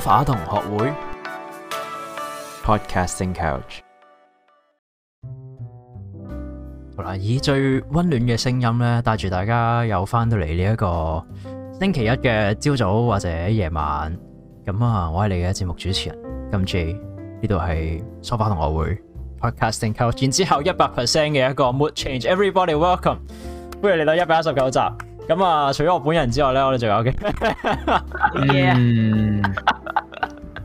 Sofa 同學會 Podcasting Couch，好啦，以最溫暖嘅聲音咧，帶住大家又翻到嚟呢一個星期一嘅朝早或者夜晚，咁啊，我係你嘅節目主持人金 J，呢度係 Sofa 同學會 Podcasting Couch，然之後一百 percent 嘅一個 Mood Change，Everybody Welcome，歡迎嚟到一百一十九集，咁啊，除咗我本人之外咧，我哋仲有嘅， Yeah .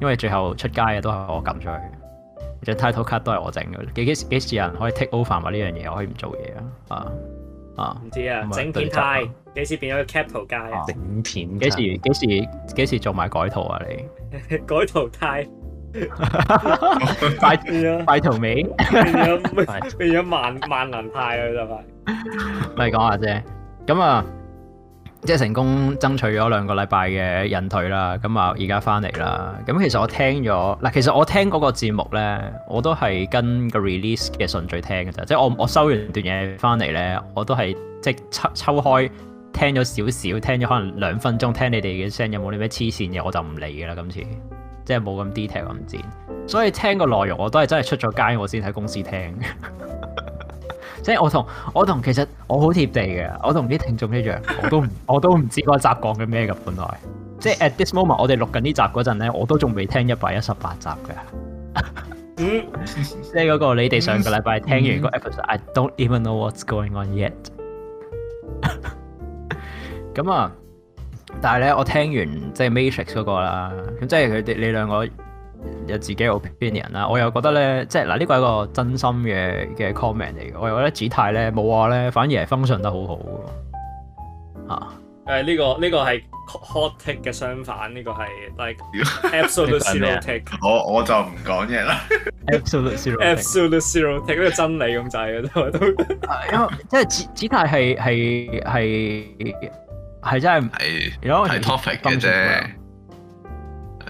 因為最後出街嘅都係我撳出去嘅，張 title card 都係我整嘅。幾幾幾時人可以 take over 呢樣嘢？我可以唔做嘢啊！啊啊！唔知啊，啊，整片太幾時變咗個 capital 街啊？整片，幾時幾時幾時做埋改圖啊你？你改圖太 變咗 變咗 萬萬能派啦，就係咪講下啫？咁啊！即係成功爭取咗兩個禮拜嘅引退啦，咁啊而家翻嚟啦。咁其實我聽咗嗱，其實我聽嗰個節目咧，我都係跟個 release 嘅順序聽嘅啫。即係我我收完一段嘢翻嚟咧，我都係即係抽抽開聽咗少少，聽咗可能兩分鐘，聽你哋嘅聲有冇啲咩黐線嘅，我就唔理嘅啦。今次即係冇咁 detail 咁剪。所以聽個內容我都係真係出咗街我先喺公司聽。 即係我同我同，其實我好貼地嘅，我同啲聽眾一樣，我都我都唔知嗰集講緊咩嘅本來。即係 at this moment，我哋錄緊呢集嗰陣咧，我都仲未聽一百一十八集嘅 、嗯。即係嗰個你哋上個禮拜聽完個 episode，I、嗯、don't even know what's going on yet。咁 啊，但係咧，我聽完即係 Matrix 嗰個啦，咁即係佢哋你兩個。有自己的 opinion，這個，個 opinion 啦，我又覺得咧，即係嗱呢個係個真心嘅嘅 comment 嚟嘅，我又覺得子泰咧冇話咧，反而係 function 得好好。吓、啊，誒、這、呢個呢、這個係 hot take 嘅相反，呢、這個係 like absolute zero take。我我就唔講嘢啦。absolute zero take，絕對真理咁滯嘅都。即係子子泰係係係係真係係 topic 嘅啫。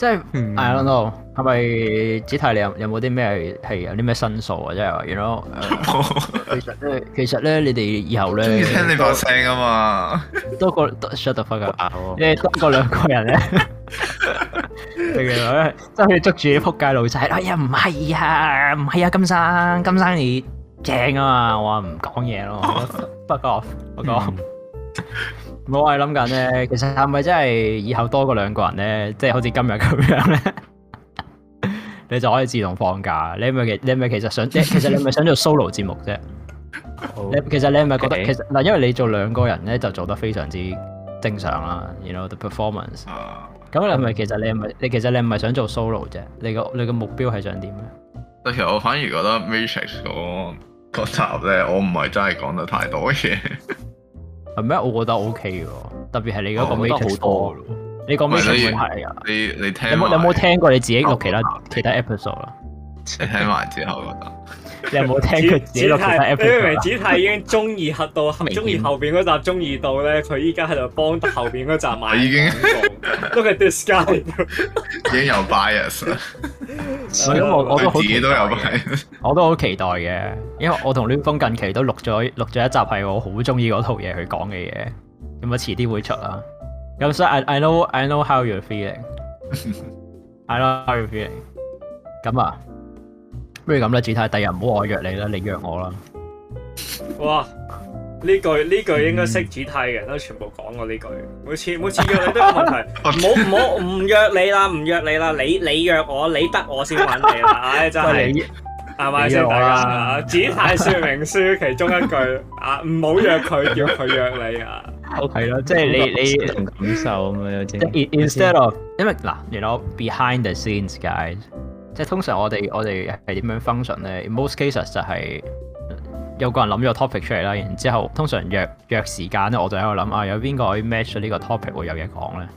即係，係咯，係咪只睇？你有有冇啲咩，譬如有啲咩申訴啊？即係，原來，其實，其實咧，你哋以後咧，中意聽你個聲啊嘛，多過多 shot 得翻個牙，誒，多過兩個人咧，都可以捉住啲仆街老仔。哎呀，唔係呀，唔係呀，金生，金生你正啊嘛，我話唔講嘢咯，不過，不過。我係諗緊咧，其實係咪真係以後多過兩個人咧？即係好似今日咁樣咧， 你就可以自動放假。你係咪其你係咪其實想？ 其實你係咪想做 solo 節目啫？ 其實你係咪覺得？Okay. 其實嗱，因為你做兩個人咧，就做得非常之正常啊。You know the performance。咁你係咪其實你係咪你其實你唔係想做 solo 啫？你個你個目標係想點咧？其實我反而覺得 Matrix 嗰集咧，我唔係真係講得太多嘢。 咩？我覺得 O K 嘅喎，特別係你而家講得好多咯。你講咩問題啊？你你，你聽你有冇有冇聽過你自己個其他聽其他 episode 啦？你聽埋之後覺得。 你有冇聽自己？子子泰，子泰已經中意黑到，中 意後邊嗰集，中意到咧，佢依家喺度幫後邊嗰集賣，已經都係 disguise 已經有 bias 啦。咁 我我自己都有 bias，我都好期待嘅，因為我同 l o 峰近期都錄咗錄咗一集很一，係我好中意嗰套嘢佢講嘅嘢，咁啊，遲啲會出啦。咁所以 I, I know I know how you're feeling，係 咯，how you feeling？咁啊？不如咁啦，Gtai，第日唔好我約你啦，你約我啦。哇！呢句呢句應該識 Gtai 嘅人都全部講過呢句。每次每次約你都有問題。唔好唔好唔約你啦，唔約你啦，你你約我，你得我先揾你啦。唉，真係係咪先？Gtai 說明書其中一句啊，唔好約佢，約佢約你啊。OK 啦，即係你你同感受咁樣啊嘛。Instead of，你明啦，you know，behind the scenes guys。即係通常我哋我哋係點樣 function 咧 most cases 就係有個人諗咗個 topic 出嚟啦，然之後通常約約時間咧，我就喺度諗啊，有邊個可以 match 呢個 topic 會有嘢講咧？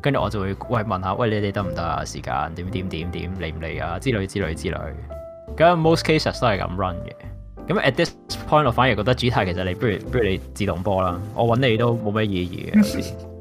跟住我就會喂問一下，喂，你哋得唔得啊？時間點點點點嚟唔嚟啊？之類之類之類，咁 most cases 都係咁 run 嘅。咁 at this point 我反而覺得 Gtai 其實你不如不如你自動波啦，我揾你都冇咩意義嘅。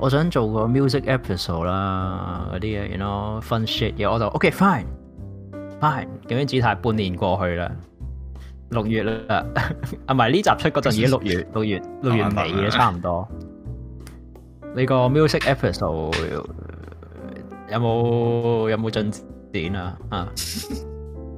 我想做個 music episode 啦，嗰啲嘢然之後 fun shit 嘢，我就 OK fine fine。咁樣只係半年過去啦，六月啦，啊唔係呢集出嗰陣已經六月，六、嗯、月六月尾嘅、嗯、差唔多。你、嗯個 music episode 有冇有冇進展啊？啊！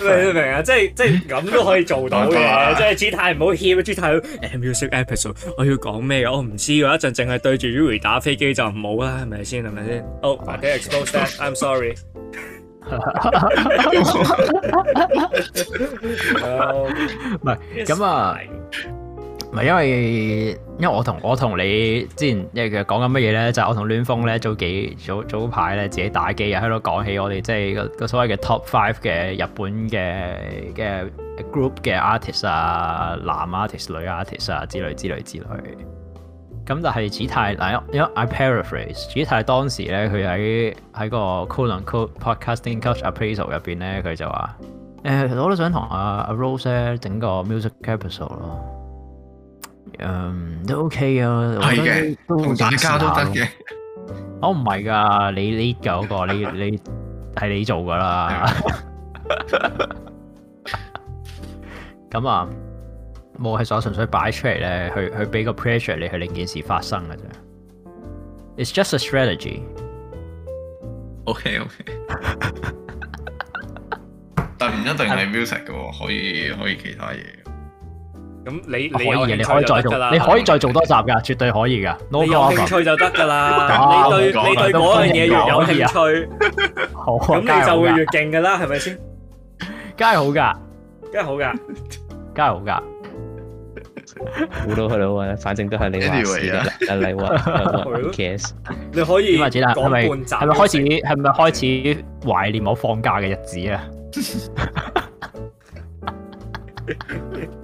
明明啊，即係即係咁都可以做到嘅， 即係 Gtai 唔好怯啊，Gtai，誒、 uh, music episode，我要講咩？我唔知喎，一陣淨係對住 Yuri 打飛機就唔好啦，係咪先？係咪先？Oh，I'm sorry。唔係咁啊。唔係，因為因為我同我同你之前，因為其實講緊乜嘢咧，就係、是、我同亂風咧，早幾早早排咧，自己打機又喺度講起我，我哋即係個,個所謂嘅 top five 嘅日本嘅嘅 group 嘅 artist 啊，男 artist 女 artist 啊之類之類之類。咁但係 Gtai，嗱，因為 I paraphrase Gtai，當時咧佢喺喺個 quote unquote podcasting coach appraisal 入邊咧，佢就話：，誒、eh, 啊，我都想同阿阿 Rose 整個 music capital 咯。嗯，都 OK 啊，同大家都得嘅。我唔係噶，你你噶嗰個，你你係你做噶啦。咁啊，我係就純粹擺出嚟咧，去去俾個 pressure 你，去令件事發生嘅啫。It's just a strategy。OK OK。但唔一定係 music 嘅，可以可以其他嘢。咁你你可以，你可以，你可以再做，你可以再做多集噶，絕對可以噶。No、你有興趣就得噶啦。你對、啊、你對嗰樣嘢越有興趣，咁你就會越勁噶啦，係咪先？梗係好噶，梗係好噶，梗係好噶。估好去腦啊， 反正都係你話事啦。阿你華 case 你可以講半集，係咪開始？係咪開始懷念我放假嘅日子啊？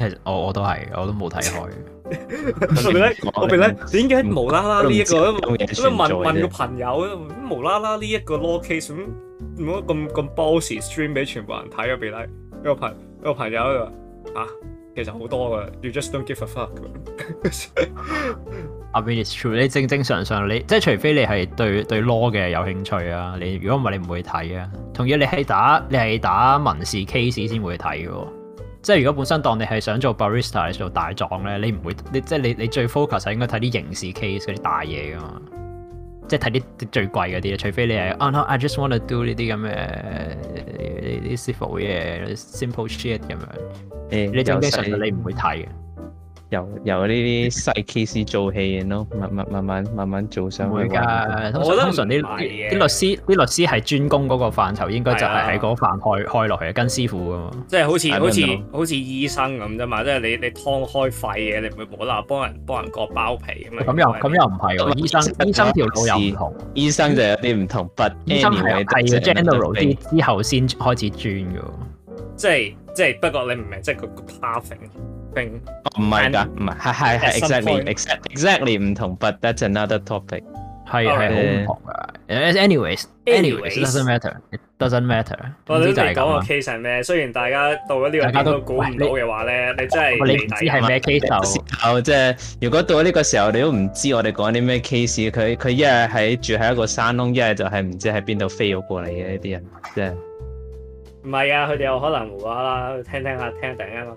其實我我都係，我都冇睇開。 我咪咧、這個，點解無啦啦呢一個問問個朋友，無啦啦呢一個 law case，唔冇咁咁 bouncy stream 俾全部人睇？我俾咧一個朋一個朋友就啊，其實好多噶，You just don't give a fuck。I mean it's true，你正正常常你即係除非你係對對 law 嘅有興趣啊，你如果唔係你唔會睇啊。同樣你係打你係打民事 case 先會睇嘅、啊。即係如果本身當你係想做 barista 你想做大狀咧，你唔會，你即係你你最 focus 係應該睇啲刑事 case 嗰啲大嘢噶嘛，即係睇啲最貴嗰啲，除非你係 oh no I just wanna do 呢啲咁嘅呢啲 simple 嘢 simple shit 咁樣，嗯、你仲有你唔會睇嘅。由由呢啲細 case 做起咯，慢慢慢慢慢慢做上去。會噶，通常啲啲律師啲律師係專攻嗰個範疇，應該就係喺嗰範開開落嘅，跟師傅啊嘛。即係好似好似好似醫生咁啫嘛，即係你你劏開肺嘅，你唔會無啦啦幫人幫人割包皮啊嘛。咁又咁又唔係喎，醫生醫生條路又唔同，醫生就有啲唔同。不，醫生係係要 general 啲之後先開始專嘅。即係即係，不過你唔明，即係佢個 pathing 哦，唔係噶，唔係，係係係，exactly，exactly，exactly 唔同，but that's another topic。係係好唔同噶。anyways，anyways，doesn't matter，doesn't matter。我哋就係講個 case 係咩？雖然大家到咗呢個都估唔到嘅話咧，你真係你唔知係咩 case。然後即係如果到咗呢個時候，你都唔知我哋講啲咩 case。佢佢一係喺住喺一個山窿，一係就係唔知喺邊度飛咗過嚟嘅呢啲人，即係。唔係啊，佢哋有可能無啦啦，聽聽下聽第一咯。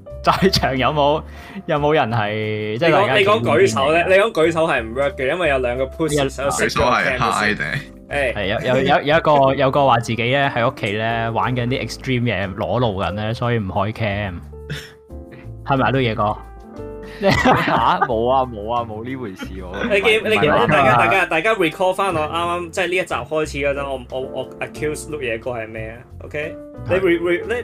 在場有冇有冇人係即係你講舉手咧，你講舉手係唔 work 嘅，因為有兩個 push。舉手係 h 有有有有一個有個話 自己咧喺屋企咧玩緊啲 extreme 嘢裸露緊咧，所以唔開 cam。係 咪 啊？碌嘢哥嚇冇啊冇啊冇呢回事喎！ 你記你大家大家大家 recall 翻我啱啱即係呢一集開始嗰陣，我我我 accuse 碌嘢哥係咩啊？OK， 你 recall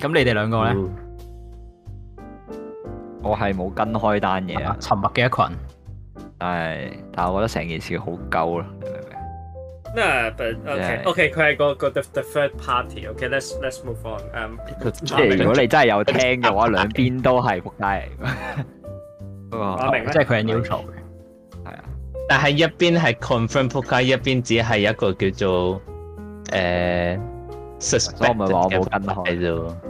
咁你哋兩個咧？我係冇跟開單嘢啊！沉默嘅一群。係，但係我覺得成件事好鳩咯，明唔明？那，but OK OK，佢係個個 the third party。OK，let's let's move on。誒，即係如果你真係有聽嘅話，兩邊都係仆街嚟。我明。即係佢喺度嘈嘅。係啊。但係一邊係 confirm 仆街，一邊只係一個叫做誒 suspect。我唔係話我冇跟開啫喎。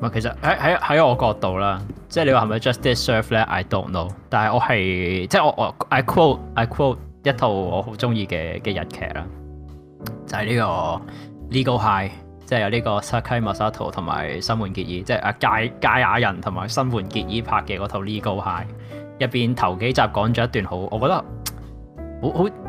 唔其實喺喺喺我角度啦，即係你話係咪 justice serve 咧？I don't know 但。但係我係即係我我 I quote I quote 一套我好中意嘅嘅日劇啦，就係、是、呢個 legal high，即係有呢個 Sakai Masato 同埋新垣結衣，即係阿堺、堺雅人同埋新垣結衣拍嘅嗰套 legal high，入邊頭幾集講咗一段好，我覺得好好。很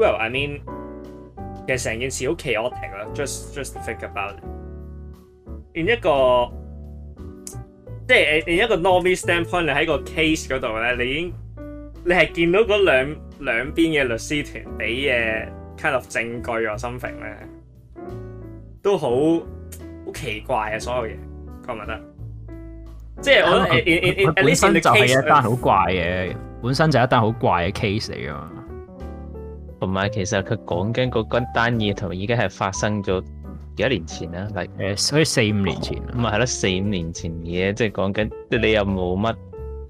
Well，I mean，其實成件事好 chaotic 啦。Just，just，think，about it，in 一個即係誒，喺一個 normal standpoint，你喺個 case 嗰度咧，你已經你係見到嗰兩兩邊嘅律師團俾嘅 kind of 證據或 something 咧，都好好奇怪啊。所有嘢，啱唔啱得？即係我覺得佢本身就係一單好怪嘅，本身就係一單好怪嘅 case 嚟㗎嘛。同埋其實佢講緊嗰單嘢，同埋依家係發生咗幾多年前啦，誒，所以四五年前，唔係係咯，四五年前嘅，即係講緊，你又冇乜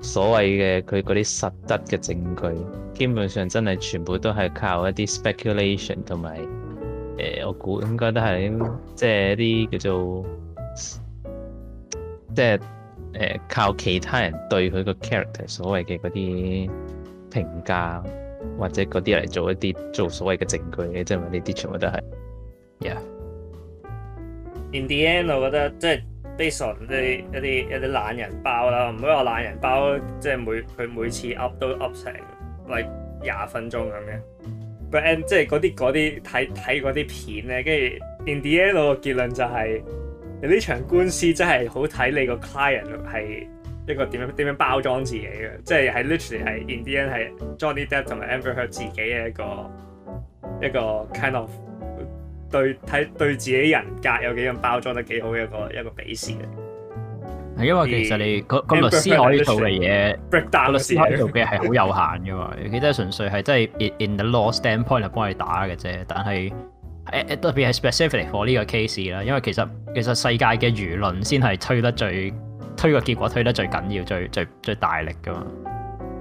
所謂嘅佢嗰啲實質嘅證據，基本上真係全部都係靠一啲 speculation 同埋誒，我估應該都係即係一啲叫做即係誒、呃、靠其他人對佢個 character 所謂嘅嗰啲評價。或者嗰啲嚟做一啲做所謂嘅證據嘅，即係咪呢啲全部都係？Yeah，in the end 我覺得即係 basic 一啲一啲一啲懶人包啦，唔好話懶人包，即係每佢每次 up 都 up 成，例如廿分鐘咁樣。But and, 即係嗰啲嗰啲睇睇嗰啲片咧，跟住 in the end 個結論就係、是，你呢場官司真係好睇你個 client 係。一個點樣點樣包裝自己嘅，即係喺 literally 係 Indian 係 Johnny Depp 同埋 Amber Heard 自己嘅一個一個 kind of 對睇對，對自己人格有幾樣包裝得幾好嘅一個一個比試嚟。係因為其實你嗰律師可以做嘅嘢，break down 律師呢套嘅係好有限嘅嘛，佢都純粹係真係 in the law standpoint 幫你打嘅啫。但係特別係 specific for 呢個 case 啦，因為其實其實世界嘅輿論先係吹得最。推個結果推得最緊要，最最最大力噶嘛，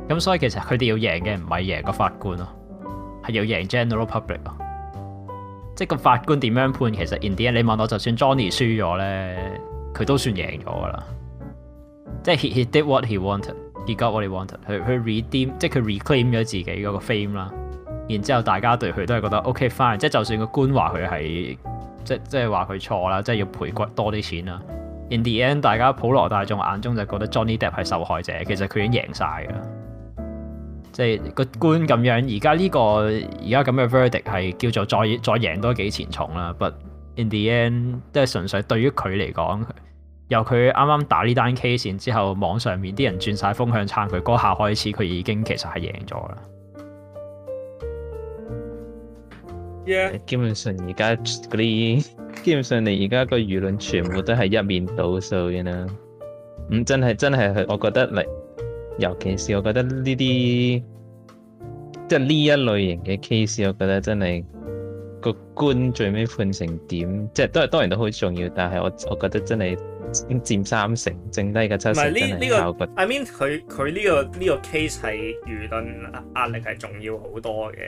咁所以其實佢哋要贏嘅唔係贏個法官咯啊，係要贏 General Public 咯啊。即係個法官點樣判，其實 in the end 你問我就算 Johnny 輸咗咧，佢都算贏咗噶啦。即係 he he did what he wanted，he got what he wanted，佢佢 redeem，即係佢 reclaim 咗自己嗰個 fame 啦。然之後大家對佢都係覺得 OK fine，即係就算個官話佢係即係即係話佢錯啦，即係要賠骨多啲錢啦。In the end，大家普羅大眾眼中就覺得 Johnny Depp 係受害者，其實佢已經贏晒㗎，即係個官咁樣。而家呢個而家咁嘅 verdict 係叫做再再贏多幾錢重啦。But in the end，都係純粹對於佢嚟講，由佢啱啱打呢單 case 線之後，網上面啲人轉晒風向撐佢嗰下開始，佢已經其實係贏咗啦。Yeah. 基本上而家嗰啲，基本上你而家個輿論全部都係一面倒數嘅啦。咁真係真係，我覺得嚟，尤其是我覺得呢啲，即係呢一類型嘅 case，我覺得真係個官最尾判成點，即係都係當然都好重要，但係我我覺得真係佔三成，剩低嘅七成真係靠、這個我覺得。I mean 佢佢呢個呢、這個 case 係輿論壓力係重要好多嘅。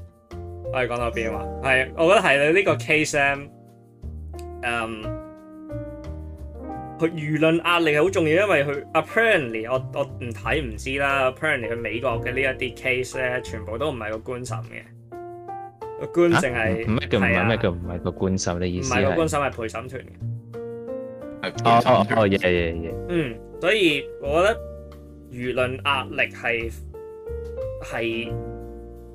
我哋講到邊吖嘛？係，我覺得係你呢個 case，誒，佢輿論壓力係好重要，因為佢 apparently，我我唔睇唔知啦。apparently，佢美國嘅呢一啲 case 咧，全部都唔係個官審嘅，官啊、個官淨係唔係叫唔係咩叫唔係個官審嘅意思？唔係個官審係陪審團嘅。哦哦哦，yeah yeah yeah。嗯，所以我覺得輿論壓力係係。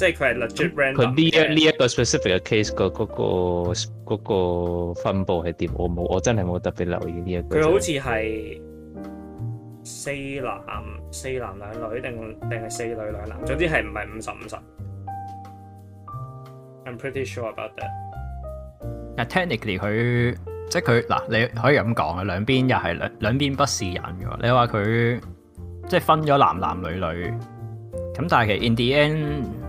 即係佢係 legit brand。佢呢一呢一個,、yeah. 個 specific 嘅 case 個、嗰個嗰個嗰個分佈係點？我冇，我真係冇特別留意呢一個。佢好似係四男四男兩女，定定係四女兩男？總之係唔係五十五十？I'm pretty sure about that yeah,。但係 technically 佢即係佢嗱，你可以咁講啊，兩邊又係兩兩邊不是人㗎。你話佢即係分咗男男女女，咁、嗯、但係其實 in the end、嗯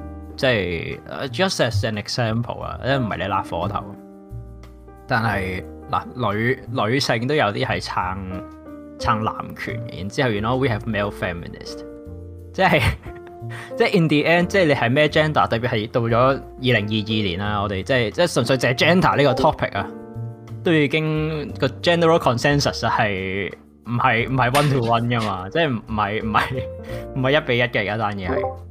即係 just as an example 啊，因為唔係你辣火頭，但係嗱女女性都有啲係撐撐男權，然之後原來 we have male feminist，即係即係 in the end 即係你係咩 gender，特別係到咗二零二二年啦，我哋即係即係純粹淨係 gender 呢個 topic 啊，都已經個 general consensus 係唔係唔係 one to one 㗎嘛，即係唔係唔係唔係一比一嘅而家單嘢係。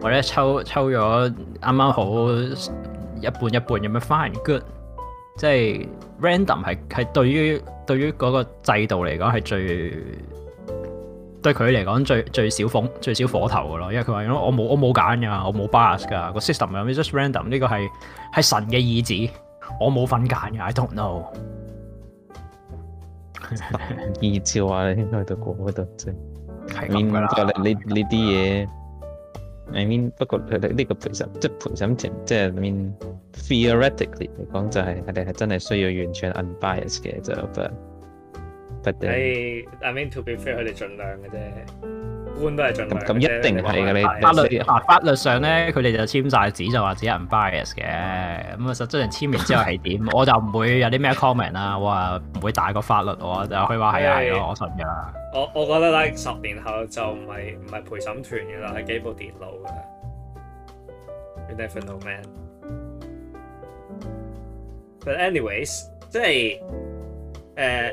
或者抽抽咗啱啱好一半一半，咁樣 fine good，即係 random 係係對於對於嗰個制度嚟講係最對佢嚟講最最少風最少火頭噶咯，因為佢話我冇我冇揀噶，我冇 bias 噶個 system 係 just random 呢個係係神嘅意志，我冇份揀嘅，I don't know。意照啊，應該喺度嗰度即係面對呢呢啲嘢。是 I mean，不過佢哋呢個陪審，即係陪審團，即係 I mean，theoretically 嚟講就係佢哋係真係需要完全 unbiased 嘅，就咁。I mean to be fair，佢哋盡量嘅啫，一般都係盡量啫。咁一定係嘅，你法律啊法律上咧，佢哋 就簽晒紙就話，只係 bias 嘅。咁啊，實質上簽完之後係點， 我就唔會有啲咩 comment 啦。我話唔會大過法律，我就佢話係啊，我信任。我我覺得咧，十年後就唔係唔係陪審團嘅啦，係幾部電腦嘅。 But anyways，即係誒。呃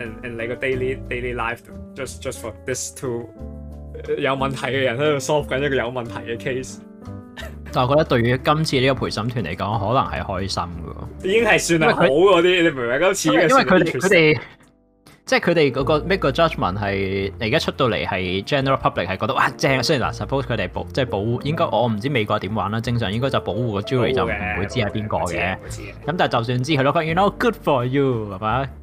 and and 你、like、個 daily daily life just just for this two 有問題嘅人喺度 solve 緊、嗯、一個有問題嘅 case，但我覺得對於今次呢個陪審團嚟講，可能係開心噶，已經係算係好嗰啲，你明唔明今次因為佢哋佢哋即係佢哋嗰個 make 個 judgment 係而家出到嚟係 general public 係覺得哇正，雖然嗱 suppose 佢哋保即係保護，應該我唔知美國點玩啦，正常應該就保護個 jury 護就唔會知係邊個嘅，咁但係就算知佢都佢要 you know good for you 係嘛。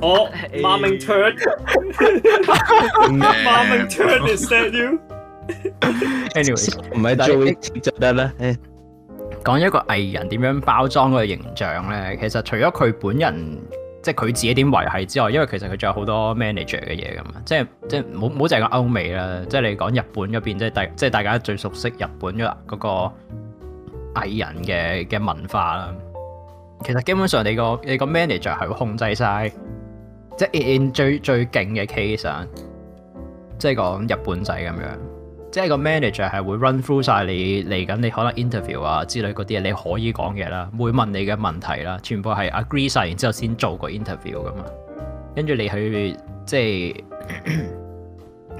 我媽 a r t u r n is that you anyway, 是但是。a n y w a y 唔係最就得啦。講、哎、一個藝人點樣包裝個形象咧，其實除咗佢本人，即係佢自己點維繫之外，因為其實佢仲有好多 manager 嘅嘢咁嘛，即係即係冇冇淨係講歐美啦，即係你講日本嗰邊即係大即係大家最熟悉日本嗰個藝人嘅嘅、那個、文化啦。其實基本上你個你個 manager 係會控制曬。即係 in 最最勁嘅 case 啊，即係講日本仔咁樣，即係個 manager 係會 run through 晒你嚟緊，你可能 interview 啊之類嗰啲嘢，你可以講嘢啦，會問你嘅問題啦，全部係 agree 晒，然之後先做個 interview 㗎嘛，跟住你去即係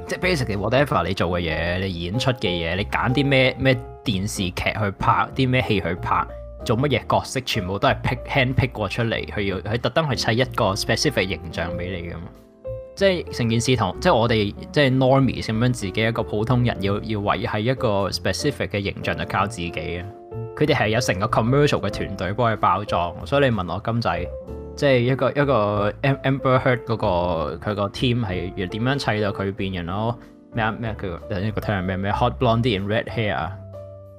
即係 basically whatever 你做嘅嘢，你演出嘅嘢，你揀啲咩咩電視劇去拍，啲咩戲去拍。做乜嘢角色全部都係 pick hand pick 過出嚟，佢要佢特登去砌一個 specific 形象俾你。咁即係成件事同即係我哋即係 normies 咁樣自己一個普通人要要維係一個 specific 嘅形象，就靠自己啊！佢哋係有成個 commercial 嘅團隊幫佢包裝，所以你問我金仔，即係一個一個 Am, Amber Heard 嗰、那個佢個 team 係點樣砌到佢變形咯？咩咩佢有個咩咩 hot blondie and red hair 啊？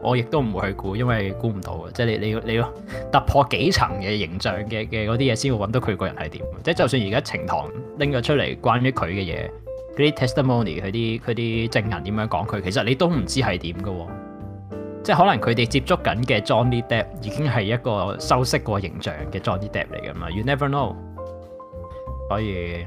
我亦都唔會去估，因為估唔到嘅，即係你你你要突破幾層嘅形象嘅嘅嗰啲嘢先會揾到佢個人係點。即係就算而家呈堂拎咗出嚟關於佢嘅嘢，嗰啲 testimony，佢啲佢啲證人點樣講佢，其實你都唔知係點㗎。即係可能佢哋接觸緊嘅 Johnny Depp 已經係一個修飾過形象嘅 Johnny Depp 嚟㗎嘛，You never know。所以。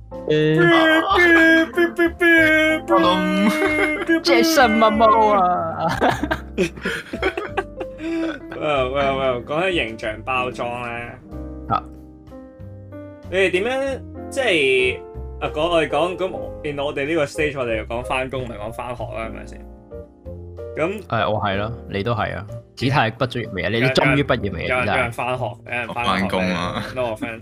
咩貓？這什麼貓啊？Well well well，講起形象包裝咧，啊，你哋點樣即係啊？講我哋講咁，in 我哋呢個 stage 我哋又講翻工唔係講翻學啦，係咪先？咁誒，我係咯，你都係啊，只係畢咗業未啊？你哋終於畢業未啊？有人翻學，有人翻工啦，多個 friend。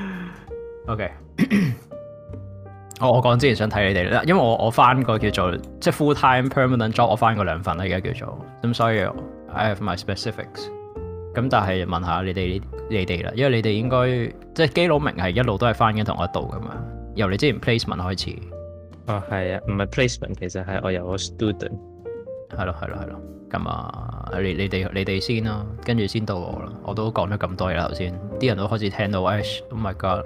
O、okay. K， oh, 我我講之前想睇你哋啦，因為我我翻過，叫做即係 full time permanent job，我翻過兩份啦。而家叫做咁，所以 I have my specifics。咁但係問下你哋你哋啦，因為你哋應該即係基佬明係一路都係翻緊同一度噶嘛。由你之前 placement 開始，哦，係啊，唔係 placement，其實係我由我 student 係咯係咯係咯。咁啊，你你哋你哋先啦，跟住先到我啦。我都講咗咁多嘢啦，頭先啲人都開始聽到。Oh my god！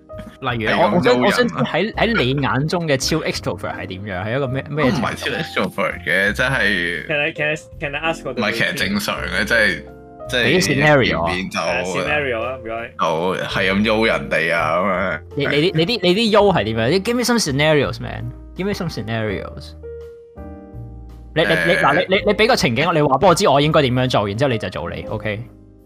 例如我我，我想我想喺喺你眼中嘅超 extrovert 係點樣？係一個咩咩？唔係超 extrovert 嘅，真係。其實其實 ask 唔係其實正常嘅，即係即係你啲 Scenario，見見就、uh, scenario 你就啊唔該。好係咁喐人哋啊咁樣。你你啲你啲你啲喐係點樣？Give me some scenarios, man. Give me some scenarios.、Uh, 你你你嗱你你你俾個情景，你我你話俾我知我應該點樣做，然之後你就做你，OK。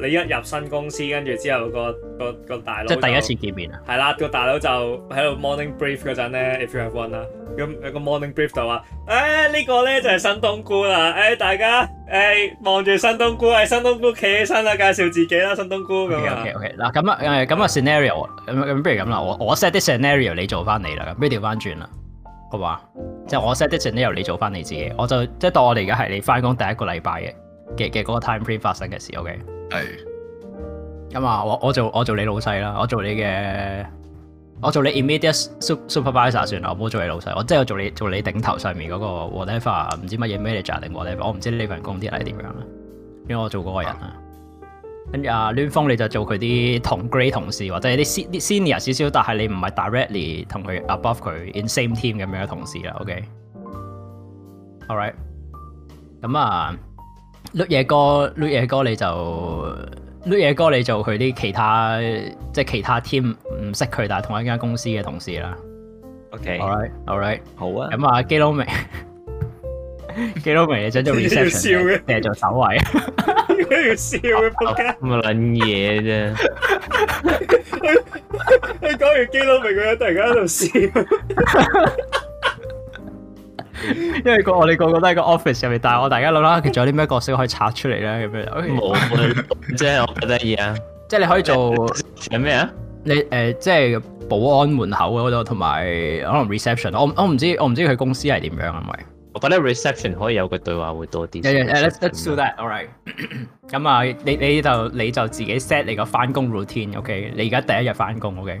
你一入新公司，跟住之後個個個大佬即係第一次見面啊。係啦，個大佬就喺度 morning brief 嗰陣咧。If you have one 啦，咁有個 morning brief 就話：，誒、哎、呢、這個咧就係新冬菇啦。誒、哎、大家誒望住新冬菇，係新冬菇企起身啦，介紹自己啦，新冬菇咁啊。O K O K 嗱咁啊誒咁啊 scenario 咁咁，不,不如咁啦，我我 set 啲 scenario，你做翻你啦，咁調翻轉啦，好嘛？就是、我 set 啲 scenario，你做翻你自己，我就即係、就是、當我哋而家係你翻工第一個禮拜嘅嘅嘅嗰個 time brief 發生嘅時 o k 係咁啊我我做我做你老細啦我做你嘅我做你 immediate supervisor 算啦我唔好做你老細我即係我做你做你頂頭上面個 whatever 唔知乜嘢 manager 定 whatever 我唔知呢份工啲人係點樣啦因為我做個人啊跟住阿攣鋒你就做佢啲同,同 grade 同事或者你啲 senior 少少但係你唔係 directly 同佢 above 佢 in same team 咁樣嘅同事啦 ok all right 咁、嗯、啊、嗯錄嘢哥，錄嘢哥，你就錄嘢哥，你做佢啲其他，即係其他 team 唔識佢，但係同一間公司嘅同事啦。OK，all right，all right，好啊。咁啊， 基佬明，基佬明你想做 reception，定係做守衛？咁樣笑嘅仆街，咁啊卵嘢啫。你講完基佬明佢突然間喺度笑。 因為個我哋個個都喺個 office 入面，但係我大家諗啦，佢仲有啲咩角色可以拆出嚟咧？咁樣冇， 即係我得意啊！即係你可以做咩啊？ 你誒、呃，即係保安門口嗰度，同埋可能 reception 我。我我唔知，我唔知佢公司係點樣，因為我覺得 reception 可以有個對話會多啲。誒 誒、yeah, yeah, let's do that all right.Alright，咁啊，你你就你就自己 set 你個返工 routine okay?OK，你而家第一日返工，OK。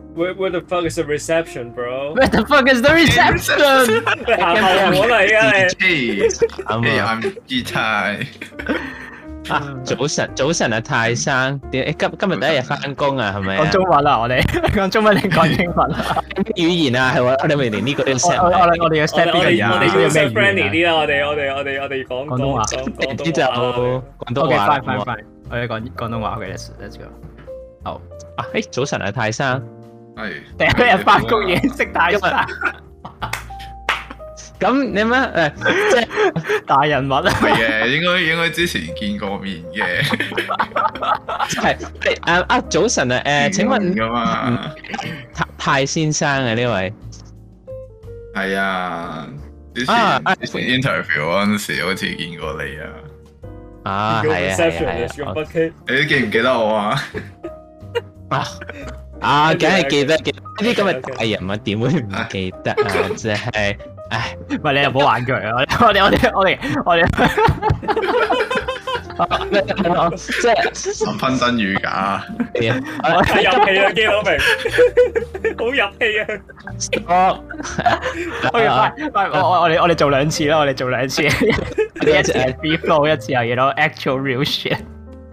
What what the fuck is the reception, bro? What the fuck is the reception? 好無禮啊你！DJ，I'm I'm Gtai。啊，早晨早晨啊，泰山點？今今日第一日翻工啊，係咪啊？講中文啊，我哋講中文，定講英文啊？咩語言啊？係喎，我哋未連呢個要 set，我我我哋要 set 呢個嘢。我哋要 friendly 啲啊！我哋我哋我哋我哋講廣東話。唔知就廣東話。OK，快快快，我哋講廣東話嘅，Let's Let's go。好啊，哎，早晨啊，泰山。第一日返工已經識大人物啊？咁你咩誒，即係大人物啊？係嘅，應該應該之前見過面嘅。係誒，啊，早晨啊，誒，請問泰先生啊呢位？係啊，之前之前 interview 嗰陣時好似見過你啊。啊係啊係啊。你記唔記得我啊？啊，梗係記得嘅，呢啲咁嘅大人物點會唔記得啊？即係，唉，喂你又唔好玩佢，我哋我哋我哋我哋，即係十分真與假，係啊，入戲啊，基佬明，好入戲啊，我，我唔係，唔係，我我我哋我哋做兩次咯，我哋做兩次，一次係 B flow，一次係咯 actual real shit。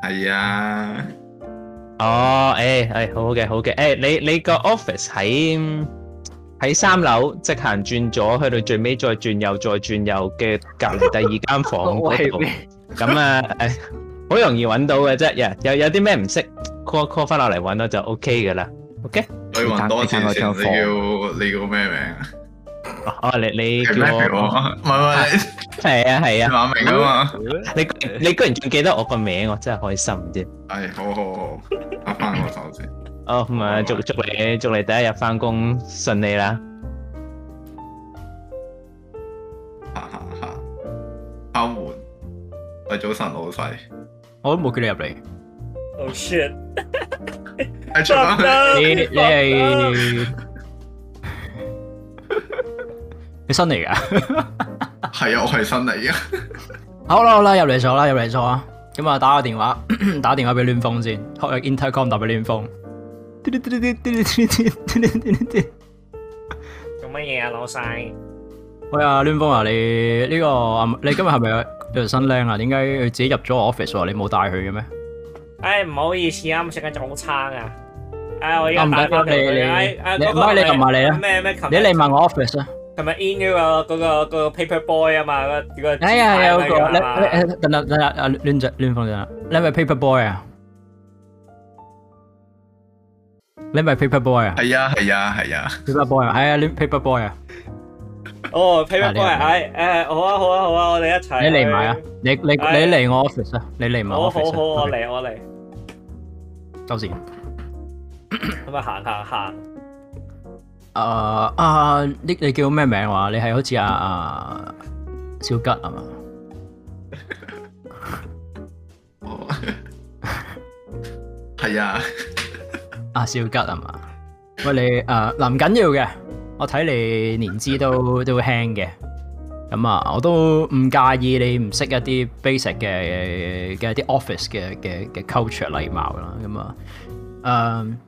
係啊，哦，誒，誒，好嘅，好嘅，誒，你你個 office 喺喺三樓，直行轉左，去到最尾再轉右，再轉右嘅隔籬第二間房嗰度，咁啊，好容易揾到嘅啫、yeah，又有啲咩唔識 call call 翻落嚟揾啦，就 OK 噶啦，OK。對唔多謝先，你叫你叫咩名啊？哦，你你叫我，唔係唔係，係啊係啊，馬明啊嘛，你你居然仲記得我個名，我真係開心啫。係，好好好，放返我手先。哦，咁啊，祝祝你祝你第一日翻工順利啦。哈哈哈，敲門，喂，早晨老細，我都冇叫你入嚟。Oh shit！拆燈耶！你新嚟噶？係啊，我係新嚟啊。好啦好啦，入嚟坐啦，入嚟坐啊。咁啊，打個電話，打電話俾亂風先。開個 intercom 打俾亂風。做乜嘢啊？老細。喂啊，亂風啊，你呢個啊？你今日係咪有新靚啊？點解佢自己入咗我 office 啊？你冇帶佢嘅咩？誒，唔好意思啊，食緊早餐啊。誒，我而家打翻你。唔該，你撳埋嚟啦。咩咩琴？你嚟問我 office 啊？係咪 in 嗰個嗰個個 paper boy 啊嘛？個個招牌嗰個啊？等等等等，亂咗亂放咗啦。你係咪 paper boy 啊？你係咪 paper boy 啊？係呀係呀係呀。paper boy 啊？係呀，paper boy 啊？哦，paper boy 係誒，好啊好啊好啊，我哋一齊。你嚟埋啊？你你你嚟我 office 啊？你嚟埋我 office。我我我嚟我嚟。再見。咁咪行行行。啊，你你叫咩名話？你係好似阿阿小吉吖嘛？哦，係啊，阿小吉吖嘛？喂，你誒，唔緊要嘅，我睇你年資都都輕嘅，咁啊，我都唔介意你唔識一啲 basic 嘅嘅啲 office 嘅嘅嘅 culture 禮貌啦，咁啊，誒。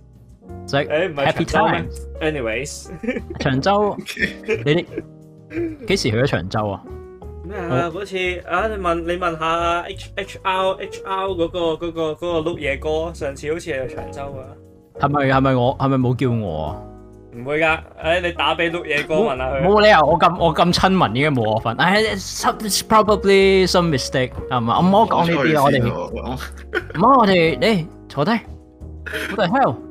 所以 Happy Time，Anyways。長洲你你幾時去咗長洲啊？咩啊？嗰次啊，你問你問下 H H R H R 嗰個嗰個嗰個碌嘢哥，上次好似去長洲啊？係咪係咪我係咪冇叫我啊？唔會噶，誒你打俾碌嘢哥問下佢。冇理由我咁我咁親民，已經冇我份。誒，probably some mistake 係咪？唔好講呢啲啊，我哋唔好，我哋你坐低，我哋 hello。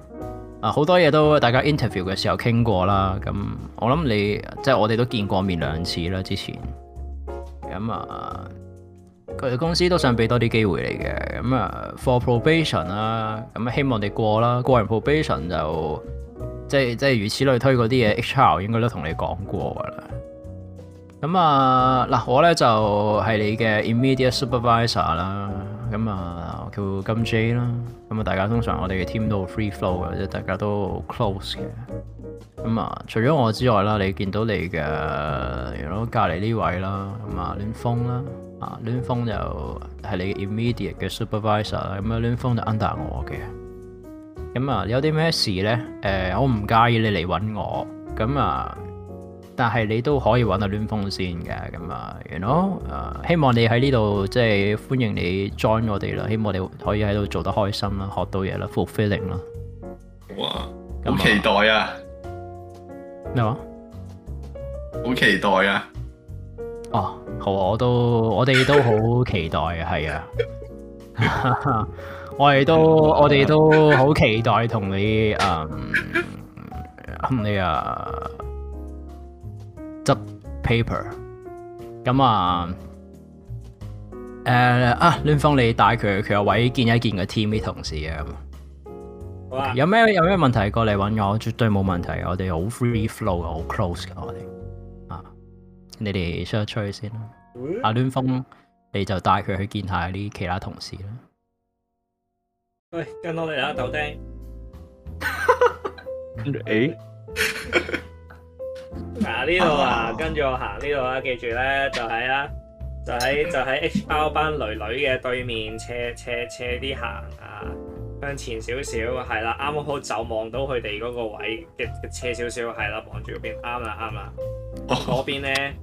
啊，好多嘢都大家 interview 嘅時候傾過啦，咁我諗你即係我哋都見過面兩次啦，之前，咁啊，佢哋公司都想俾多啲機會你嘅，咁啊 for probation 啦、啊，咁、啊、希望你過啦，過完 probation 就即係即係如此類推嗰啲嘢，HR 應該都同你講過啦，咁啊嗱、啊，我呢就係、是、你嘅 immediate supervisor 啦。咁啊，我叫金 J 啦。咁啊，大家通常我哋嘅 team 都好 free flow 嘅，即係大家都 close 嘅。咁啊，除咗我之外啦，你見到你嘅如果隔籬呢位啦，咁啊，暖風啦，啊暖風就係你嘅 immediate 嘅 supervisor，咁啊暖風就 under 我嘅。咁啊，有啲咩事咧？誒、呃，我唔介意你嚟揾我。咁啊。但係你都可以搵阿亂風先嘅，咁啊，you know，希望你喺呢度即係歡迎你 join 我哋啦，希望你可以喺度做得開心啦，學到嘢啦，full feeling 啦，好啊，好期待啊，咩話？好期待啊！哦、啊，好，我都我哋都好期待 是啊，係 啊們都， 我哋都我哋都好期待同你啊、嗯，你啊。paper 咁啊誒、呃、啊，暖風，你帶佢，佢有位見一見個 team 啲同事啊，有咩有咩問題過嚟搵我，我絕對冇問題，我哋好 free flow 好 close 嘅我哋啊。你哋出去先啦，阿、啊、暖風，你就帶佢去見下啲其他同事啦，喂，跟我嚟啦，豆丁，誒。 嗱，呢度啊，啊 oh。跟住我行呢度啦，記住咧就喺、是、啊，就喺、是、就喺、是、H 包班女女嘅對面斜斜斜啲行啊，向前少少係啦，啱啱、啊、好走望到佢哋嗰個位嘅斜少少係啦，望住嗰邊啱啦啱啦，嗰邊咧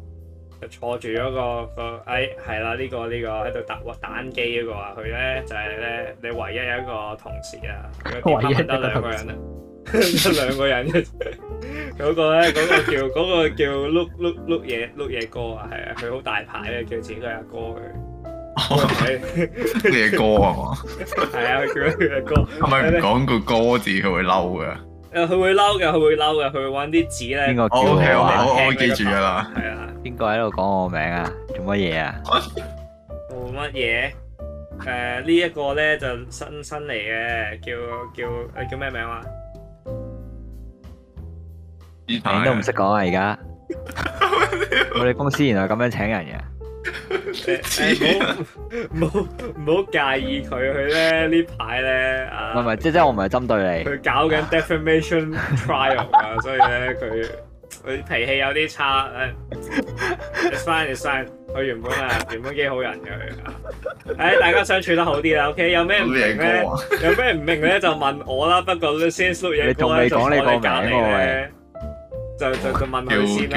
就坐住嗰個個，個哎係啦呢個呢、呢個喺度打，打打機嗰個啊。佢咧就係、是、咧你唯一一個同事啊，唯一得兩個人啊。兩個人嗰個咧，嗰個叫嗰個叫碌碌碌嘢碌嘢哥啊，係啊，佢好大牌咧，叫自己阿哥嘅。係。碌嘢哥係嘛？係啊，叫佢阿哥。係咪唔講個哥字佢會嬲噶？誒，佢會嬲噶，佢會嬲噶，佢會搵啲紙咧。邊個叫？O K，我我我記住噶啦。係啊，邊個喺度講我名啊？做乜嘢啊？冇乜嘢。誒，呢一個咧就新新嚟嘅，叫叫叫咩名啊？你都唔識講啊而家，我哋公司原來咁樣請人嘅。唔好唔好唔好介意佢，佢咧呢排咧，唔係唔係，即即、即係、我唔係針對你，佢搞緊 defamation trial 啊， 所以咧佢佢脾氣有啲差，誒 ，fine，fine，佢原本啊原本幾好人嘅，誒，大家相處得好啲啦，OK，有咩唔明咧、啊，有咩唔明咧就問我啦，不過啲 sense low 嘢，你仲未講你個名嘅。就就都問佢先啦，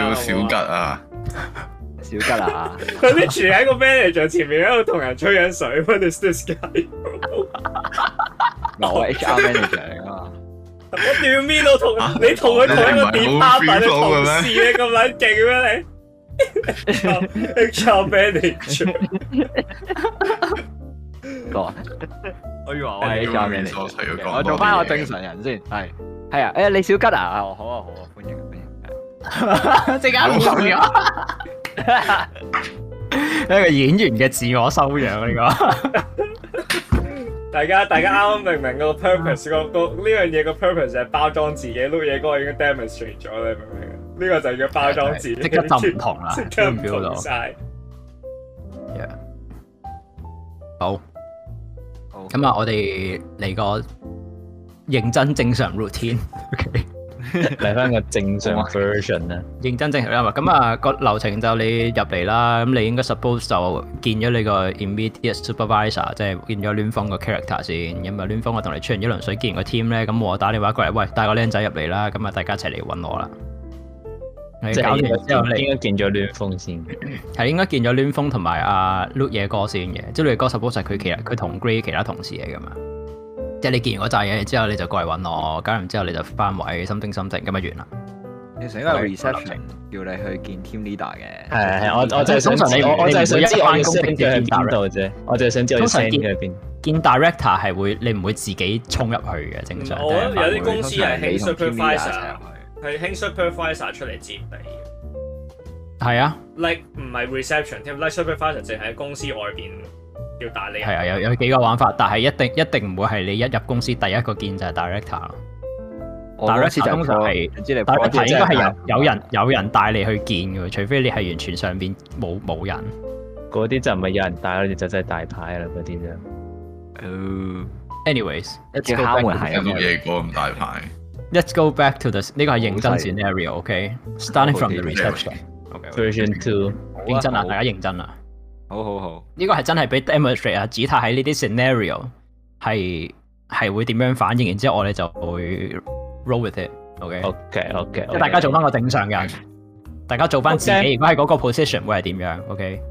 好嘛？小吉啊，小吉啊，佢啲全喺個 manager 前面喺度同人吹緊水，what is this guy？我係 manager 啊嘛！我屌邊度同你同佢同一個點叉，大你同事咩咁撚勁咩你？HR manager，我話我係 HR manager，我做翻個正常人先，係係啊，誒你小吉啊，好啊好啊，歡迎。即刻唔同咗，一個演員嘅自我修養呢個。大家大家啱啱明明個 purpose？ 這個、這個呢樣嘢個 purpose 就係包裝自己。碌嘢哥已經 demonstrate 咗，你明唔明？呢、這個就叫包裝自己，即刻就唔同啦，唔同晒。同 yeah. 好，咁啊，我哋嚟個認真正常 routine，okay？嚟 翻個正常 version 啦、哦，認真正係啦嘛。咁啊個流程就你入嚟啦，咁你應該 suppose 就見咗你個 immediate supervisor，即係見咗亂風個 character 先。咁啊亂風我同你出完一輪水，見完個 team 咧，咁我打電話過嚟，喂，帶個靚仔入嚟啦，咁啊大家一齊嚟搵我啦。即搞完之後，你應該見咗亂風先，係 應該見咗亂風同埋阿 Luke 野哥先嘅。即係 Luke 野哥 suppose 係佢企，佢同 Grey 其他同事嚟噶嘛。即係你見完嗰扎嘢之後，你就過嚟揾我。搞完之後你心心完，你就翻位心定心定。咁就完啦。你成日 reception 叫你去見 team leader 嘅。係係我我就係想，我我就係想知公司嘅喺邊度啫。我就係想知道你我公司見，見 director 係會，你唔會自己衝入去嘅正常。我有啲公司係興 supervisor，係興 supervisor 出嚟接你。係啊。Like 唔係 reception 添 like supervisor 淨係喺公司外邊。要帶你，係啊，有有幾個玩法，但係一定一定唔會係你一入公司第一個見就係 director。director 通常係，但係應該係有有人有人帶你去見嘅，除非你係完全上邊冇冇人。嗰啲就唔係有人帶你，就真係大牌啦，嗰啲啫。Uh, anyways，let's go back 嘢講咁大牌。Let's go back to the 呢個係認真線 area，OK？Starting、okay? from the reception version okay, two、啊、認真啦、啊，大家認真啦。好好好，呢個係真係俾 demonstrate 啊，Gtai 喺呢啲 scenario 係係會點樣反應，然之後我哋就會 roll with it。OK，OK，OK，即係大家做翻個正常人，大家做翻自己，如果係嗰個 position 會係點樣？OK。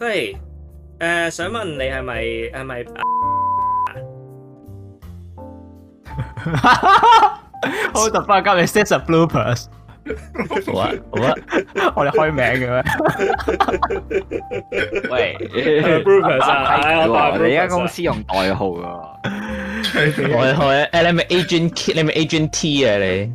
喂，誒，想問你係咪係咪？我突然間你識識 bloopers，好啊好啊，我哋開名嘅咩？喂，bloopers，我哋而家公司用代號噶，我我誒你咪 agent K，你咪 agent T 啊你？.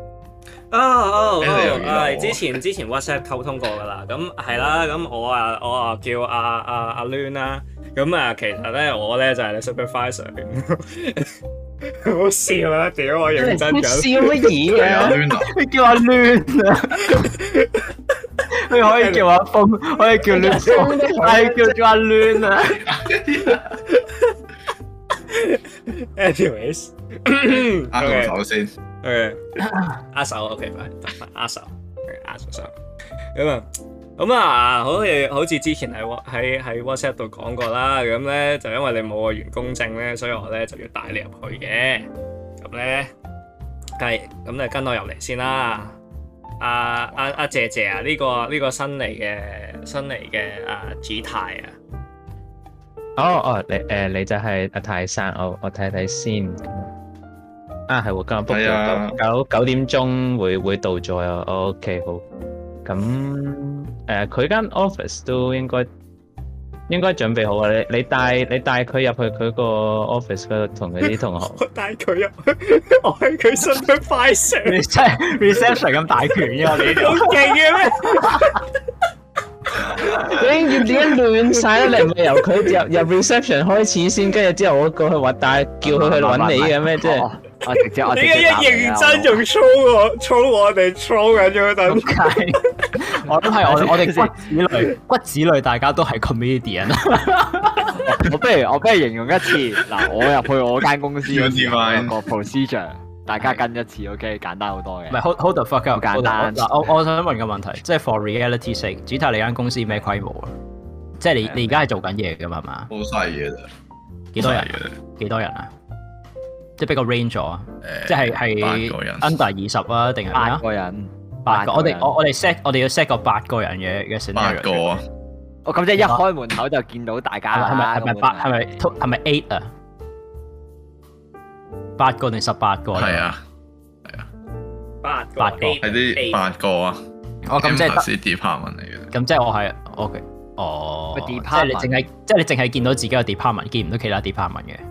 啊好，係之前之前 WhatsApp 溝通過噶啦，咁係啦，咁我啊我啊叫阿阿阿亂啦，咁啊其實咧我咧就係你 supervisor。好笑啊！屌我認真咁，笑乜嘢啊？你叫阿亂啊？你可以叫我峰，可以叫亂，可以叫做阿亂啊？Anyways，阿龍首先。誒，阿手，OK，快快，阿手，阿、okay, 手、right. 手，咁啊，咁啊、嗯嗯嗯，好，好似之前喺喺喺 WhatsApp 度講過啦，咁咧就因為你冇個員工證咧，所以我咧就要帶你入去嘅，咁咧係，咁就跟我入嚟先啦，阿阿阿姐姐啊，呢、這個呢、這個新嚟嘅新嚟嘅啊，子太啊，哦、oh, 哦、oh,，你誒，你就係阿太生，我我睇睇先。啊係喎，今日 book 咗九九點鐘會會到咗，哦。OK 好，咁誒佢間 office 都應該應該準備好啊。你你帶你帶佢入去佢個 office 度同佢啲同學。我帶佢入去，我喺佢身去快上， 你真係 reception 咁大權嘅， 因為你都勁嘅咩？ 的 佢已經點亂晒啦！你唔係由佢入入 reception 開始先，跟住之後我過去話帶叫佢去揾你嘅咩？即 係、啊。我直接，我你，接打。一認真，用粗我，粗我哋粗緊，仲等、okay。 我都係我我哋骨子裡， 骨子裡，大家都係 comedian 我。我不如我不如形容一次嗱，我入去我間公司嗰個 procedure 大家跟一次 OK，簡單好多嘅。唔係好好得 fuck 啊，簡單。Okay. 我我想問個問題，即係 for reality sake，主要係你間公司咩規模啊？即係你你而家係做緊嘢噶嘛？係嘛？好細嘢咋？幾多人？幾多人啊？即係比 range 啊、呃，即係係 under 二十啊，定係八個人, 20, 八，個人八個，我哋我我哋 set 我哋要 set 個八個人嘅嘅 set 八個，啊，哦，咁即係一開門口就見到大家係咪係咪八，係咪係咪 eight 啊？八、啊、個定十八個？係啊係啊，八八 eight 係啲八個啊。哦，咁即係 department 嚟嘅。咁、哦、即係我係 OK，哦，即係你淨係即係你淨係見到自己個 department，見唔到其他 department 嘅。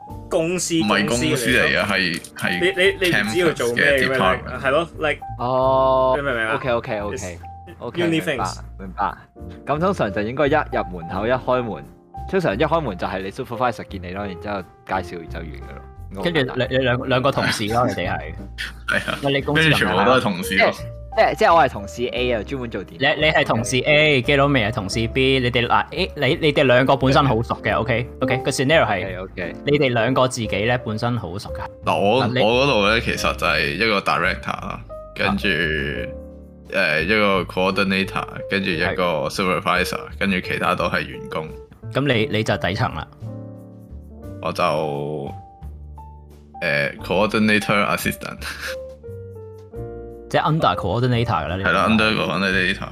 公司公司嚟啊，係係。你你你主要做咩嘅？係咯，like 哦。你明唔明啊？OK OK OK OK。Unify，明白。咁通常就應該一入門口一開門，通常一開門就係你 supervisor 實見你咯，然之後介紹就完噶咯。跟住兩兩兩個同事咯，佢哋係。係啊。咁你公司全部都係同事咯。即係我係同事 A 又專門做啲。你你係同事 A，get 到未啊？同事 B，你哋嗱 A，你你哋兩個本身好熟嘅，OK OK, okay? okay? Is,。個 scenario 係，OK。你哋兩個自己咧本身好熟噶。嗱我我嗰度咧其實就係一個 director 跟住誒一個 coordinator，跟、啊、住一個 supervisor，跟住其他都係員工。咁你你就底層啦。我就誒、呃、coordinator assistant。 即係 under coordinator 啦，係、啊、啦 under coordinator。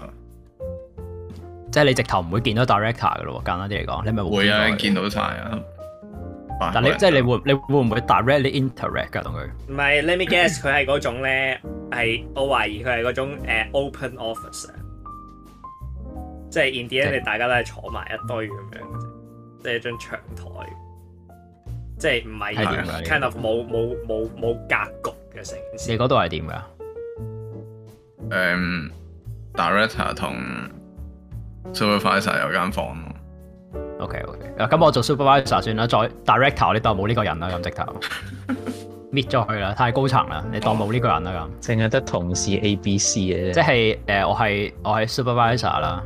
即係你直頭唔會見到 director 嘅咯，簡單啲嚟講，你咪會啊，見到晒。但你即係你會你會唔會 directly interact 噶同佢？唔係，let me guess，佢係嗰種咧，係 我懷疑佢係嗰種誒、uh, open office，即係 in the end、就是、你大家都係坐埋一堆咁樣，即、就、係、是、一張長台，即係唔係 kind of 冇冇冇冇格局嘅市。你嗰度係點噶？誒、um,，director 同 supervisor 有間房咯，O K，O K，啊，咁我做 supervisor 算啦，再 director 你當冇呢個人啦，咁直頭搣咗佢啦，太高層啦，你當冇呢個人啦咁。淨、哦、係得同事 A、B、C 嘅啫，即係誒、呃，我係我係 supervisor 啦，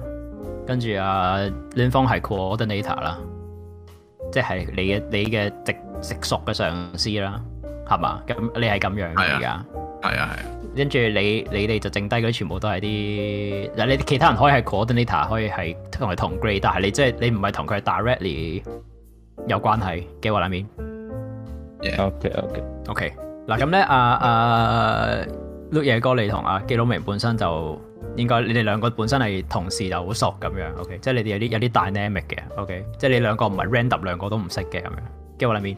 跟住啊，Lin Feng 係 Coordinator 啦，即係你嘅你嘅直直屬嘅上司啦，係嘛？咁你係咁樣嘅而家。係啊係啊，跟住你你哋就剩低嗰啲全部都係啲嗱，你其他人可以係 Coordinator，可以係同埋同 Grade，但係你即係你唔係同佢係 Directly 有關係嘅話裏面。OK OK OK 嗱咁咧啊啊 Luke、yeah. 嘢哥你同阿基佬明本身就應該你哋兩個本身係同事就好熟咁樣，OK，即係你哋有啲有啲 Dynamic 嘅，OK，即係你兩個唔係 Random，兩個都唔識嘅咁樣嘅話裏面。.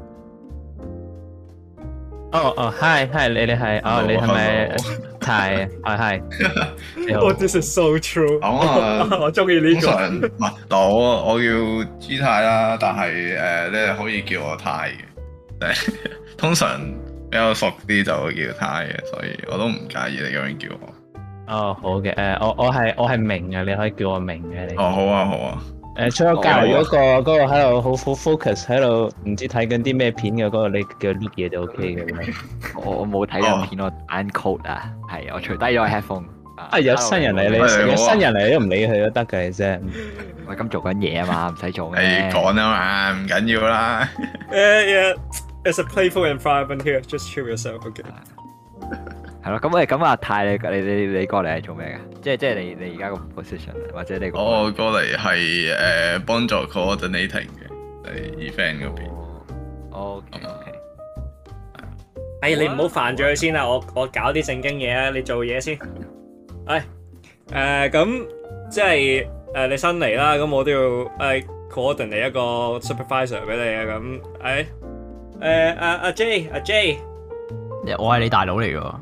哦、oh, 哦、oh,，Hi Hi，你你係，哦你係咪太，係 Hi，哦、oh,，This is so true。哦，我中意呢個。通常，唔 我我叫 Gtai 啦，但係誒你哋可以叫我太嘅。 通常比較熟啲就會叫太嘅，所以我都唔介意你咁樣叫我。哦、oh, 好嘅，誒、uh, 我我係我係明嘅，你可以叫我明嘅。哦好啊好啊。好啊。誒，除咗隔離嗰個，嗰個喺度好好 focus，喺度唔知睇緊啲咩片嘅嗰個，你叫 look 嘢就 OK 嘅啦。我我冇睇人片，我眼 close 啊，係我除低咗個 headphone。啊，有新人嚟你，有新人嚟你都唔理佢都得嘅啫。我咁做緊嘢啊嘛，唔使做。你講啊嘛，唔緊要啦。誒誒，It's a playful environment here. Just chill yourself. Okay. 係咯，咁我哋咁阿泰，你你你你過嚟係做咩嘅？即係即係你你而家個 position，或者你我我過嚟係誒幫助 Coordinating 嘅，friend 嗰邊。OK，哎你唔好煩佢先啦、well.，我我搞啲正經嘢啊，你做嘢先。哎、 hey, uh,，誒咁即係誒、uh, 你新嚟啦，咁我都要誒、uh, Coordinating 一個 Supervisor 俾你啊，咁哎誒阿阿 Jay 阿 Jay，我係你大佬嚟噶。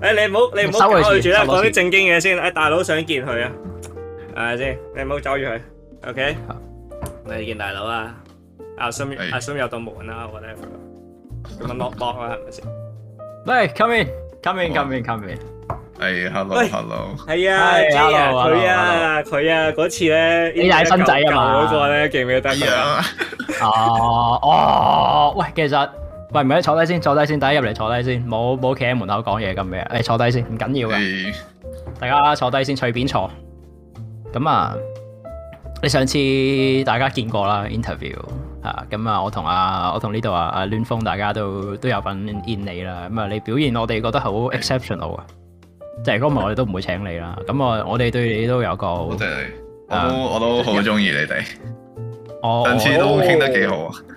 誒，你唔好，你唔好阻住啦，講啲正經嘢先。誒，大佬想見佢啊，係咪先？你唔好阻住佢。OK，你見大佬啊？啊，上面啊，上面有道門啦，whatever，咁咪 lock lock 啦，係咪先？喂，come in，come in，come in，come in。誒，hello，hello。係啊，佢啊，佢啊，嗰次咧，呢個救救嗰個咧，記唔記得？係啊。哦哦，喂，其實。喂，唔係，坐低先，坐低先，大家入嚟坐低先，冇冇企喺門口講嘢咁咩？誒、哎，坐低先，唔緊要㗎，大家坐低先，隨便坐。咁啊，你上次大家見過啦，interview 吓、啊，咁啊，我同啊，我同呢度啊阿暖風，大家都都有份 in 你啦，咁啊，你表現我哋覺得好 exceptional 啊、嗯，即係如果唔係我哋都唔會請你啦。咁啊，我哋對你都有個，好。我都好中意你哋、嗯，上次都傾得幾好啊。哦哦哦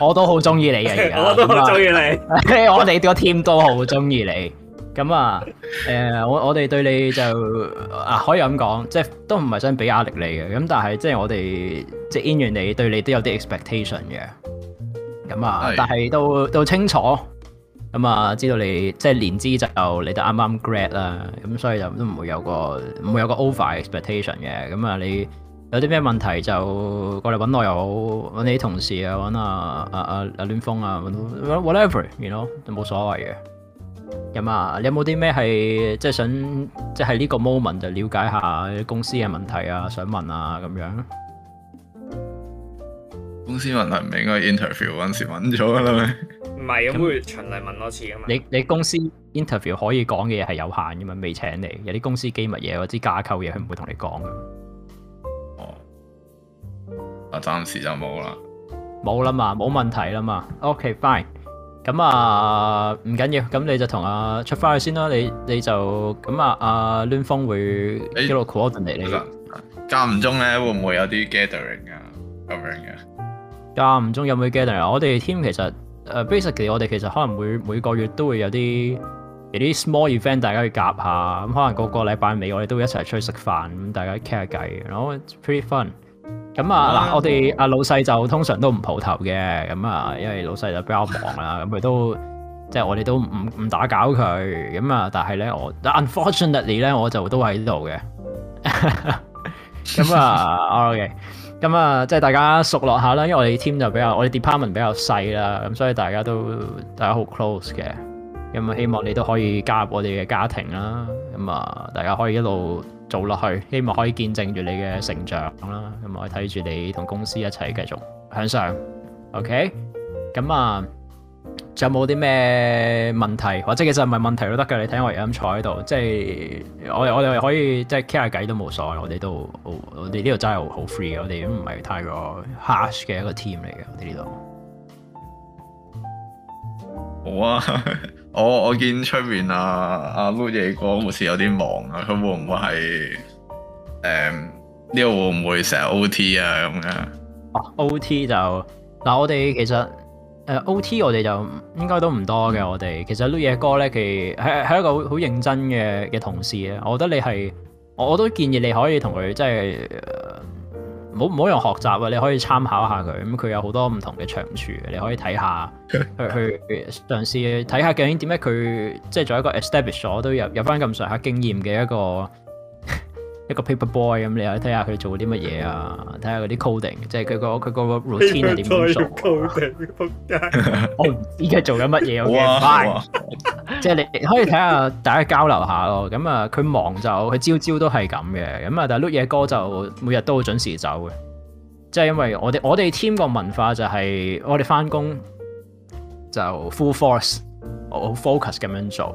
我都好中意你嘅、 啊，呃，我都好中意你。我哋個 team 都好中意你。咁啊，誒，我我哋對你就啊，可以咁講，即係都唔係想俾壓力你嘅。咁但係即係我哋即係 in 願你，對你都有啲 expectation 嘅。咁啊，是但係都都清楚。咁啊，知道你即係年資就你都啱啱 grad 啦，咁所以就都唔會有個唔 會有個 over expectation 嘅。咁啊，你。有啲咩問題就過嚟揾我又好，揾你啲同事啊，揾啊啊啊啊暖風啊，whatever，you know，都冇所謂嘅。有冇啊？你有冇啲咩係即係想即係呢個 moment 就瞭解一下公司嘅問題啊？想問啊咁樣。公司問題唔應該 interview 嗰陣時問咗噶啦咩？唔係咁，會循例問多次噶嘛。你你公司 interview 可以講嘅嘢係有限噶嘛？未請你，有啲公司機密嘢或者架構嘢，佢唔會同你講。暫 okay，啊，暫時就冇啦，冇啦嘛，冇問題啦嘛。OK，fine。咁啊，唔緊要，咁你，你就同阿出翻去先啦。你你就咁啊，阿暖風會一路 coordinate 你。間唔中咧會唔會有啲 gathering 啊？咁樣嘅，間唔中有冇 gathering？我哋 team 其實誒、uh,，basically 我哋其實可能會每，每個月都會有啲有啲 small event，大家去夾下。咁、嗯、可能個個禮拜尾我哋都會一齊出去食飯，咁大家傾下偈，然 you 後 know, pretty fun。咁啊，嗱，我哋阿老細就通常都唔蒲頭嘅，咁啊，因為老細就比較忙啦，咁佢都即係、就是、我哋都唔唔打攪佢，咁啊，但係咧我，unfortunately 咧，我就都喺呢度嘅。咁啊，OK，咁啊，即 係、okay, 啊就是、大家熟絡下啦，因為我哋 team 就比較，我哋 department 比較細啦，咁所以大家都大家好 close 嘅，咁啊，希望你都可以加入我哋嘅家庭啦，咁啊，大家可以一路，做落去，希望可以見證住你嘅成長啦，咁我睇住你同公司一齊繼續向上。OK，咁啊，仲有冇啲咩問題或者其實唔係問題都得噶？你睇我而家咁坐喺度，即係我我哋可以即係傾下偈都冇所謂，我哋都我哋呢度真係好 free，我哋都唔係太過 harsh 嘅一個 team 嚟嘅，我哋呢度。哇！ 我我見出面阿阿 Lukas 哥好似有啲忙啊，佢會唔會係誒呢個會唔會成日 OT 啊咁樣？哦，OT 就嗱，我哋其實誒 OT 我哋就應該都唔多嘅。我哋其實 Lukas 哥咧，佢係係一個好好認真嘅嘅同事啊。我覺得你係，我都建議你可以同佢即係。唔好用學習啊！你可以參考下佢，咁佢有好多唔同嘅長處，你可以睇下 去去嘗試睇下究竟點解佢即係做一個 establish 咗都有有翻咁上下經驗嘅一個，一個 paper boy 咁，你可以睇下佢做啲乜嘢啊？睇下嗰啲 coding，即係佢個佢個 routine 點樣做。我唔知佢做緊乜嘢。哇！即係你可以睇下大家交流下咯。咁啊，佢忙就佢朝朝都係咁嘅。咁啊，但係碌嘢哥就每日都好準時走嘅。即係因為我哋我哋 team 個文化就係我哋翻工就 full force，好 focus 咁樣做。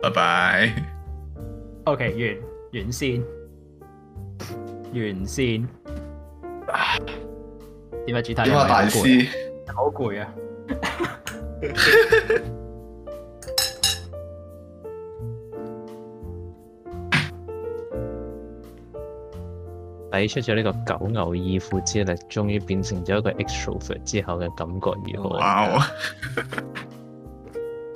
拜拜。OK，完完線，完線。點 累啊，主題？點啊，大師？好攰啊！使出咗呢個九牛二虎之力，終於變成咗一個 extrovert 之後嘅感覺如何、wow.？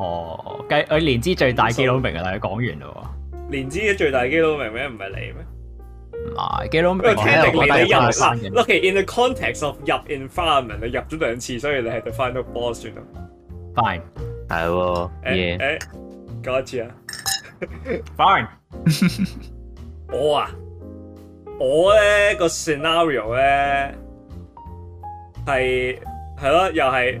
哦，計佢年資最大基佬明啊！但係講完啦喎，年資嘅最大基佬明咩？唔係你咩？唔係基佬明你入三年。Lookie in the context of 入 environment 你入咗兩次，所以你係 the final boss 算啦。Fine，係喎。誒、yeah. 誒、欸，搞一次啊。 Fine， 我啊，我呢個 scenario 呢係係咯，又係。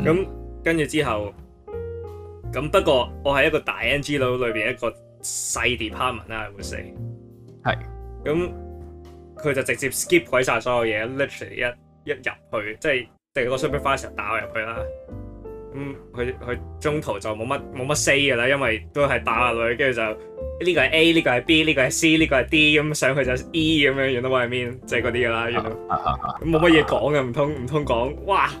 咁跟住之後，咁不過我係一個大 NG 佬裏面一個細 department 啦，會死。係，咁佢就直接 skip 鬼晒所有嘢，literally 一一入去，即係成個 super f a s 成日打我入去啦。咁佢佢中途就冇乜冇乜 say 嘅啦，因為都係打下女，跟住就呢、呢個係 A，呢個係 B，呢個係 C，呢個係 D，咁上去就 E 咁樣，然後外面即係嗰啲啦，咁後冇乜嘢講嘅，唔通唔通講哇～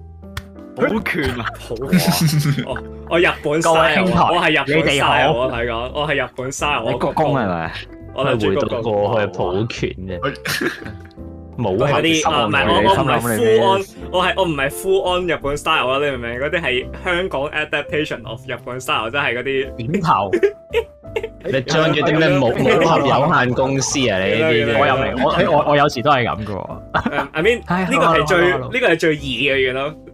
保權啊，保 我，我日本 style，我係日本 s t y l 我同你講我係日本 style，我本 style, 國公係咪？我係回到過去、哦、保權嘅，冇嗰啲啊，唔係、啊、我我唔係 full on 我係我唔係 full on 日本 style，啊。你明唔明？嗰啲係香港 adaptation of 日本 style，即係嗰啲點頭。Style, 你將住啲咩冇冇限有限公司啊？你我又明，我對對對我有對對對我，我，對對對我有時都係咁嘅。 um, I mean 呢 個係是最呢 個係最易嘅嘢咯。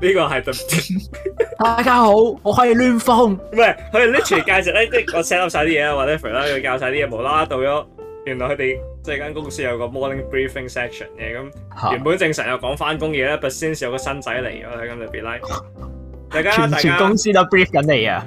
呢、這個係特別，大家好，我係亂風。唔係，佢哋拎出嚟介紹咧，即係我 set up 曬啲嘢啦，或者啦，佢教晒啲嘢，無啦啦到咗。原來佢哋即係間公司有個 morning briefing section 嘅咁，原本正常又講返工嘢咧，但係先有個新仔嚟咗 be like！大家全，全公司都 brief 緊你啊！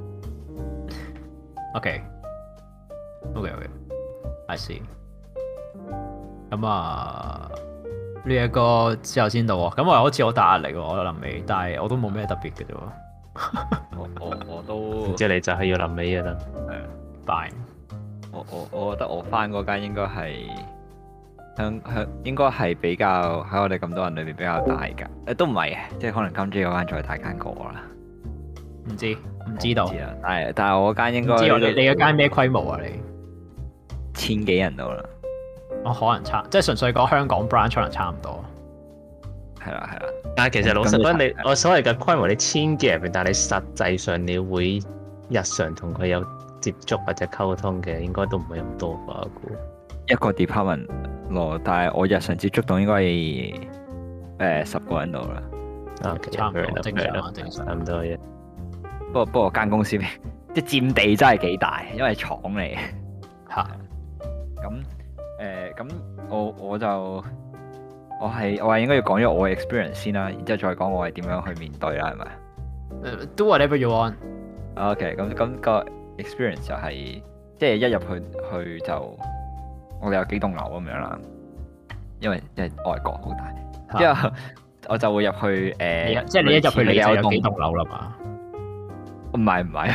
OK，OK，OK，I okay. Okay, okay. see。咁啊，呢、這、一個之後先到啊。咁我好似好大壓力喎，我有諗起，但係我都冇咩特別嘅啫。我我我都，即係你就係要諗起一陣啦。係啊我、yeah. 我我，我覺得我翻嗰間應該係向向應該係比較喺我哋咁多人裏邊比較大噶。誒，都唔係，即係可能今朝嗰間再大間過啦。唔知唔知道，係但係我間應該你你間咩規模啊？你千幾人度啦？我、哦、可能差，即係純粹講香港 branch 可能差唔多，係啦係啦。但係其實老實講，你、嗯、我所謂嘅規模你千幾人，但係你實際上你會日常同佢有接觸或者溝通嘅，應該都唔會咁多啩？一個 department 咯，但係我日常接觸到應該係誒十個人度啦，okay，差唔多正常正常差唔多嘅。不過不過間公司，即係佔地真係幾大，因為廠嚟嘅吓。咁誒，咁、 呃、我我就我係我係應該要講咗我嘅 experience 先啦，然之後再講我係點樣去面對啦，係咪、uh？Do whatever you want okay。OK 咁咁個 experience 就係即係一入去去就我哋有幾棟樓咁樣啦，因為即係外國好大，之後我就會入去誒、呃，即係你一入去你有棟樓你就有幾棟樓啦嘛。唔係唔係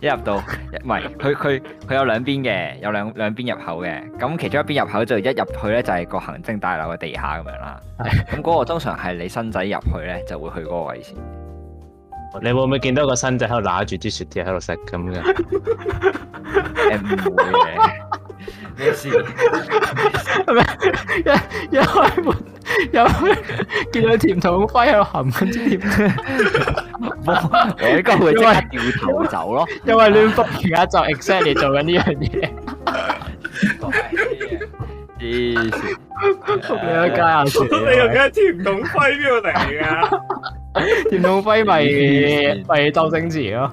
一入到唔係，佢佢佢有兩邊嘅，有兩兩邊入口嘅。咁其中一邊入口就一入去呢，就係個行政大樓嘅地下咁樣啦。咁 嗰個通常係你新仔入去呢，就會去嗰個位置。你有有、 欸、會唔會見到個新仔喺度拿住支雪條喺度食咁嘅。咩事？係咪？又又開門又見咗甜筒輝又喊緊添？我呢個會都係掉頭走咯，因為亂福而家就 exactly 做緊呢樣嘢。黐線！你喺街行船？你用嘅甜筒輝邊個嚟噶？甜筒輝咪咪周星馳咯。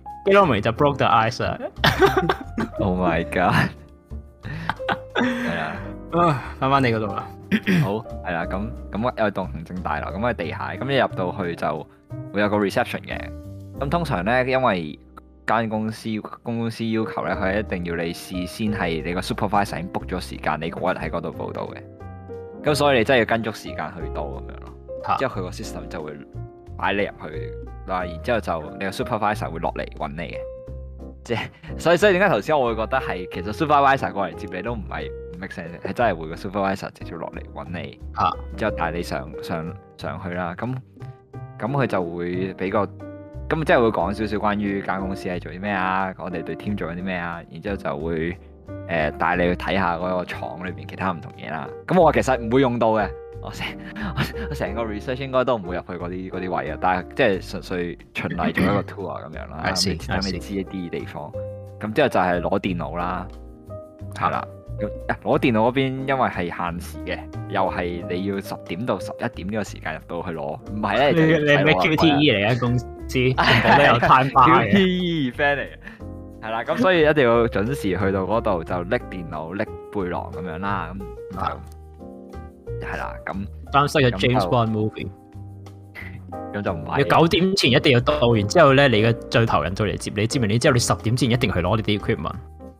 Jeremy 就 broke the ice 啊 ！Oh my god！係啊，翻 翻對了 你嗰度啦。好，係啦，咁咁有棟行政大樓，咁喺地下，咁一入到去就會有個 reception 嘅。咁通常咧，因為間公司公司要求咧，佢一定要你事先係你個 supervisor 已經 book 咗時間，你嗰日喺嗰度報到嘅。咁所以你真係要跟足時間去到咁樣咯，啊。之後佢個 system 就會擺你入去。然之後就你個 supervisor 會落嚟揾你嘅，即係所以所以點解頭先我會覺得係其實 supervisor 過嚟接你都唔係 make sense 係真係會個 supervisor 直接落嚟揾你，啊！之後帶你上上上去啦，咁咁佢就會俾個咁即係會講少少關於間公司係做啲咩啊，我哋對 team 做緊啲咩啊，然之後就會誒帶、呃、你去睇下嗰個廠裏邊其他唔同嘢啦。咁我其實唔會用到嘅。我成我成個 research 應該都唔會入去嗰啲啲位啊，但係即係純粹循例做一個 tour 咁樣啦。你 未知一啲 地方，咁之後就係攞電腦啦，係啦。攞電腦嗰邊因為係限時嘅，又係你要十點到十一點呢個時間入到去攞。唔係咧，你你咩 QTE 嚟嘅？啊啊、 公司？我都有碳棒 QTE friend 嚟嘅，係啦，咁所以一定要準時去到嗰度，就拎電腦，拎 背囊咁樣啦。咁係啦，咁翻晒個 James Bond movie，咁就唔係。要九點前一定要到，然之後咧，你嘅最頭人就嚟接你。接完你之後，你十點之前一定去攞你啲 equipment。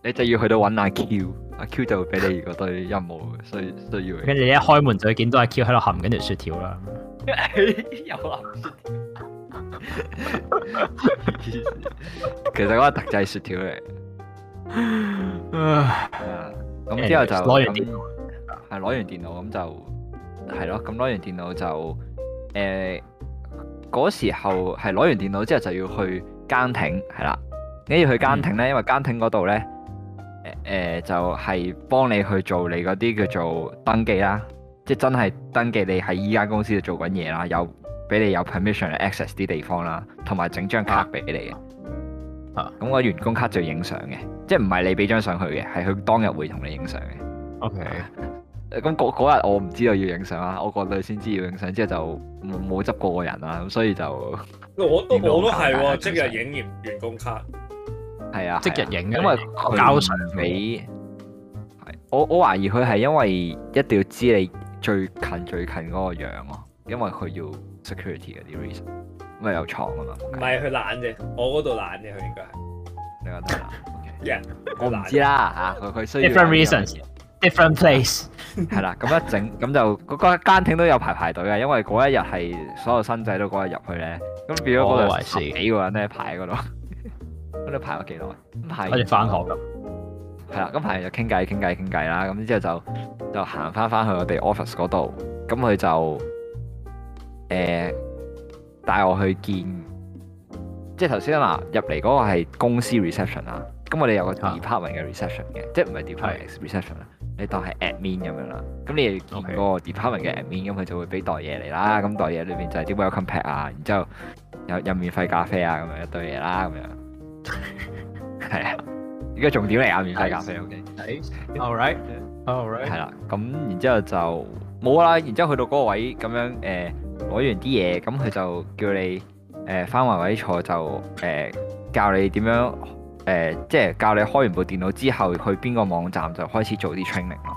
你就要去到揾阿 Q，阿 Q 就會俾你嗰堆任務，所以需要。跟住你一開門就見到阿 Q 喺度含緊條雪條啦。又含雪條。其實嗰個特製雪條嚟。咁 之後就攞完。Anyway, 係攞完電腦咁就係咯，咁攞完電腦就誒嗰、呃、時候係攞完電腦之後就要去更亭係啦，你要去更亭呢？嗯、因為更亭嗰度呢，誒、呃、就係、是、幫你去做你嗰啲叫做登記啦，即係真係登記你喺依間公司度做緊嘢啦，有俾你有 permission 嚟 access 啲地方啦，同埋整張卡俾你嘅，咁、啊、個員工卡就影相嘅，即係唔係你俾張相去嘅，係佢當日會同你影相嘅，O K。Okay. 咁嗰日我唔知道要影相啊，我個女先知要影相，之後就冇冇執過個人啊，咁所以就我我都係喎，即日影完員工卡，係啊，啊，即日影，因為交巡尾，係我我懷疑佢係因為一定要知你最近最近嗰個樣咯，因為佢要 security 嗰啲 reason，因為有床啊嘛，唔係佢懶啫，我嗰度懶嘅佢應該，你 話得啦、okay yeah,，我唔知啦吓，佢佢需要。Different place，係 啦，咁一整咁就嗰間間廳都有排排隊嘅，因為嗰一日係所有新仔都嗰日入去咧，咁變咗嗰度係十幾個人咧排嗰度，嗰度 排咗幾耐？咁排一直翻學咁，係啦，咁排就傾偈，傾偈，傾偈啦，咁之後就就行翻翻去我哋 office 嗰度，咁佢就誒、呃、帶我去見，即係頭先嗱入嚟嗰個係公司 reception 啊。咁我哋有個 department 嘅 reception 嘅，即係唔係 department reception 啦，你當係 admin 咁樣啦。咁你見嗰個 department 嘅 admin，咁佢就會俾袋嘢嚟啦。咁袋嘢裏邊就係啲 welcome pack 啊，然之後有有免費咖啡啊，咁樣一堆嘢啦，咁樣係啊。依家重點嚟啊，免費咖啡。OK，all right，all right。係啦，咁然之後就冇啦。然之後去到嗰個位咁樣，誒，攞完啲嘢，咁佢就叫你誒翻埋位坐，就誒教你點樣。誒、呃，即係教你開完部電腦之後去邊個網站就開始做啲 training 咯。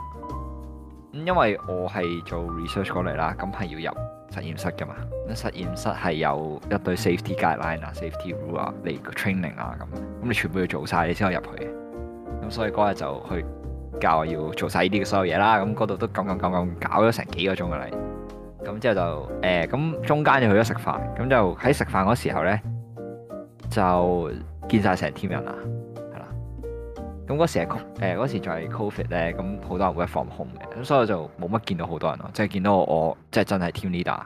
咁因為我係做 research 過嚟啦，咁係要入實驗室噶嘛。咁實驗室係有一對 safety guideline 啊，safety rule 嚟 training 啊咁，咁、啊、你全部要做晒你先可以入去。咁所以嗰日就去教要做晒呢啲嘅所有嘢啦。咁嗰度都咁咁咁咁搞咗成幾個鐘嘅啦。咁之後就誒，咁、呃、中間就去咗食飯。咁就喺食飯嗰時候呢，就。見晒成 team 人啊，係啦。咁嗰時係誒嗰時仲係 COVID 咧，咁好多人會放空嘅，咁所以我就冇乜見到好多人咯，即係見到我即係真係 team leader，誒、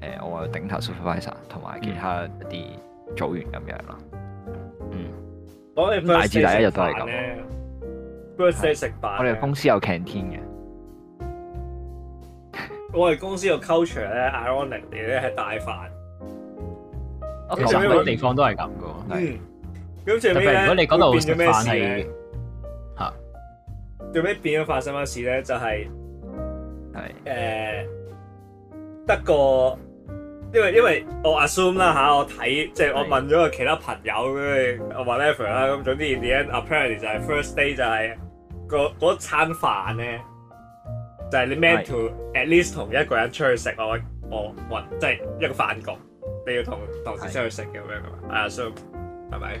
呃、我啊頂頭 supervisor 同埋其他一啲組員咁樣咯。嗯，我哋第一日食飯咧，食飯。我哋公司有 canteen 嘅。 我哋公司個 culture 咧 ironic 地咧，係帶飯。其實每個地方都係咁嘅。嗯。咁最尾咧，如果你變咗咩事咧？嚇！最尾變咗發生乜事咧？就係、是，係誒、呃、得個，因為因為我 assume 啦、啊、嚇，我睇即係我問咗其他朋友，佢哋 whatever 啦，咁總之 in the end？Apparently 就係、是、first day 就係個嗰餐飯咧，就係、是、你 meant to at least 同一個人出去食，我我即係、就是、一個飯局，你要同同事出去食嘅咁樣啊？So 係咪？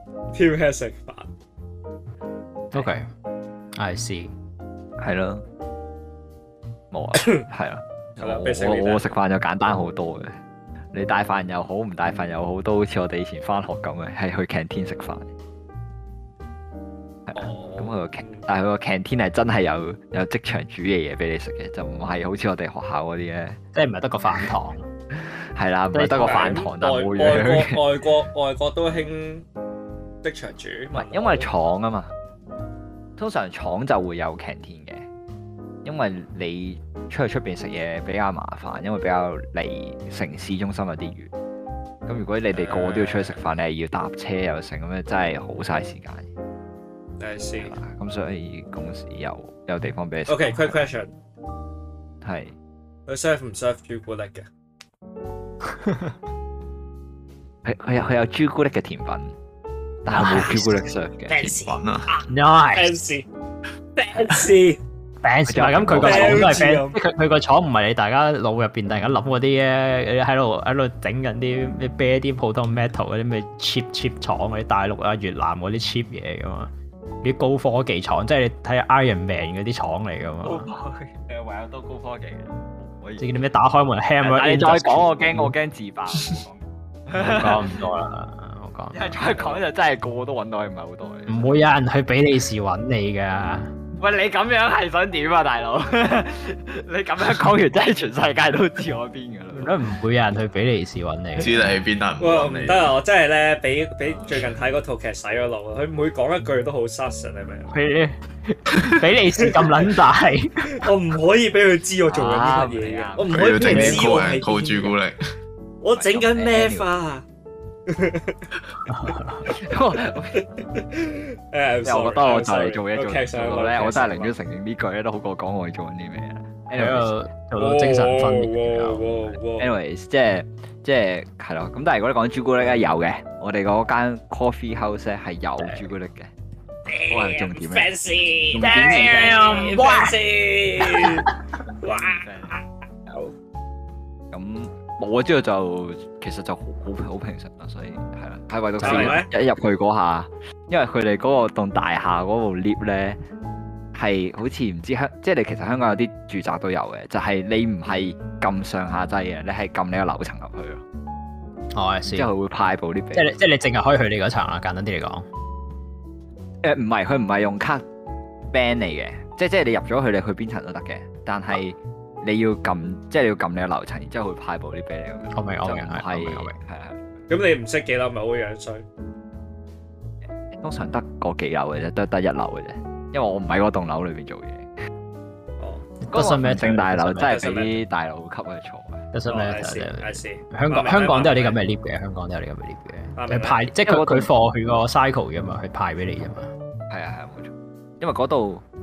t e 吃食飯，OK，I see，係咯，冇 啊，係啊、 哦， 我食飯就簡單好多嘅，你帶飯又好，唔帶飯又好，都好似我哋以前返學咁嘅，係去 canteen 食飯，係啊，咁佢 canteen 但係佢個 canteen 係真係有有即場煮嘅嘢俾你食嘅，就唔係好似我哋學校嗰啲咧，即係唔係得個飯堂，係 啦,唔係得個飯堂，但外國外國， 外，國外國都興。的場主，唔係因為廠啊嘛，通常廠就會有 canteen 嘅，因為你出去出邊食嘢比較麻煩，因為比較離城市中心有啲遠。咁如果你哋個個都要出去食飯，uh, 你係要搭車又成，咁樣真係好嘥時間。I see、啊。咁所以公司有有地方俾你食。OK，quick、okay, question。係佢 serve 唔 serve 朱古 力嘅？佢係有佢有朱古力嘅甜品。但係冇巧克力色嘅品啊，又係 fancy，fancy，fancy 就係咁，佢個廠都係 fancy，即係佢佢個廠唔係你大家腦入邊突然間諗嗰啲咧，喺度喺度整緊啲咩啤啲普通 metal 嗰啲咩 chip chip 廠嗰啲大陸啊越南嗰啲 cheap 嘢噶嘛，啲高科技廠，即係你睇 Iron Man 嗰啲廠嚟噶嘛，誒，唯有都高科技嘅，即係啲咩打開門 handle，你再講我驚我驚自爆，講唔多啦。 因為再講就真係個個都搵到，又唔係好多。唔會有人去比利時搵你噶。喂，你咁樣係想點啊，大佬？ 你咁樣講完， 真係全世界都知我邊噶啦。唔會有人去比利時搵你，你，你。知你喺邊吖？哇，唔得啊！我真係咧，比比最近睇嗰套劇洗咗腦，佢、啊、每講一句都好 sus，係咪？比利時咁撚大，我唔可以俾佢知我做緊啲乜嘢啊！我唔可以整朱古力。我整緊咩花？ 因為我覺得我就嚟做嘢做，所以我咧我真係寧願承認呢句咧都好過講我做緊啲咩呀。Anyways，做到精神分裂。Anyways，即係即係係咯。咁但係如果你講朱古力咧有嘅，我哋嗰間 coffee house 咧係有朱古力嘅。我係重點咧。Damn！有咁。我知道，之就其實就好好平常啦，所以係啦，係唯獨是、就是、一入去嗰下，因為佢哋嗰個棟大廈嗰部 lift 咧係好似唔知香，即係你其實香港有啲住宅都有嘅，就係、是、你唔係撳上下掣嘅，你係撳你個樓層入去咯。係，之佢會派部 lift 俾，即係你淨係可以去你嗰層啦，簡單啲嚟講。誒唔係，佢唔係用卡 ban 嚟嘅，即即係你入咗佢，你去邊層都得嘅，但係。Oh. 你要撳，即係要撳你個樓層，然之後會派部 lift 俾你咁樣。我明我明我明我明。咁你唔識幾樓咪好樣衰？通常得個幾樓嘅啫，得得一樓嘅啫，因為我唔喺嗰棟樓裏邊做嘢。哦，嗰上面正大樓真係俾啲大佬級去坐嘅。得信咩？大樓級，大香港，香港都有啲咁嘅 lift 嘅，香港都有啲咁嘅 lift 嘅。佢派，即係佢佢放佢個的 cycle 嘅嘛，佢派俾你啊嘛。係啊係啊冇錯，因為嗰度。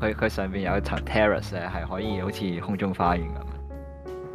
佢佢上面有一層 terrace 咧，係可以好似空中花園咁。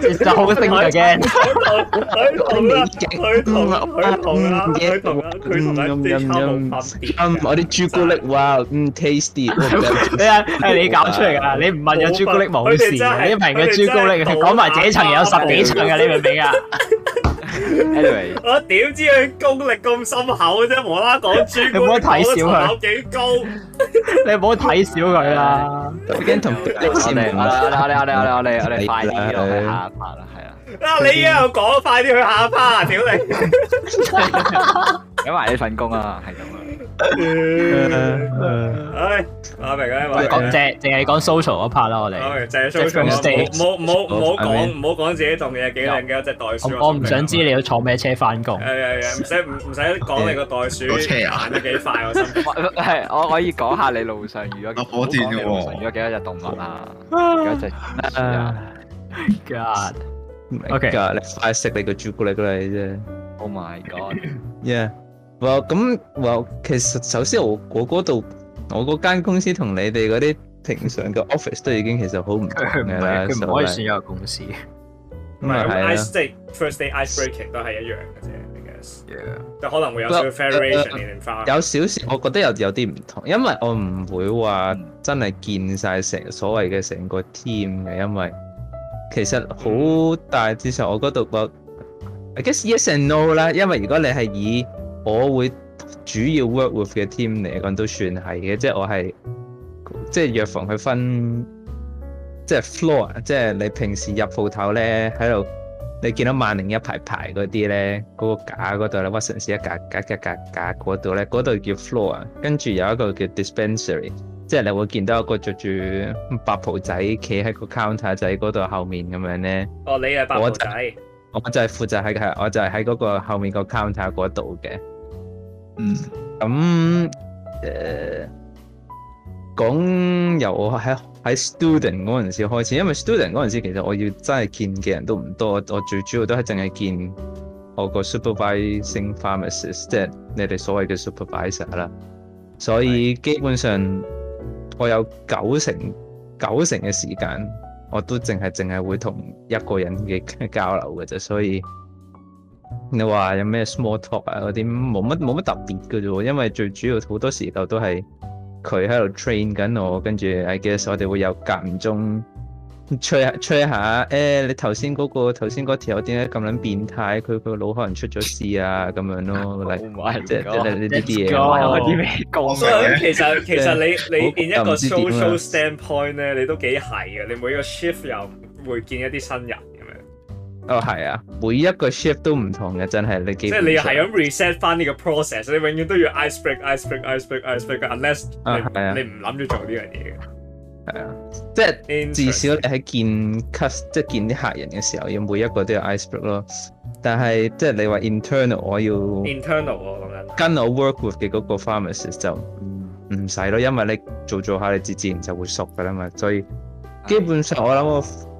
其實好識嘅，佢同啊，佢同啊，我啲朱古力哇，嗯、啊啊 wow，tasty，oh，係 island 你搞出嚟㗎？你唔問有朱古力冇事，你一瓶嘅朱古力，佢講埋這層有十幾層嘅、啊，你明唔明啊？ Anyway，我點知佢功力咁深厚啫？無啦啦講專，你唔好睇小佢，你唔好睇小佢啦。已經同我哋，我哋我哋我哋我哋我哋快啲去下一 part 啦，係啊。啊，你而家又講，快啲去下一 part 啊！屌你，搞埋你份工啊，係咁啊！唉，阿明啊。我講淨淨係講 social 嗰 part 啦，我哋。即係 social。唔好唔好唔好講唔好講自己動物幾靚嘅一隻袋鼠。我我唔想知你都坐咩車翻工。誒誒誒，唔使唔唔使講你個袋鼠行得幾快。我心係，我可以講下你路上遇咗。我火箭嘅喎。路上遇咗幾多隻動物啊？幾多隻？God，OK，你快食你個朱古力過嚟啫。Oh my God，Yeah。咁、well, well, 其實首先我嗰度我嗰間公司同你哋嗰啲平常嘅 office 都已經其實好唔同嘅啦，唔 可以算一個公司。唔係，ice day first day ice breaking 都係一樣嘅啫。I guess，yeah. 可能會有少 variation 有少少，我覺得有有啲唔同，因為我唔會話真係見晒成所謂嘅成個 team 嘅，因為其實好大致上我嗰度個 I guess yes and no 啦，因為如果你係以我會主要 work with 嘅 team 嚟講都算係嘅，即係我係即係藥房去分即係 floor，即係你平時入鋪頭咧喺度，你見到萬寧一排排嗰啲咧，嗰、嗰個架嗰度啦，屈臣氏一架架架架架嗰度咧，嗰度叫 floor，跟住有一個叫 dispensary，即係你會見到一個着住白袍仔企喺個 counter 仔嗰度後面咁樣咧。哦，你係白袍仔，我就係負責喺，我就係喺嗰個後面個 counter 嗰度嘅。Mm. 嗯，咁、嗯、誒，講由我喺喺 student 嗰陣時開始，因為 student 嗰陣時其實我要真係見嘅人都唔多，我最主要都係淨係見我個 supervising pharmacist，即係你哋所謂嘅 supervisor 啦。所以基本上我有九成九成嘅時間，我都淨係淨係會同一個人嘅交流嘅啫，所以。你話有咩 small talk 啊？嗰啲冇乜冇乜特別嘅啫，因為最主要好多時候都係佢喺度 train 緊我，跟住 I guess 我哋會有間中吹下，吹下。誒，你頭先嗰個頭先嗰條點解咁卵變態？佢佢個腦可能出咗事啊，咁樣咯。唔、oh、係即係呢啲嘢，講啲咩講？所、so, 其實其實你你變一個 social standpoint 咧，你都幾係嘅。你每個 shift 又會見一啲新人。哦，係啊，每一個 shift 都唔同嘅，真係你見。即係你係咁 reset 翻呢個 process，你永遠都要 ice break，ice break，ice break，ice break，unless 你你唔諗住做呢樣嘢嘅。係啊，即係至少你喺見 cus，即係見啲客人嘅時候，要每一個都要 ice break 咯。但係即係你話 internal，我要 internal，咁樣跟我 work with 嘅嗰個 pharmacist 就唔使咯，因為你做做下，你自自然就會熟噶啦嘛。所以基本上我諗我。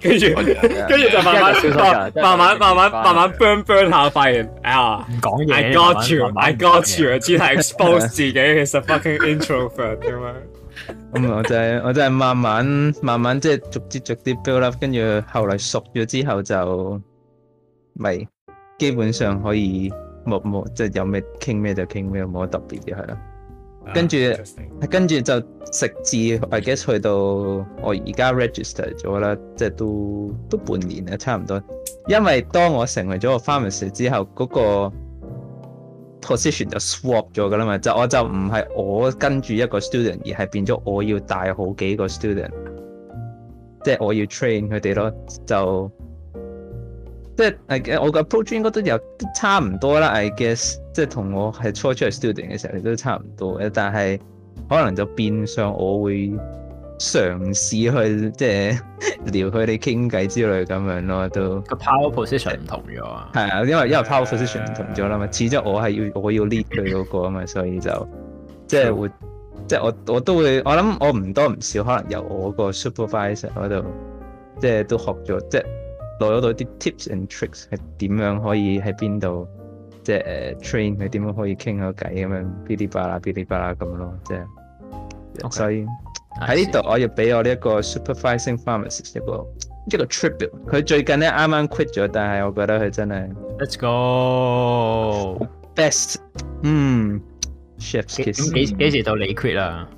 跟住，跟住就慢慢、慢慢、慢慢、慢慢 burn burn 下，發現啊，唔講嘢。I got you, I got you，先係 expose 自己，其實 fucking introvert 咁樣。咁我就係，我就係慢慢、慢慢即係逐啲逐啲 build up。跟住後嚟熟咗之後就咪，基本上可以冇冇，即係有咩傾咩就傾咩，冇乜特別嘅係啦。跟住，ah, 跟住就食字，I guess 去到我而家 register 咗啦，即係都都半年啦，差唔多。因為當我成為咗個 pharmacist 之後嗰個 position 就 swap 咗噶啦嘛，就我就唔係我跟住一個 student，而係變咗我要帶好幾個 student，即係我要 train 佢哋咯，就。即係我嘅 approach 應該都有差唔多啦，I guess 即係同我係初出嚟 student 嘅時候都差唔多嘅，但係可能就變相，我會嘗試去即係撩佢哋傾偈之類咁樣咯，都個 power position 唔同咗啊。係啊，因為因為 power position 唔同咗啦嘛，yeah. 始終我係要我要 lead 佢嗰個啊嘛， 所以就即係會即係我我都會我諗我唔多唔少可能由我個 supervisor 嗰度即係都學咗即係。攞到啲 tips and tricks 係點樣可以喺邊度即係 train 佢點樣可以傾下偈咁樣，噼哩啪啦噼哩啪啦咁咯，即係。所以喺呢度我要俾我呢一個 supervising pharmacist 一個一個 tribute。佢最近咧啱啱 quit 咗，但係我覺得佢真係。Let's go best。嗯，chef's kiss。幾幾時到你 quit 啦？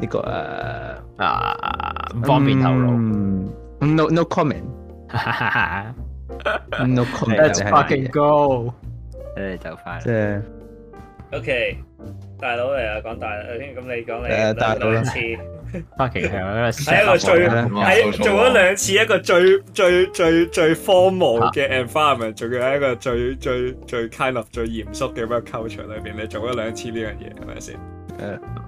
呢個誒啊！方便透露，嗯，no no comment。哈哈哈！no comment。Let's fucking go！誒，走快啦！O K，大佬嚟啊，講大，咁你講你，兩次。花旗係一個喺一個最，喺做咗兩次一個最最最最荒謬嘅 environment，仲要喺一個最最最 kind of 最嚴肅嘅一個 culture 裏邊，你做咗兩次呢樣嘢，係咪先？誒。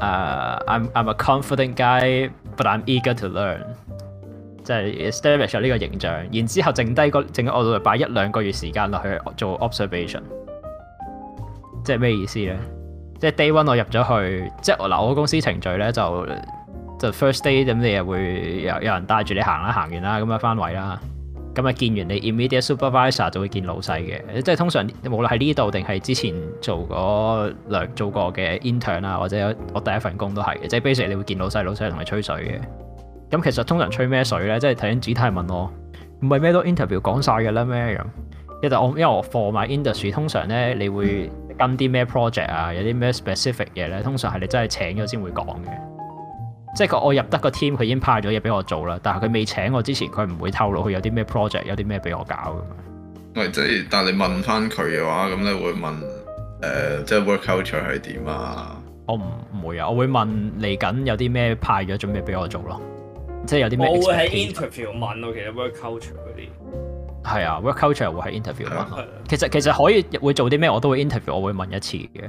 Uh, I'm I'm a confident guy，but I'm eager to learn，即係 establish 咗呢個形象，然之後淨低個淨我度擺一兩個月時間落去做 observation，即係咩意思咧？即係 day one 我入咗去，即係嗱我，我公司程序咧就就 first day 咁你又會有有人帶住你行啦，行完啦咁啊翻位啦。咁啊，見完你 Immediate Supervisor 就會見老細嘅，即係通常無論係呢度定係之前做嗰兩做過嘅 Intern 啊，或者我第一份工都係，即係 basic 你會見老細，老細同你吹水嘅。咁其實通常吹咩水咧？即係睇緊主題問我，唔係咩都 interview 講晒嘅啦咩咁。我因為我 for my industry，通常咧你會跟啲咩 project 啊，有啲咩 specific 嘢咧，通常係你真係請咗先會講嘅。即係我入得個 team，佢已經派咗嘢俾我做啦。但係佢未請我之前，佢唔會透露佢有啲咩 project，有啲咩俾我搞咁。喂，即係但係你問翻佢嘅話，咁你會問誒、呃，即係 work culture 係點啊？我唔唔會啊，我會問嚟緊有啲咩派咗準備俾我做咯。即係有啲咩？我會喺 interview 問咯、啊，其實 work culture 嗰啲係啊，work culture 會喺 interview 問、啊啊、其實其實可以會做啲咩，我都會 interview，我會問一次嘅。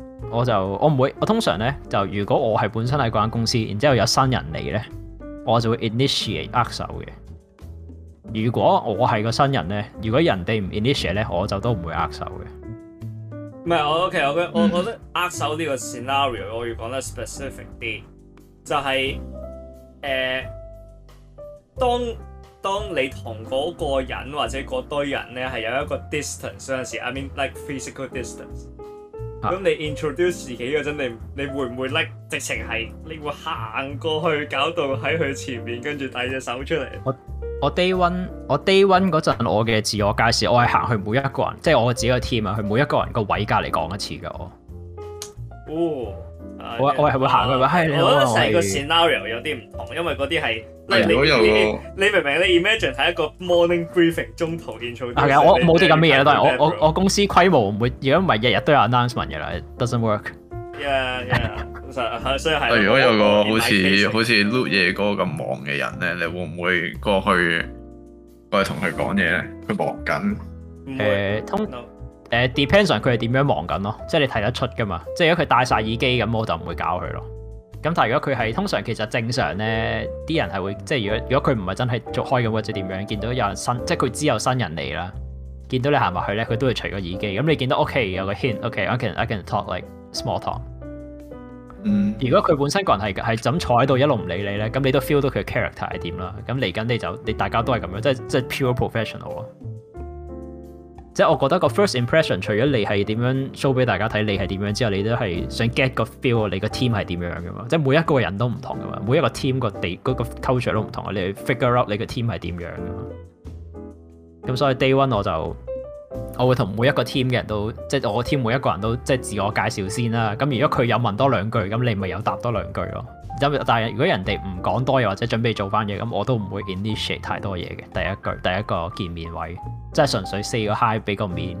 我就我唔會，我通常咧就如果我係本身喺嗰間公司，然之後有新人嚟咧，我就會 initiate 握手嘅。如果我係個新人咧，如果人哋唔 initiate 咧，我就都唔會握手嘅。唔係，我 okay，我我覺得握手呢個 scenario 我要講得 specific 啲，就係、是、誒、呃、當當你同嗰個人或者嗰堆人咧係有一個 distance 嗰陣時，I mean like physical distance。咁你 introduce 自己嗰陣，你你會唔會甩 like？直情係你會行過去，搞到喺佢前面，跟住遞隻手出嚟。我我 day one，我 day one 陣，我嘅自我介紹，我係行去每一個人，即係我自己個 team 啊，去每一個人個位隔籬講一次噶我。哦我 yeah, 我係會行嘅，係、uh, 咯、哎。Uh, 我覺得成個 scenario 有啲唔同，因為嗰啲係你、uh, 你、uh, 你明唔明？你 imagine 係、uh, 一個 morning briefing 中途結束、uh,。係、uh, 嘅，uh, 我冇啲咁嘅嘢當然，uh, 我我、uh, 我公司規模唔會，如果唔係日日都有 announcement 嘅啦，it doesn't work。係啊係啊，所以係。咁、uh, 如果有個好似好似 Luke 野哥咁忙嘅人咧，你會唔會過去過去同佢講嘢咧？佢忙緊。誒通。誒 depends on 佢係點樣忙緊咯？即係你睇得出㗎嘛？即係如果佢戴晒耳機咁，我就唔會搞佢咯。咁但係如果佢係通常其實正常咧，啲人係會即係如果如果佢唔係真係逐開咁或者點樣，見到有人新即係佢知有新人嚟啦，見到你行埋去咧，佢都會除個耳機。咁你見到 OK 有個 hint，OK、okay, I can, I can talk like small talk、mm。如果佢本身個人係係咁坐喺度一路唔理你咧，咁你都 feel 到佢 character 係點啦。咁嚟緊你就你大家都係咁樣，即係即係 pure professional 咯。即係我覺得個 first impression，除咗你係點樣 show 俾大家睇，你係點樣之後你都係想 get 個 feel，你個 team 係點樣噶嘛？即係每一個人都唔同噶嘛，每一個 team 個地、嗰個 culture 都唔同啊！你去 figure out 你個 team 係點樣噶嘛？咁所以 day one 我就我會同每一個 team 嘅人都，即係我的 team 每一個人都即係自我介紹先啦。咁如果佢有問多兩句，咁你咪有答多兩句咯。但係如果人哋唔講多嘢或者準備做翻嘢，咁我都唔會 initiate 太多嘢嘅。第一句第一個見面位，即係純粹 say 個 hi 俾個面，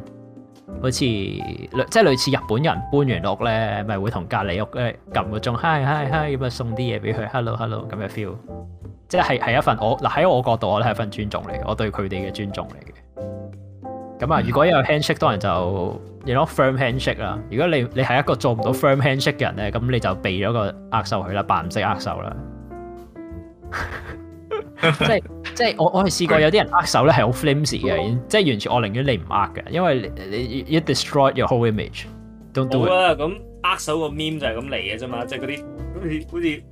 好似即係類似日本人搬完屋咧，咪會同隔離屋咧撳個鐘 hi hi hi，咁啊送啲嘢俾佢 hello hello 咁嘅 feel，即係係一份我嗱喺我角度我都係一份尊重嚟，我對佢哋嘅尊重嚟嘅。咁啊！如果有 handshake，當然就 you knowfirm handshake 啦。如果你你係一個做唔到 firm handshake 嘅人咧，咁你就避咗個握手佢啦，扮唔識握手啦。即係即係我我係試過有啲人握手咧係好 flimsy 嘅，即係完全我寧願你唔握嘅，因為你你一 destroy your whole image，don't do it。好啊，咁握手個 meme 就係咁嚟嘅啫嘛，即係嗰啲好似好似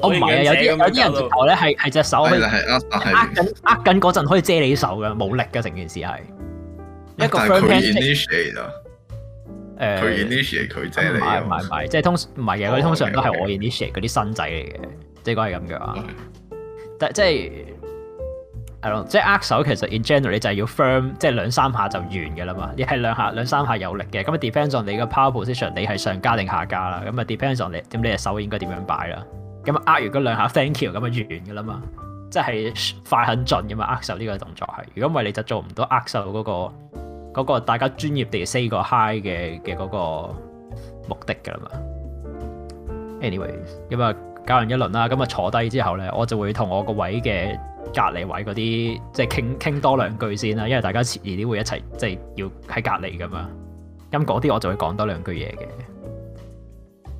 我唔係啊，有啲有啲人直頭咧係係隻手係係握緊握緊嗰陣可以遮你手嘅，冇力嘅，成件事係。一個 firm，initiate 啊、呃。佢 initiate 佢仔嚟。唔係唔係，即係通唔係嘅，佢、oh, 通常都係我 initiate 嗰啲新仔嚟嘅。Okay, okay. 即係講係咁嘅話，但、mm -hmm. 即係係咯，即係握手其實 in general 你就係要 firm，即係兩三下就完嘅啦嘛。你係兩下兩三下有力嘅，咁啊 depends on 你個 power position，你係上家定下家啦。咁啊 depends on 你點你隻手應該點樣擺啦。咁啊握完嗰兩下 thank you，咁啊完嘅啦嘛。即係快很準嘅嘛握手呢個動作係。如果唔係你就做唔到握手嗰、那個。嗰、那個大家專業地 say 個 hi 嘅嘅嗰個目的噶啦嘛。anyways，咁、嗯、啊搞完一輪啦，咁、嗯、啊坐低之後咧，我就會同我個位嘅隔籬位嗰啲即係傾傾多兩句先啦，因為大家遲啲會一齊即係要喺隔籬㗎嘛。咁嗰啲我就會講多兩句嘢嘅。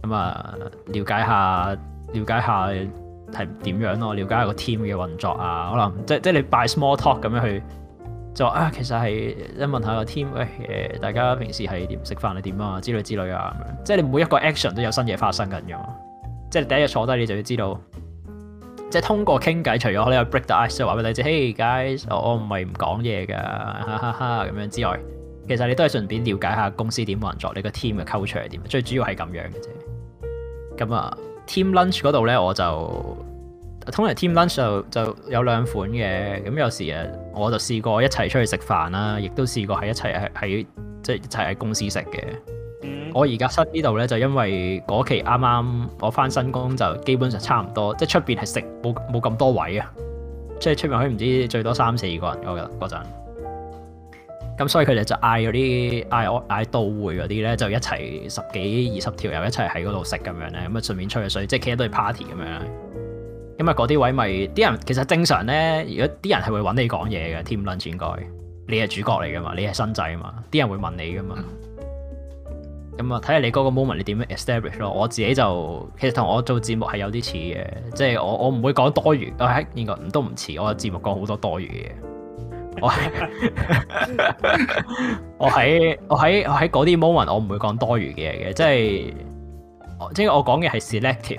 咁啊了解下了解下係點樣咯，了解，下，了解，下，了了解下個 team 嘅運作啊，可能即即係你 by small talk 咁樣去。就啊，其實係一問下個 team，喂誒，大家平時係點食飯啊點啊之類之類啊，即係你每一個 action 都有新嘢發生緊嘅嘛。即係第一日坐低，你就要知道，即係通過傾偈，除咗你有 break the ice，就話俾你知，嘿，hey, guys，我唔係唔講嘢噶，哈哈哈，咁樣之外，其實你都係順便了解下公司點運作，你個 team 嘅 culture 係點，最主要係咁樣嘅啫。咁啊，team lunch 嗰度咧，我就。通常 team lunch 就就有兩款嘅，咁有時我試過一起出去吃飯啊，我就試、是、過一齊出去食飯啦，亦都試過喺一齊喺即係一齊喺公司食嘅。我而家喺呢度咧，就因為嗰期啱啱我返新工就基本上差唔多，即係出邊係食冇冇咁多位啊，即係出面去唔知最多三四個人嗰個嗰陣。咁所以佢哋就嗌嗰啲嗌我嗌到會嗰啲咧，就一齊十幾二十條友一齊喺嗰度食咁樣咧，咁啊順便出去，所以即係企一堆 party 咁樣。咁啊，嗰啲位咪啲人，其實正常咧。如果啲人係會揾你講嘢嘅，team lunch 應該，你係主角嚟噶嘛，你係新仔嘛，啲人會問你噶嘛。咁啊，睇下你嗰個 moment 你點樣 establish 咯。我自己就其實同我做節目係有啲似嘅，即係我我唔會講多餘。我喺應該唔都唔似我節目講好多多餘嘅嘢。我喺 我喺我喺我喺嗰啲 moment 我唔會講多餘嘅嘢嘅，即係即係我講嘅係 selective。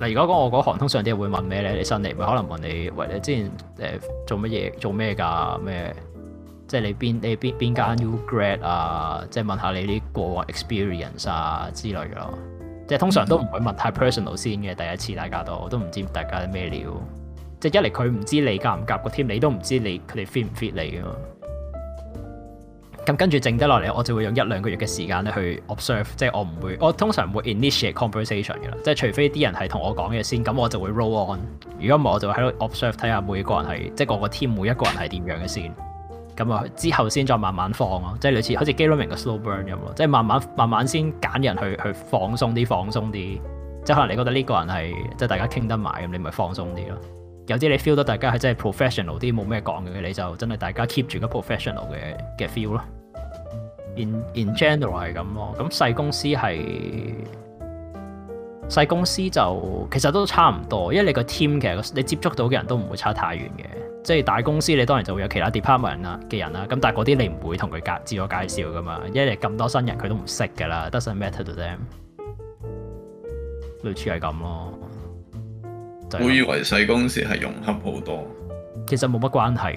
嗱，如果講我嗰行，通常啲人會問咩咧？你新嚟，會可能問你，喂，你之前誒做乜嘢？做咩㗎？咩？即係你邊？你邊邊間 U Grad 啊？即係問下你啲過往 experience 啊之類嘅囉。即係通常都唔會問太 personal 先嘅。第一次大家都我都唔知大家係咩料。即係一嚟佢唔知你夾唔夾個 team，你都唔知你佢哋 fit 唔 fit 你嘅。跟住剩得落嚟我就會用一兩個月嘅時間咧去 observe，即係我唔會，我通常唔會 initiate conversation 嘅啦，即係除非啲人係同我講嘢先，咁我就會 roll on。如果唔係我就喺度 observe 睇下每個人係，即係個個 team 每一個人係點樣嘅先。咁啊，之後先再慢慢放咯，即係類似好似 Jeremy 嘅 slow burn 咁即係慢慢慢慢先揀人去去放鬆啲，放鬆啲。即係可能你覺得呢個人係即係大家傾得埋咁，你咪放鬆啲咯。有啲你 feel 到大家係真係 professional 啲，冇咩講嘅，你就真係大家 keep 住個 professional 嘅嘅 feel 咯。in in general 係咁咯，咁細公司係細公司就其實都差唔多，因為你個 team 其實你接觸到嘅人都唔會差太遠嘅，即係大公司你當然就會有其他 department 啦嘅人啦，咁但係嗰啲你唔會同佢隔自我介紹噶嘛，因為咁多新人佢都唔識噶啦，doesn't matter to them，類似係咁咯。我以為細公司係融洽好多，其實冇乜關係。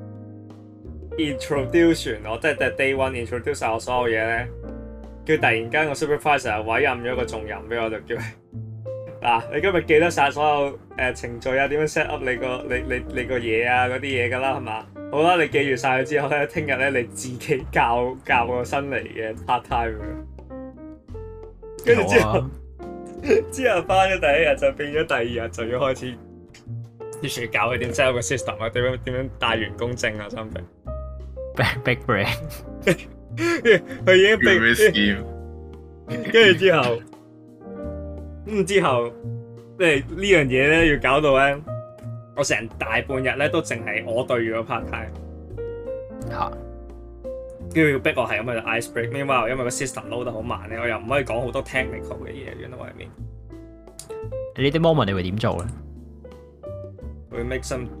Introduction、mm -hmm. 我即係第 day one introduce 晒我所有嘢咧，佢突然間個 supervisor 委任咗個重任俾我，就叫，嗱、 啊、你今日記得晒所有誒、呃、程序啊，點樣 set up 你個你你你個嘢啊嗰啲嘢噶啦係嘛，mm -hmm. 好啦你記住晒佢之後咧，聽日咧你自己教教個新嚟嘅 part time，跟住之後之後返咗 第一日就變咗第二日就要開始， 要教佢點 set up 個 system、mm -hmm. 完啊點樣點樣帶員工證啊生病。big big brand，佢已經逼，跟住之後，嗯之後，即係呢樣嘢咧，要搞到咧，我成大半日咧都淨係我對住個 part time，吓，跟住要逼我係咁就 ice break meanwhile，因為個 system load 得好慢咧，我又唔可以講好多 technical 嘅嘢喺度外面。呢啲 moment 你會點做咧？會 make some。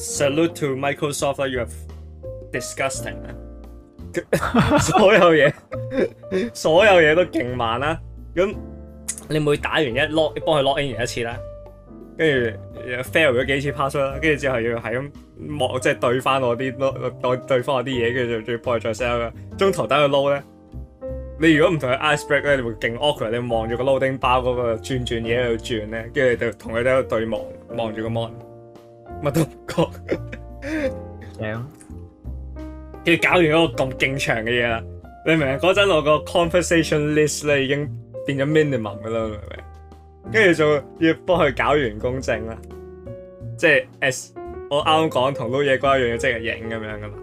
Salute to Microsoft 啊！You have disgusting 所有嘢，所有嘢都勁慢啦。咁你每打完一 lock，幫佢 login 完一次啦，跟住 fail 咗幾次 pass 啦，跟住之後要係咁望，即係對翻我啲 lock，對對方啲嘢，跟住仲要幫佢再 sell 啦。中途等佢 load 咧，你如果唔同佢 ice break 咧，你會勁 awkward。你望住個 loading bar 嗰個轉轉嘢喺度轉咧，跟住就同佢哋喺度對望，望住個 mon。乜都唔覺，係咯？跟住搞完嗰個咁勁長嘅嘢啦，你明唔明？嗰陣我個 conversation list 咧已經變咗 minimum 噶啦，明唔明？跟住仲要幫佢搞員工證啦，即係 as 我啱啱講同撈野瓜一樣，即係影咁樣噶嘛？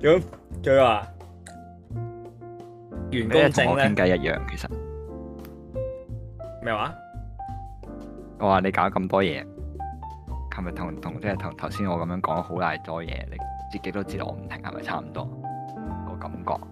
咁佢話員工證咧，解一樣其實咩話？我話你搞咁多嘢。係咪同同即係頭頭先我咁樣講好大堆嘢，你自己都知我唔停，係咪差唔多個感覺？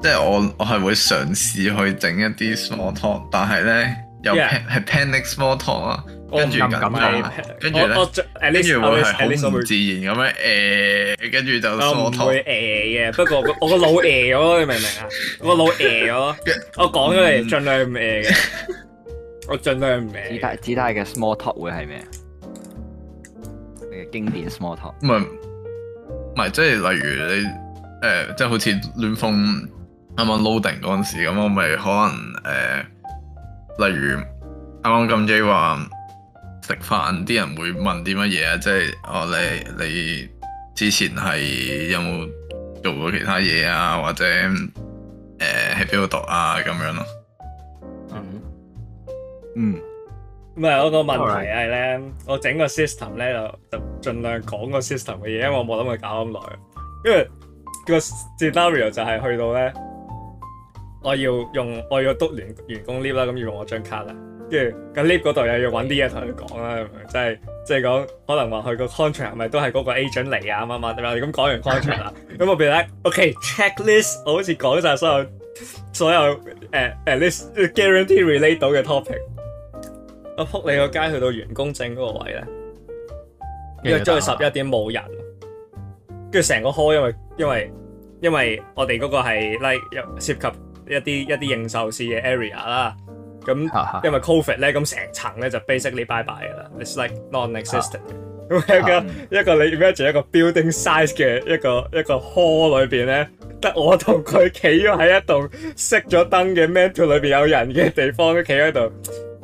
即係我我係會嘗試去整一啲 small talk，但係咧又係 pan panics small talk、yeah. 不敢不敢啊，跟住跟住，跟住咧跟住會係唔自然咁樣誒，跟住就 small talk 誒，會不，會不，會啊、 不過我個腦誒咗，你明唔明啊？我腦誒咗，我講咗你盡量唔誒嘅， 我盡量唔誒、啊。紫帶紫帶嘅 small talk 會係咩啊？經典 small talk 唔係唔係即係例如你誒、呃，即係好似暖風。啱啱 loading 嗰陣時，咁我咪可能誒、呃，例如啱啱咁 J 話食飯，啲人會問啲乜嘢啊？即係我、哦、你你之前係有冇做過其他嘢啊？或者誒喺邊度讀啊？咁樣咯。嗯。嗯。唔係我個問題係咧，我整個 system 咧就就盡量講個 system 嘅嘢，因為我冇諗佢搞咁耐，因為、個 scenario 就係去到咧。我要用，我要督完員工 lift 啦，咁要用我張卡啦，跟住個 lift 嗰度又要揾啲嘢同佢講啦，即係即係講可能話佢個 contract 係咪都係嗰個 agent 嚟啊？啱啱咁樣，咁講完 contract 啦，咁後邊咧，OK checklist，我好似講晒所有所有誒誒 listguarantee relate 到嘅 topic，我仆你個街，去到員工證嗰個位咧，因為中午十一點冇人，跟住成個 hall 因為因為因為我哋嗰個係 like 有涉及。一啲一啲應受試嘅 area 啦，咁因為 COVID 咧，咁成層咧就 basically 拜拜㗎啦，it's like non-existent。咁一個一個你 Imagine 一個 building size 嘅一個一個 hall 裏邊咧，得我同佢企咗喺一棟熄咗燈嘅咩，仲裏邊有人嘅地方，企喺度。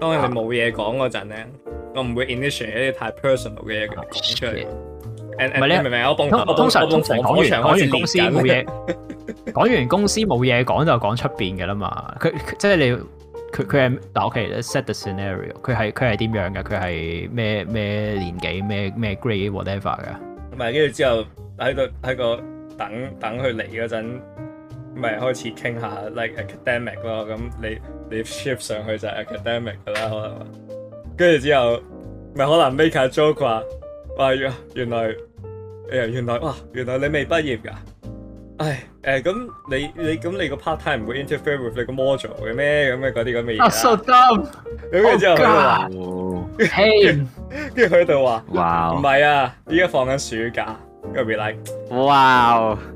當你冇嘢講嗰陣咧，我唔會 initiate 一啲太 personal 嘅嘢講出嚟。唔、啊、係、啊、你明唔明？我，通，我通常講完，完公司冇嘢，講 完公司冇嘢講就講出邊㗎啦嘛。佢即係你，佢佢係但我其實 set the scenario，佢係佢係點樣嘅？佢係咩咩年紀？咩咩 grade whatever 嘅？唔係跟住之後喺度喺個等等佢嚟嗰陣。咪 開始傾下 like academic 咯，咁你你 shift 上去就係 academic 噶啦，可能跟住之後咪可能 make a joke 話原原來誒原來哇原來你未畢業㗎，唉誒咁、欸、你你咁你個 part time 唔會 interfere with 你個 module 嘅咩咁嘅嗰啲咁嘅嘢啊，so dumb，跟住之後佢就話，跟住跟住佢喺度話，唔、wow. 係啊，依家放緊暑假，因為 like 哇。Wow.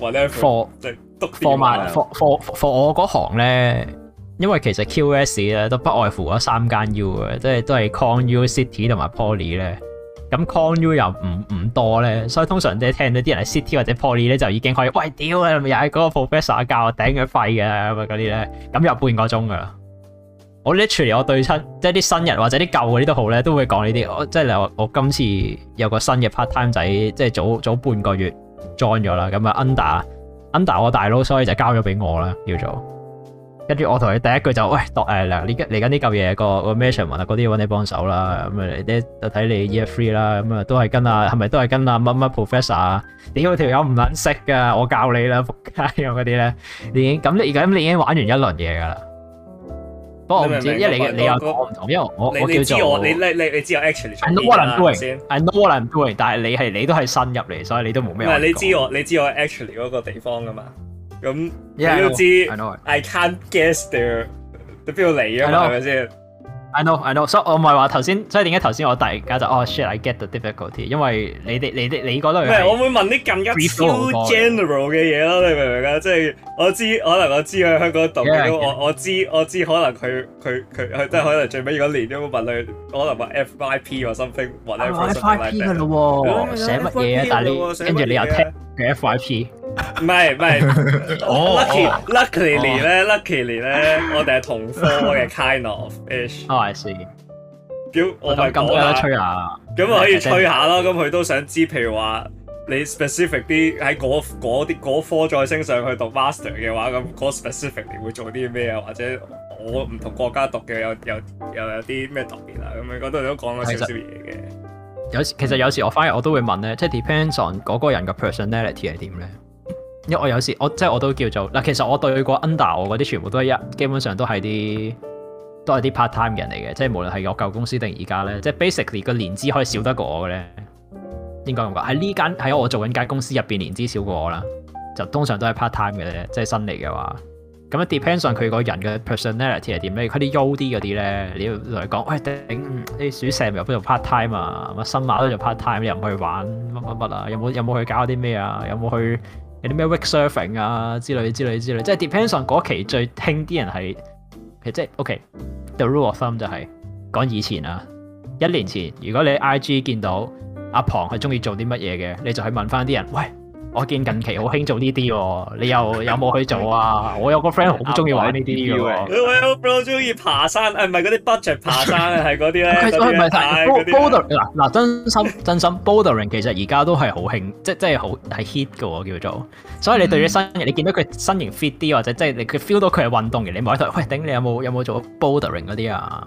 或者貨，讀貨物，貨貨貨，我嗰行咧，因為其實 QS 咧都不外乎三間 U 嘅，即係都係 Con U City 同埋 Poly 咧。咁 Con U 又唔唔多咧，所以通常即係聽到啲人係 City 或者 Poly 咧，就已經可以喂，屌啊，咪又係嗰個 Professor 教我，頂佢肺嘅咁啊嗰啲咧，咁又半個鐘噶啦。我呢一出嚟，我對親即係啲新人或者啲舊嗰啲都好咧，都會講呢啲。我即係例如我今次有個新嘅 part time 仔，即係早早半個月。join 咗啦，咁啊 under，under 我大佬，所以就交咗畀我啦，叫做，跟住我同佢第一句就喂，誒，嚟，嚟緊呢嚿嘢個個咩全文啊，嗰啲要揾你幫手啦，咁啊，你就睇你 year three 啦，咁啊都係跟啊，係咪都係跟啊乜乜 professor 啊，屌條友唔撚識嘅，我教你啦，仆街咁嗰啲咧，你咁而家咁你已經玩完一輪嘢噶啦。不過我唔知，因嚟你你又我唔同，因為你、那個你那個那個、我我叫做你你你你知我 actually 你 I know what I'm doing，係 I know what I'm doing，但係你係你都係新入嚟，所以你都冇咩。唔係你知我，你知我 actually 嗰個地方噶嘛？咁你都知 yeah, I, know,，I can't guess they're，喺邊度嚟啊？係咪先？I know, I know，所、so、以我唔係話頭先，所以點解頭先我突然間就 oh shit, I get the difficulty，因為你哋你哋你覺得佢係，我會問啲更加超 general 嘅嘢咯，你明唔明啊？即、就、係、是、我知，可能我知佢香港讀、yeah, yeah.，我知我知我知，可能佢佢佢佢即係可能最尾嗰年都問佢，可能問 FYP 或 something 或 FYP 嘅咯喎，寫乜嘢？啊？但你跟住你又聽。The、FYP 唔係唔係 ，Lucky，Luckily 咧、哦、，Luckily 咧、哦哦， 我哋係同科嘅 Kind of ish、oh, I see 我咪咁樣吹下，咁可以吹下咯。咁佢都想知，譬如話你 specific 啲喺嗰啲嗰科再升上去讀 master 嘅話，咁、那、嗰、個、specific 你會做啲咩啊？或者我唔同國家讀嘅有有又有啲咩特別啊？咁啊，嗰度都講咗少少嘢嘅。有時其實有時我反而我都會問咧，即係 depends on 嗰個人嘅 personality 係點咧？因為我有時我即係我都叫做嗱，其實我對個 under 我嗰啲全部都係一基本上都係啲都係啲 part time 人嚟嘅，即係無論係我舊公司定而家咧，即係 basically 個年資可以少得過我嘅咧，應該唔覺喺呢間喺我做緊間公司入面年資少過我啦，就通常都係 part time 嘅啫，即係新嚟嘅話。咁啊，depends on 佢個人嘅 personality 係點咧？佢啲 u 啲嗰啲咧，你要同佢講，喂頂，你暑曬咪又邊度 part time 啊？乜新馬都做 part time，你又唔去玩乜乜乜啊？有冇有冇去搞啲咩啊？有冇去有啲咩 wake surfing 啊？之類之類之類，即係 depends on 嗰期最聽啲人係，即係 OK。The rule of thumb 就係講以前啊，一年前，如果你 IG 見到阿龐係中意做啲乜嘢嘅，你就去問翻啲人，喂。我見近期好興做呢啲喎，你又有冇去做啊？我有個 friend 好中意玩呢啲嘅喎，我有 bro 中意爬山，係咪嗰啲 budget 爬山啊？係嗰啲咧？唔 係，係 bouldering 嗱嗱，真心真心 bouldering 其實而家都係好興，即即係好係 hit 嘅，叫做。所以你對住身形，你見到佢身形 fit 啲，或者即係你佢 feel 到佢係運動嘅，你咪喺度喂，頂，你有冇有冇做 bouldering 嗰啲啊？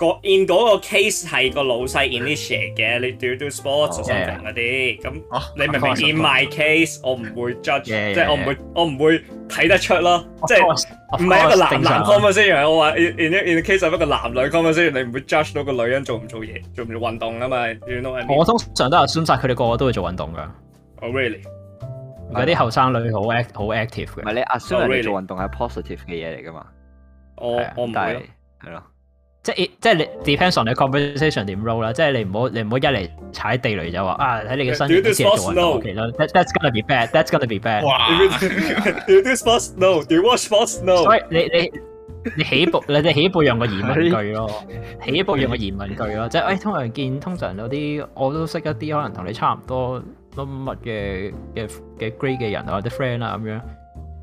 個 In 嗰個 case 係個老細 initiate 嘅，你都要 do sports or something 嗰啲。咁你明唔明 In my case，我唔會 judge，即係我唔會我唔會睇得出咯。即係唔係一個男男 conversation 我話 In In a case of 一個男女 conversation 你唔會 judge 到個女人做唔做嘢，做唔做運動啊嘛？你 no。我通常都 assume 晒佢哋個個都會做運動噶。我、oh, really 有啲後生女好 active 嘅。唔係你 assume 人哋做運動係 positive 嘅嘢嚟噶嘛？我我唔係係咯。即係，即係你 depends on 你 conversation 點 roll 啦。即係你唔好，你唔好一嚟踩地雷就話啊！睇你嘅身嘅嘢做喺屋企咯。That's gonna be bad. That's gonna be bad. 哇！Do this for snow. Do watch for snow. 所以你你你起步，你你起步用個疑問句咯，起步用個疑問句咯。即係，哎，通常見，通常有啲我都識一啲，可能同你差唔多咁物嘅嘅嘅 great 嘅人啊，或者 friend 啊咁樣。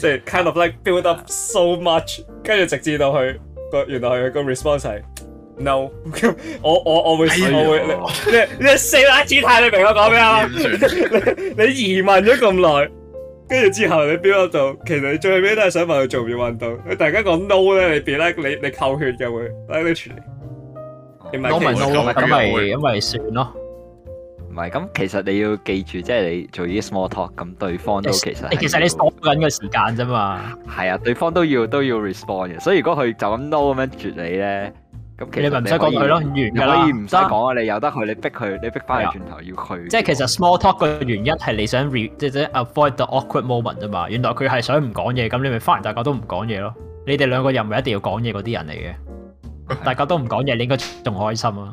即係 kind of like build up so much，跟住直至到佢個原來佢個 response 係 no，我我我會我會你你四粒字態你明我講咩啊？你你疑問咗咁耐，跟住之後你 build up 到其實你最尾都係想問佢做唔做運動，你突然間講 no 咧，你變啦，你你扣血就會，literally，你你傳多問數我咪咁咪，因為算咯。唔係，咁其實你要記住，即係你做啲 small talk，咁對方都其實，誒，其實你鎖緊嘅時間啫嘛。係啊，對方都要都要 respond 嘅，所以如果佢就咁 no 咁樣絕你咧，咁其實你咪唔使講佢咯，完㗎啦，唔使講啊，你由得佢，你逼佢，你逼翻佢轉頭要去。即係其實 small talk 嘅原因係你想 re，即係即係 avoid the awkward moment 啫嘛。原來佢係想唔講嘢，咁你咪反而大家都唔講嘢咯。你哋兩個又唔係一定要講嘢嗰啲人嚟嘅，大家都唔講嘢，你應該仲開心啊。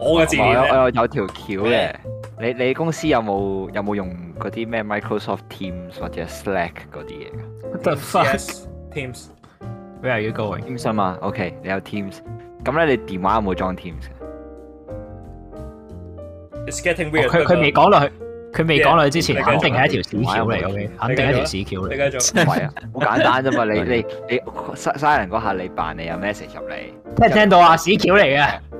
我嘅字咧，我我有條橋嘅。你你公司有冇有冇用嗰啲咩 Microsoft Teams 或者 Slack 嗰啲嘢？Teams，where are you going？Teams 啊嘛，OK，你有 Teams。咁咧，你電話有冇裝 Teams？佢佢未講落去，佢未講落去之前，肯定係一條屎橋嚟嘅，肯定係一條屎橋嚟。係啊，好簡單啫嘛，你你你，silent 嗰下你辦，你有 message 入嚟。聽聽到啊，屎橋嚟嘅。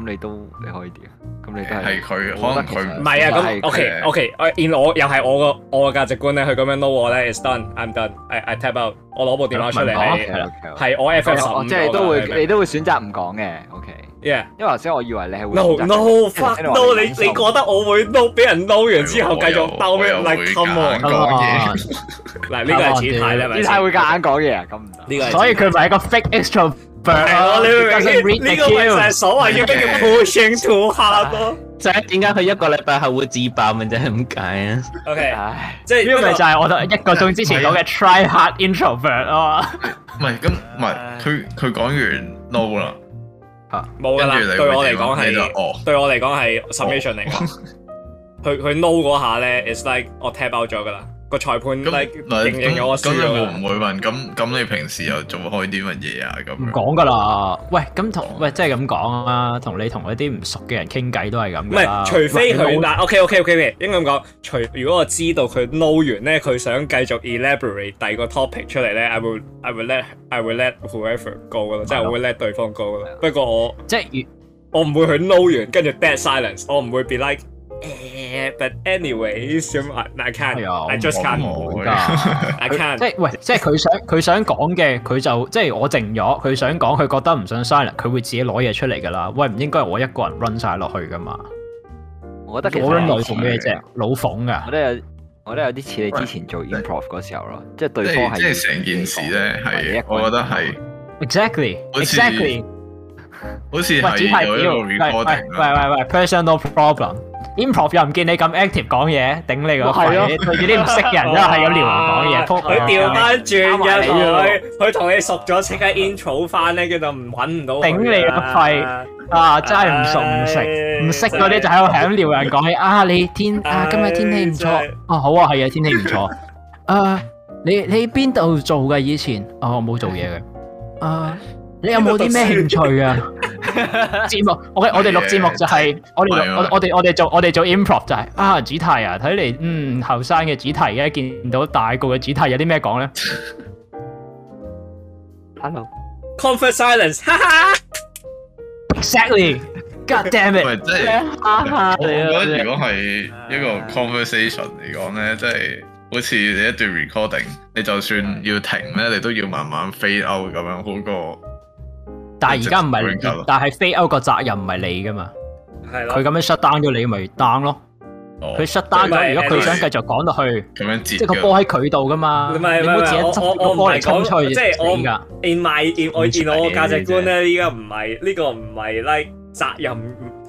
咁你都你可以點啊？咁你都係佢，可能佢唔係啊。咁 OK OK，in 我又係我個我個價值觀咧，佢咁樣嬲我咧，It's done，I'm done，I I tap out，我攞部電話出嚟係，係我 F X 五，即係都會你都會選擇唔講嘅。OK，yeah，因為頭先我以為你係會嬲嬲翻到你，你覺得我會嬲，俾人嬲完之後繼續鬥咩？嚟咁忙啊嘛？嗱，呢個係姿態啦，姿態會夾硬講嘢啊？咁唔得，所以佢咪一個 fake extra。我、啊、你會唔會呢個咪就係所謂要咩叫 pushing to hard 咯？即係點解佢一個禮拜後會自爆咪、okay，啊、就係咁解啊？OK，即係呢個咪就係我哋一個鐘之前講嘅 try hard introvert 咯、啊。唔、啊、係，咁唔係，佢佢講完 no 啦嚇，冇噶啦，對我嚟講係，oh。對我嚟講係 submission 嚟㗎。佢、oh。佢、oh。 no 嗰下咧，it's like 我 tap 踢爆咗㗎啦。個裁判嚟承認我輸啊！咁又我唔會問，咁咁你平時又做開啲乜嘢啊？咁唔講噶啦，喂，咁同喂，即係咁講啊，同你同一啲唔熟嘅人傾偈都係咁、啊。唔係，除非佢，但 OK OK OK，應該咁講。除如果我知道佢 know 完咧，佢想繼續 elaborate 第二個 topic 出嚟咧，I will I will let I will let whoever go 啦，即係我會 let 對方 go 啦。不過我即係我唔會去 know 完，跟住 dead silence，、嗯、我唔會 be like。誒，but anyways，小文，I can't，I just can't，I can't。即係喂，即係佢想佢想講嘅，佢就即係我靜咗。佢想講，佢覺得唔想 silent，佢會自己攞嘢出嚟噶啦。喂，唔應該係我一個人 run 晒落去噶嘛？我覺得其實我諗老馮咩啫？老馮噶。我覺得有，我覺得有啲似你之前做 improv 嗰時候咯。即係對方係即係成件事咧，係我覺得係 exactly，exactly，好似係有 record，喂喂喂，personal problem。Improv 又唔見你咁 active 講嘢，頂你個肺！有啲唔識人啦，係咁撩人講嘢，佢調翻轉嘅佢，佢同、啊你，你，啊、你熟咗，即刻 intro 翻咧，佢就唔搵唔到。頂你個肺啊，啊！真係唔熟唔食！唔識嗰啲就喺度響撩人講嘢啊，啊！你天啊，今日天氣唔錯哦、啊就是啊，好啊，係啊，天氣唔錯 啊。啊，你你邊度做嘅以前？哦，我冇做嘢嘅。啊。你有冇啲咩興趣啊？節目，我我哋錄節目就係我哋錄我我哋我哋做我哋做 improv 就係啊主題啊，睇嚟嗯後生嘅主題咧，見到大個嘅主題有啲咩講咧？Hello，confident silence，exactly，God damn it！即係我覺得如果係一個 conversation 嚟講咧，即係好似你一段 recording，你就算要停咧，你都要慢慢 fade out 咁樣，好過。但係而家唔係，但係非歐個責任唔係你噶嘛？係咯，佢咁樣 shutdown 咗，你、就、咪、是、down 咯。佢、oh, shutdown 咗，如果佢想繼續講落去，咁樣即係個波喺佢度噶嘛？唔係唔係唔係，波我嚟講，即係我、就是就是、我 in my, in my 我見外見，我價值觀咧，依家唔係呢個唔係 like 責任。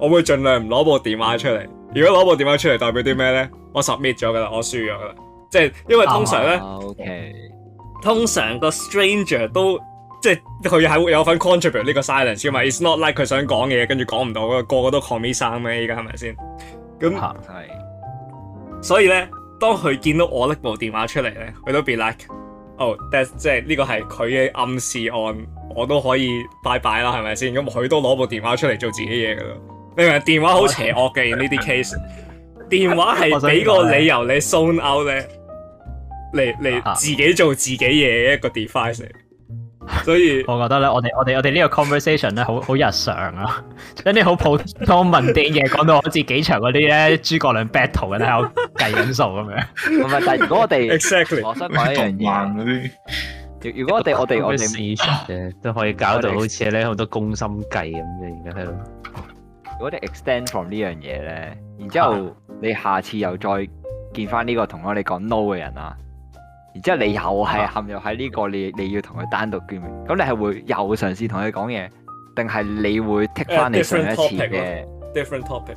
我會盡量唔攞部電話出嚟。如果攞部電話出嚟，代表啲咩咧？我 submit 咗噶啦，我輸咗噶啦。即係因為通常咧，uh -huh, okay. 通常個 stranger 都即係佢係會有份 contribute 呢個 silence 噶嘛。It's not like 佢想講嘅嘢，跟住講唔到。個個都 commission 咩、啊？依家係咪先？咁係。Uh -huh, right. 所以咧，當佢見到我拎部電話出嚟咧，佢都 be like，哦、oh, 即係呢個係佢嘅暗示案，我都可以拜拜啦，係咪先？咁佢都攞部電話出嚟做自己嘢噶啦。你話電話好邪惡嘅呢啲 case，電話係俾個理由你送 out 咧，嚟嚟自己做自己嘢一個 device。所以我覺得咧，我哋我哋我哋呢個 conversation 咧，好好日常啊，跟啲好普通 文定嘢，講到好似幾場嗰啲咧，諸葛亮 battle 嘅咧，計因素咁樣。唔係，但係如果我哋、exactly.，我失咗一樣嘢。如果我哋我哋我哋，我 都可以搞到好似咧好多攻心計咁嘅，而家係咯。如果你 extend from 呢樣嘢咧，然之後你下次又再見翻呢個同我哋講 no 嘅人啊，然之後你又係陷入喺呢個你，你你要同佢單獨見面。i 咁你係會又嘗試同佢講嘢，定係你會 take 翻你上一次嘅 different topic。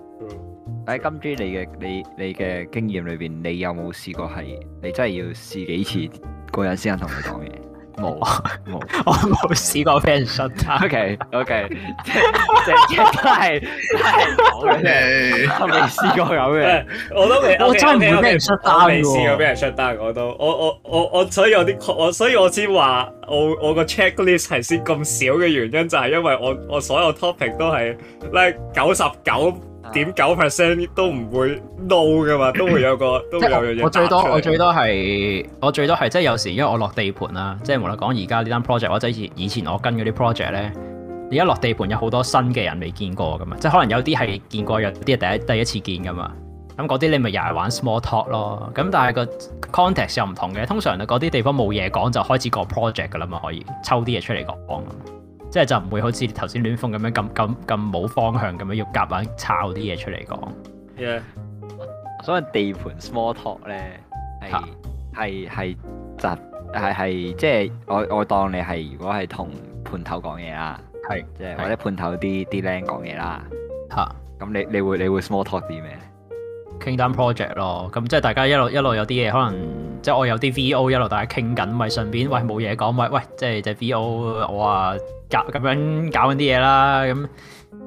喺金珠，你嘅你你嘅經驗裏邊，你有冇試過係你真係要試幾次個人 試過人先肯同佢講嘢？冇、okay, 啊、okay，冇 姐姐，我冇試過俾人 shut down。O K，O K，即日都係講嘅，我未試過咁嘅。我都我真係未會俾人 shut down 未試過俾人 shut down，我都我我我我所以有啲我所以我先話我我個 checklist 係先咁少嘅原因就係因為我我所有 topic 都係 l 九十九點九 percent 都唔會 no 嘅嘛，都會有個 都會有樣嘢。我最多係我最多係我最多係即係有時，因為我落地盤啦，即係無論講而家呢單 project 或者以前我跟嗰啲 project 咧，而家落地盤有好多新嘅人未見過噶嘛，即係可能有啲係見過，有啲係第一第一次見噶嘛。咁嗰啲你咪又係玩 small talk 咯。咁但係個 context 又唔同嘅，通常嗰啲地方冇嘢講就開始個 project 噶啦嘛，可以抽啲嘢出嚟講，即係就唔會好似頭先亂風咁樣咁咁咁冇方向咁樣要夾硬抄啲嘢出嚟講。所、yeah. 以地盤 small talk 咧係係係集係係即係我我當你係如果係同判頭講嘢啦，係即係或者判頭啲啲靚講嘢啦。嚇，咁你你會你會 small talk 啲咩？傾單 project 咯，咁即係大家一路一路有啲嘢，可能即係我有啲 vo 一路大家傾緊，咪順便喂冇嘢講，喂喂即係即 vo 我話、啊。咁樣搞緊啲嘢啦，咁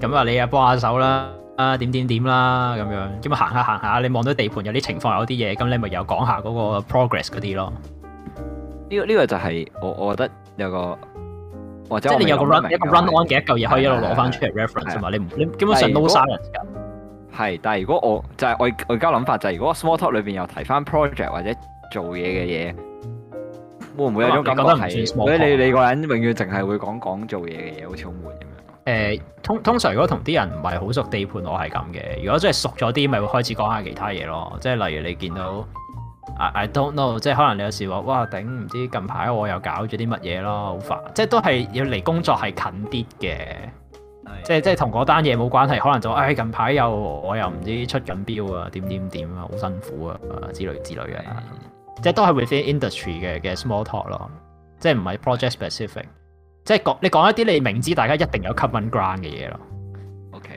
咁啊，你啊幫下手啦，啊點點點啦，咁樣咁啊行下行下，你望到地盤有啲情況有啲嘢，咁你咪又講下嗰個 progress 嗰啲咯。呢、這個呢、這個就係、是、我我覺得有個或者即係你有個 run 一個 run on 嘅一舊嘢可以一路攞翻出嚟 reference 啊嘛，你你基本上都三日時間。係，但係如果我就係、是、我我而家諗法就係，如果 small talk 裏邊又提翻 project 或者做嘢嘅嘢。會唔會有種感覺係？或你你，你個人永遠淨係會講講做嘢嘅嘢，好似好悶咁樣。誒、欸，通通常如果同啲人唔係好熟，地盤我係咁嘅。如果真係熟咗啲，咪會開始講下其他嘢咯。即係例如你見到、uh -huh. I, I don't know，即係可能你有時話哇頂，唔知近排我又搞咗啲乜嘢咯，好煩。即係都係要嚟工作係近啲嘅，uh -huh. 即係即係同嗰單嘢冇關係。可能就誒、哎、近排又我又唔知出緊標啊，點點點啊，好辛苦啊之類之類嘅、啊。Uh -huh. 即都係 within industry 嘅嘅 small talk 咯，即係唔係 project specific，即係講你講一啲你明知大家一定有 common ground 嘅嘢咯。OK，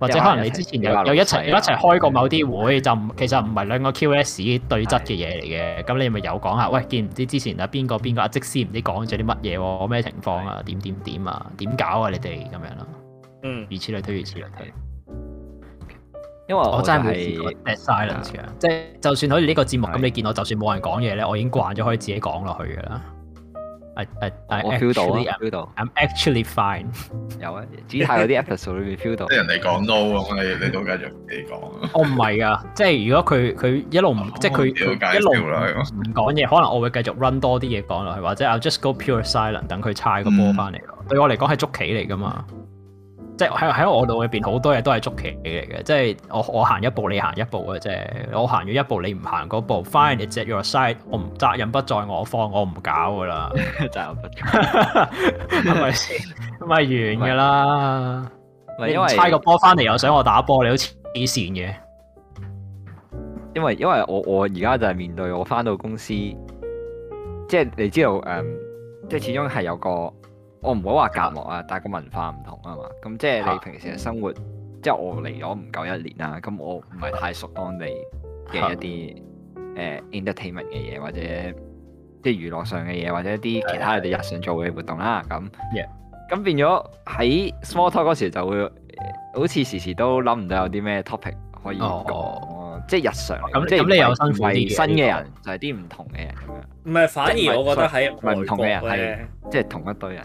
或者可能你之前有有一齊有一齊開過某啲會，就不其實唔係兩個 QS 對質嘅嘢嚟嘅，咁你咪有講下，喂，見唔知之前啊邊個邊個阿職師唔知講咗啲乜嘢，咩情況啊，點點點啊，點搞啊你，你哋咁樣咯。嗯，如此類推，如此類推。因為我，、就是、我真係唔係 silence 嘅、就是，即係就算好似呢個節目咁，你見到就算冇人講嘢咧，我已經慣咗可以自己講落去噶啦。係係係，我 feel 到，feel 到。I'm actually fine。有啊，之前睇嗰啲 episode 裏 面 feel 到、no, 啊哦。即係人哋講到咁，你你都繼續你講。我唔係噶，即係如果佢佢一路唔即係佢一路唔講嘢， 可能我會繼續 run 多啲嘢講落去，或者 I'll just go pure silent 等佢猜個波翻嚟咯。對我嚟講係捉棋嚟噶嘛。嗯即係喺喺我腦裏邊好多嘢都係捉棋嚟嘅，即係我我行一步你行一步嘅啫。我行咗一步你唔行嗰步，fine it's at your side，我唔責任不在我方，我唔搞噶啦，責 任不多，咪先咪完噶啦，因為猜個波翻嚟又想我打波，你都黐線嘅。因為因為我因為因為我而家就係面對我翻到公司，即係你知道誒、嗯，即係始終係有個。我唔好話隔膜、嗯、啊，但係個文化唔同啊嘛，咁即係你平時嘅生活，啊、即係我嚟咗唔夠一年啊，咁我唔係太熟當地嘅一啲誒、嗯呃、entertainment 嘅嘢，或者即係娛樂上嘅嘢，或者一啲其他你哋日常做嘅活動啦，咁、嗯，咁、嗯嗯、變咗喺 small talk 嗰時就會好似時時都諗唔到有啲咩 topic 可以講、哦，即係日常嚟、哦嗯，即係、嗯、新嘅人就係啲唔同嘅人咁樣，唔係反而我覺得喺唔係唔同嘅人係即係同一堆人。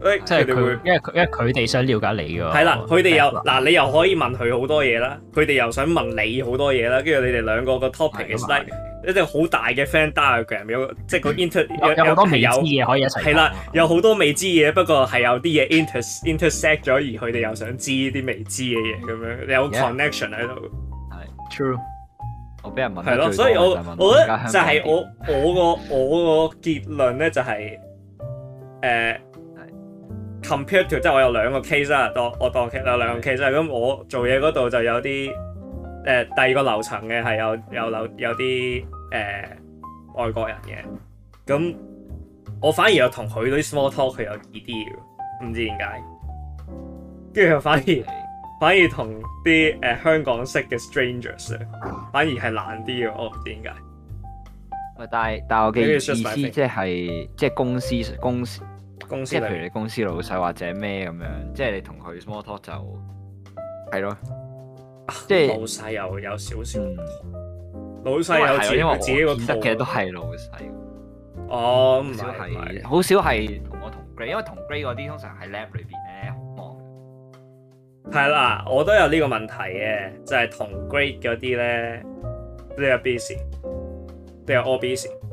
即係佢，因為佢因為佢哋想了解你㗎。係啦，佢哋又嗱，你又可以問佢好多嘢啦。佢哋又想問你好多嘢啦。跟住你哋兩個個 topic，即係、like, 一定好大嘅 Venn diagram、嗯、有即係、就是、個 inter 有好多未知嘢可以一齊。係啦，有好多未知嘢，不過係有啲嘢 intersect intersect 咗，而佢哋又想知啲未知嘅嘢，咁樣你有 connection 喺、yeah. 度。係 true。我俾人問係咯，所以我我覺得就係我我個我個結論咧就係、是、誒。呃 Computer 即係我有兩個 case 啊，當我當其實有兩個 case 咁，我做嘢嗰度就有啲誒、呃、第二個樓層嘅係有有有有啲誒外國人嘅，咁我反而又同佢啲 small talk 佢又易啲嘅，唔知點解，跟住又反而反而同啲誒香港式嘅 strangers 反而係難啲嘅，我唔知點解。喂，但係但係我嘅意思即係即係公司公司。公司即係譬如你公司老細或者咩咁樣，即、就、係、是、你同佢 small talk 就係咯，即係、啊就是、老細又有少少。唔同。嗯、老細有少，因為自己個圖其都係老細。哦，少係，好少係同我同 grade，因為同 grade 嗰啲通常喺 lab 裏邊咧好忙。係啦，我都有呢個問題嘅，就係、是、同 grade 嗰啲咧都有 busy，都有 all busy。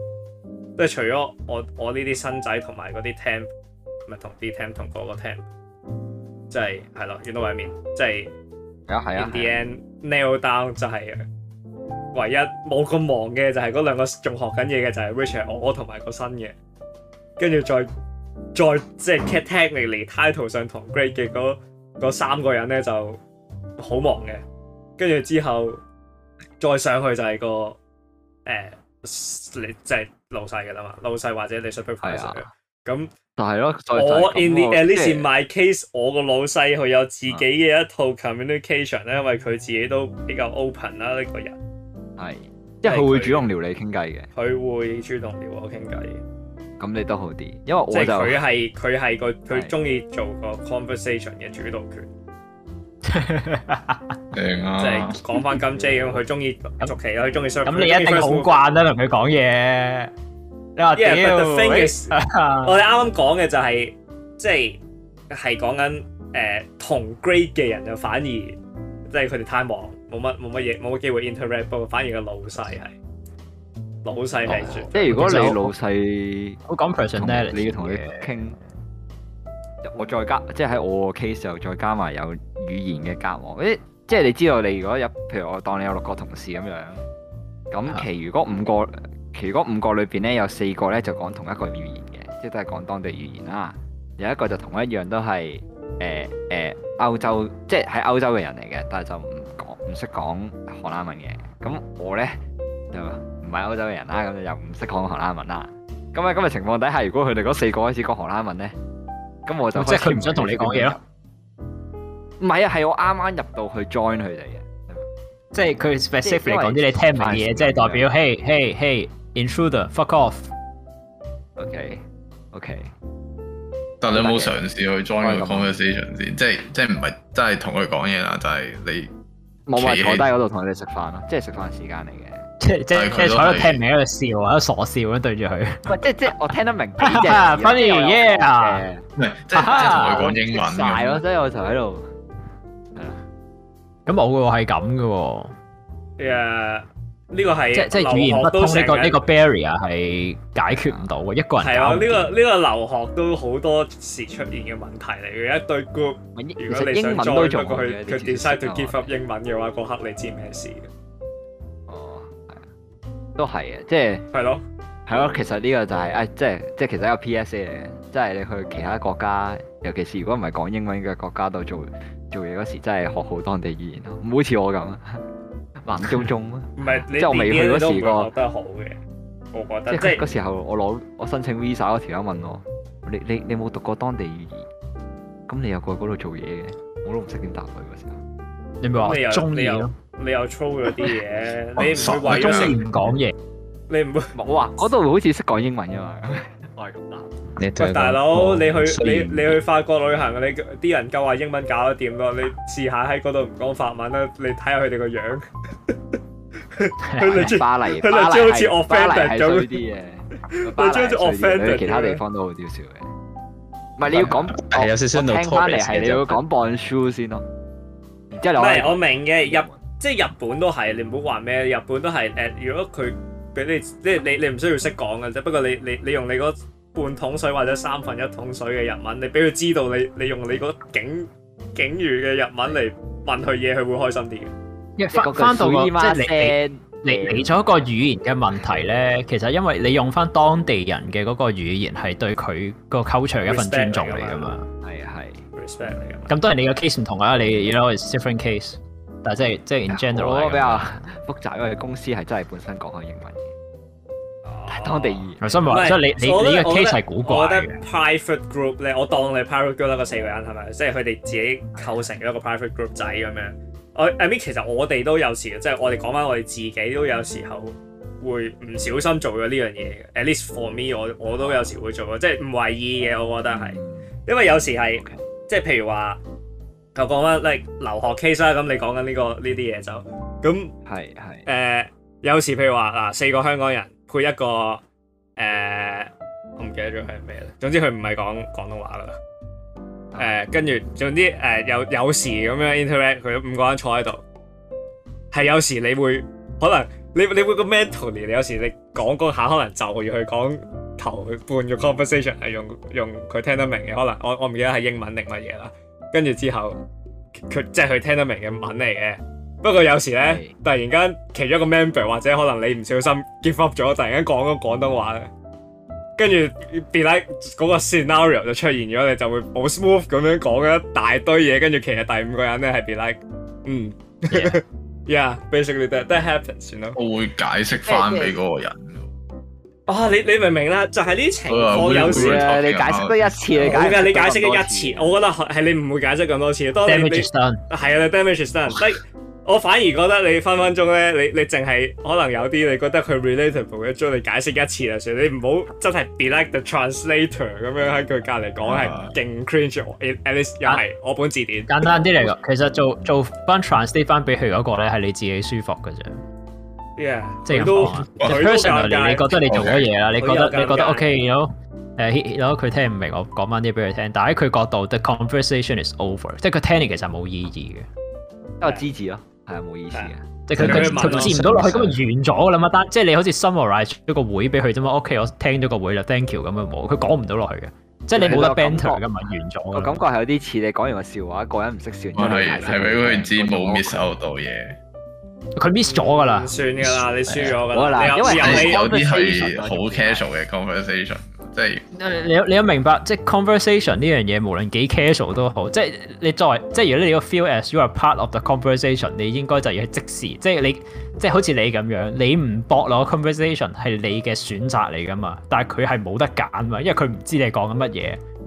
即係除咗我我呢啲新仔同埋嗰啲 temp 唔係同啲 temp 同個個 temp，即係，係咯，遠到鬼面，即係啊係啊。in the end, narrow down 就係唯一冇咁忙嘅，就係嗰兩個仲學緊嘢嘅，就係 Richard 我同埋個新嘅。跟住再再即係 technically title 上同 grade 嘅嗰三個人咧，就好忙嘅。跟住之後再上去就係個誒。呃你即係老細嘅啦嘛，老細或者你 supervise 咁，但係咯，我 in the、okay. at least in my case，我個老細佢有自己嘅一套 communication 咧、啊，因為佢自己都比較 open 啦呢個人，係，即係佢會主動撩你傾偈嘅，佢會主動撩我傾偈咁你都好啲，因為我佢係佢係個佢中意做個 conversation 嘅主導權。即係講翻金 J 咁，佢中意續期，佢中意雙。咁你一定好慣啦，同佢講嘢。你話啲人，我哋啱啱講嘅就係、是，即係係講緊誒，同 grade 嘅人就反而，即係佢哋太忙，冇乜冇乜嘢，冇乜機會 interact，不過反而個老細係老細係，即、oh, 係、就是、如果你老細，我講 personality 你要同佢傾。 我再加，即係喺我個 case 又再加埋有語言嘅隔膜，即係你知道你如果有譬如我當你有六個同事咁樣，咁其餘嗰五、yeah. 五個，其餘嗰五個裏邊咧有四個咧就講同一個語言嘅，即係都係講當地語言啦。有一個就同我一樣都係誒誒歐洲，即係喺歐洲嘅人嚟嘅，但係就唔講唔識講荷蘭文嘅。咁我咧就唔係歐洲嘅人啦，咁、yeah. 就又唔識講荷蘭文啦。咁喺今日情況底下，如果佢哋嗰四個開始講荷蘭文咧？咁我就即係佢唔想同你講嘢咯。唔係啊，係、啊、我啱啱入到去 join 佢哋嘅，即係佢 specifically 講啲你聽唔明嘅嘢，即係代表，hey hey hey，intruder，fuck off。OK OK。但係你有冇嘗試去 join 個 conversation 先？即係即係唔係真係同佢講嘢啦，就係、是、你。冇話坐低嗰度同佢哋食飯咯，即係食飯時間嚟嘅。即即坐喺度聽唔明喺度笑啊，傻笑咁對住佢。喂，即即我聽得明。Finally, yeah。唔係，即即佢講英文嘅。係咯，所以我就喺度。係啊。咁我會係咁嘅喎。誒，呢個係即即語言不通呢個呢個 barrier 係解決唔到嘅，一個人。係啊，呢個呢個留學都好多時出現嘅問題嚟嘅。一對 group，如果你想再過去佢 decide to give up 英文嘅話，嗰刻你知咩事？都係啊，即係係咯，係咯，其實呢個就係、是、誒，即係即係，其實一個 P S A 嚟嘅，即係你去其他國家，尤其是如果唔係講英文嘅國家度做做嘢嗰時，真係學好當地語言，唔好似我咁盲中中啊，唔 係你，即係我未去嗰時覺得好嘅，我覺得即係嗰、嗯、時候我攞我申請 Visa 嗰條友問我，你你你冇讀過當地語言，咁你又過去嗰度做嘢嘅？我都唔識點答佢嗰時候。你你有冇話中咯？你有你又粗嗰啲嘢，你唔會為我中式唔講嘢，你唔會冇啊？嗰度好似識講英文啊嘛，我係咁答。你大佬，你去你你去法國旅行，你啲人夠話英文搞得掂咯？你試下喺嗰度唔講法文啦，你睇下佢哋個樣。佢嚟巴黎，佢嚟將好似 offended 嗰啲嘢，佢將做 offended，其他地方都好少少嘅。唔係你要講係有少少到拖尾，係你要講 bonjour 先咯。唔係我明嘅入。即係日本都係，你唔好話咩？日本都係誒，如果佢俾你，即係你你唔需要識講嘅啫。不過你你你用你嗰半桶水或者三分一桶水嘅日文，你俾佢知道你你用你嗰境境遇嘅日文嚟問佢嘢，佢會開心啲嘅。翻翻到個即係你你你做一個語言嘅問題咧，其實因為你用翻當地人嘅嗰個語言係對佢個溝通一份尊重嚟㗎嘛。係啊 respect 嚟㗎。咁當然你個 case 唔同啊，你 you know it's different case。但係即係即係 in general，我比較複雜，因為公司係真係本身講開英文嘅、哦，但係當地語。我想問，即係你你你呢個 case 係古怪嘅。我覺得 private group 咧，我當你 private group 得嗰四個人係咪？即係佢哋自己構成一個 private group 仔咁樣。我 I mean 其實我哋都有時，即係我哋講翻我哋自己都有時候會唔小心做咗呢樣嘢。At least for me，我我都有時會做過，即係唔懷疑嘅。我覺得係，因為有時係、okay. 即係譬如話。就講返你留學 case 啦，咁你講緊、這、呢個呢啲嘢就咁。係係。誒、呃、有時譬如話嗱，四個香港人配一個誒、呃，我唔記得咗係咩啦。總之佢唔係講廣東話啦。誒、呃、跟住總之誒、呃、有有時咁樣 interact，佢五個人坐喺度，係有時你會可能你你會個 mental 你有時你講嗰下可能就要去講頭半個 conversation 係用用佢聽得明嘅，可能我我唔記得係英文定乜嘢啦。跟住之後，佢即係佢聽得明嘅文嚟嘅。不過有時咧，突然間其中一個 member 或者可能你唔小心 give up 咗，突然間講咗廣東話咧，跟住 be like 嗰個 scenario 就出現咗，你就會好 smooth 咁樣講一大堆嘢，跟住其實第五個人咧係 be like，嗯，yeah，basically yeah, that that happens，算啦，我會解釋翻俾嗰個人。啊、哦！你你明唔明啦，就係、是、呢情況有時、嗯嗯嗯嗯嗯嗯、你解釋得一次，嗯、你解釋得一次，我覺得係你唔會解釋咁多次。Damage done，係啊，damage done。我反而覺得你分分鐘咧，你你淨係可能有啲，你覺得佢 relatable 嘅，將你解釋一次啊，所以你唔好真係 be like the translator 咁樣喺佢隔籬講係勁 cringe。 At least 又係我本字典簡單啲嚟噶。 其實做做翻 translate 翻俾佢嗰個咧，係你自己舒服噶啫。Yeah. 即係都，講啊，person 嚟，你覺得你做咗嘢啦，你覺得你覺得 OK 咯，誒 h e 佢聽唔明我講翻啲俾佢聽，但喺佢角度，the conversation is over，即係佢聽你其實冇意義嘅，即係支持咯，係啊，冇意思嘅，即係佢接唔到落去，咁就完咗㗎啦嘛，即係你好似 summarize 咗個會俾佢啫嘛，OK，我聽咗個會啦，thank you 咁就冇，佢講唔到落去嘅，即係你冇得 bentle 嘅，咪完咗。我感覺係有啲似你講完個笑話，個人唔識笑，係係俾佢知冇 miss 到嘢。佢 miss 咗、嗯、噶啦，算噶啦、嗯，你輸咗噶啦。你有時有啲係好 casual 嘅 conversation，即、就、係、是、你有你有明白即係 conversation 呢樣嘢，無論幾 casual 都好，即係你作為即係如果你要 feel as you are part of the conversation，你應該就要去即時，即係你即係好似你咁樣，你唔搏落 conversation 係你嘅選擇嚟噶嘛，但係佢係冇得揀嘛，因為佢唔知你講緊乜嘢。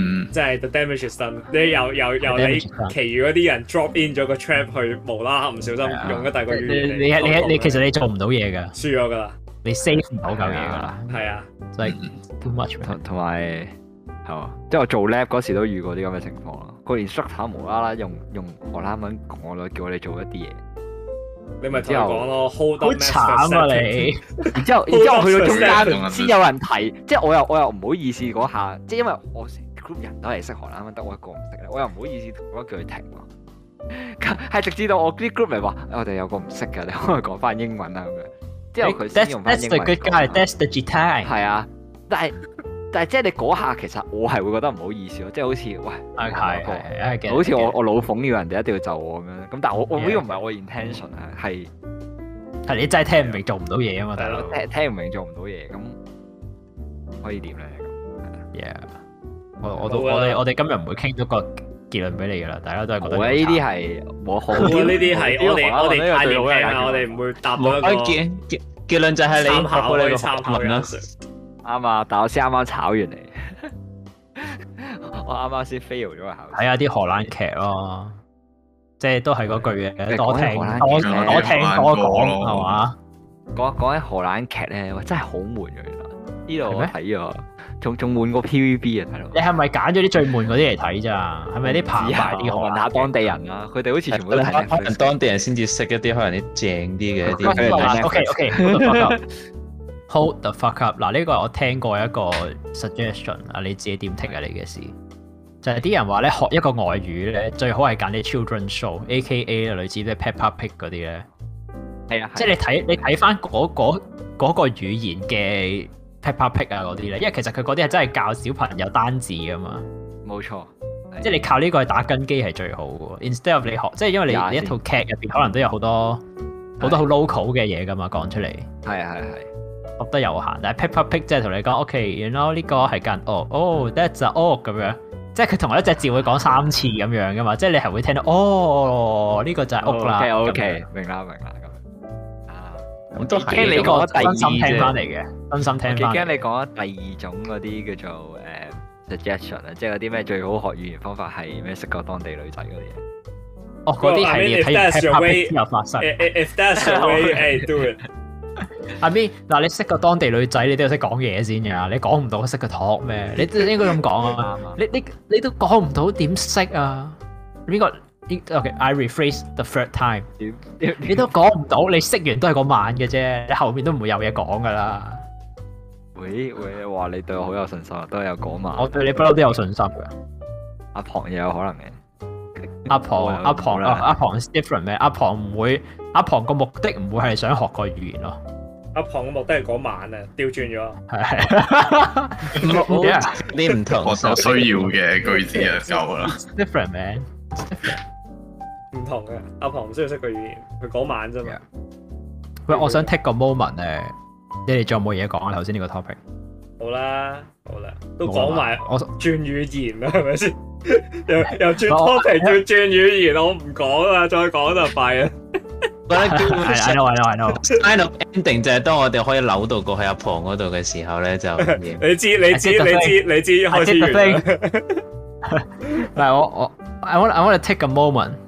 嗯、即係 the damage done 你又又又你其餘嗰啲人 drop in 咗個 trap 去無啦啦唔小心用咗大個你，你你你你其實你做唔到嘢噶，輸咗噶啦，你 save 唔到咁嘢噶啦，係啊，就係 too much。同埋係啊，即係我做 lab 嗰時都遇過啲咁嘅情況咯，佢連 shuttle 無啦啦用用荷蘭文講我，叫我哋做一啲嘢，你咪同佢講咯，好慘啊你！ 然之後，然之後去到中間先有人提，即係我又我又唔好意思嗰下，即係因為我。group 人都係識韓文，得我一個唔識咧。我又唔好意思，我叫佢停咯。係 直至到我啲 group 咪話，我哋有個唔識嘅，你可以講翻英文啦咁樣。 之後佢先用翻英文講 hey, that's, that's the good guy. That's the time. 係啊，但係但係即係你嗰下，其實我係會覺得唔好意思咯，即、就、係、是、好似喂，係係係，okay, get, 好似我我老奉要人哋一定要就我咁樣。咁但係我、yeah. 我呢個唔係我 intention 但啊，係係你真係聽唔明做唔到嘢啊嘛，大佬，聽唔明做唔到嘢，咁可以點咧？Yeah. 我，我都、啊、我哋我哋今日唔會傾咗個結論俾你噶啦，大家都係覺得呢啲係我好呢啲係我哋我哋我哋唔會答一、那個結結論就係你考呢個論文啦，啱啊！但我先啱啱炒完你， 我啱啱先 fail 咗個考。睇下啲荷蘭劇咯，即 係都係嗰句嘢，啊 句啊、 我聽、啊啊、 我聽我講係嘛？講 講起荷蘭劇咧，真係好悶噶、啊，原來呢度睇啊！仲仲悶過 PVB 啊！大佬，你係咪揀咗啲最悶嗰啲嚟睇咋？係咪啲排外啲可能？問下當地人啊？佢哋好似全部都睇唔到。當地人先至識一啲可能啲正啲嘅一啲嘢。OK OK，Hold the fuck up！嗱，呢個我聽過一個 suggestion 啊，你自己點 take 啊？你嘅事就係啲人話咧，學一個外語咧，最好係揀啲 children's show，A K A 類似咩 Peppa Pig 嗰啲咧。係啊，即係你睇你睇翻嗰嗰嗰個語言嘅。Peppa Pig 啊嗰啲咧，因為其實佢嗰啲係真係教小朋友單字噶嘛，冇錯，即係你靠呢個係打根基係最好嘅。Instead of 你學，即係因為你一套劇入邊可能都有好多好多好 local 嘅嘢噶嘛講出嚟，係係係，學得有限。但係 Peppa Pig 即係同你講，OK，you know，呢個係間哦，哦，that's a 呢隻屋咁樣，即係佢同一隻字會講三次咁樣噶嘛，即係你係會聽到哦，呢個就係屋啦。O K，明啦明啦。我驚你講咗第二，聽翻嚟嘅，真心聽翻嚟。我驚你講咗第二種嗰啲叫做誒 suggestion 啊，即係嗰啲咩最好學語言方法係咩？識個當地女仔嗰啲嘢。哦，嗰啲係你睇完 petabytes 先有發生。If that's the way, do it。阿邊嗱，你識個當地女仔，你都要識講嘢先噶。你講唔到，識個 talk 咩？你應該咁講啊嘛。你你你都講唔到，點識啊？邊個？OK，I、okay, rephrase the third time yeah, yeah, yeah. 你。你都講唔到，你識完都係嗰晚嘅啫，你後面都唔會有嘢講噶啦。喂，喂，話，你對我好有信心，都係有嗰晚。我對你不嬲都有信心嘅。阿、啊、龐有可能嘅。阿、啊、龐，阿龐，阿阿龐，different 咩？阿龐唔會，阿龐個目的唔會係想學個語言咯。阿龐嘅目的係嗰晚啊，調轉咗。係係。你唔同。我 所需要嘅句子就夠啦。Different man？ 唔同嘅，阿婆唔需要識佢語言，佢講晚啫嘛。喂，我想 take 個 moment 咧，你哋仲有冇嘢講啊？頭先呢個 topic，好啦，好啦，都講埋，我轉語言啦，係咪先？又又轉 topic，要轉語言，我唔講啦，再講就快啦。f I know, I know, I know. ending 就係當我哋可以扭到過去阿婆嗰度嘅時候咧，就、yeah. 你知你知你知你知開始。嗱，我我 I want I, I want to take a moment。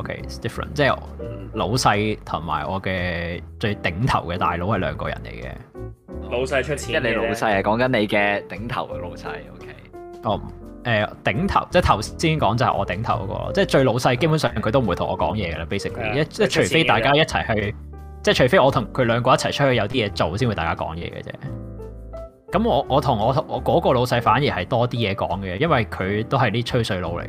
Okay，different，即係老細同埋我嘅最頂頭嘅大佬係兩個人嚟嘅。老細出錢，即係你老細係講緊你嘅頂頭嘅老細。O K，哦，誒、oh, 呃，頂頭即係頭先講就係我頂頭嗰個，即係最老細，基本上佢都唔會同我講嘢嘅啦。Okay. Basically、yeah, 即係除非大家一齊去，即係除非我同佢兩個一齊出去有啲嘢做，先會大家講嘢嘅啫。咁我我同我我嗰個老細反而係多啲嘢講嘅，因為佢都係啲吹水佬嚟嘅。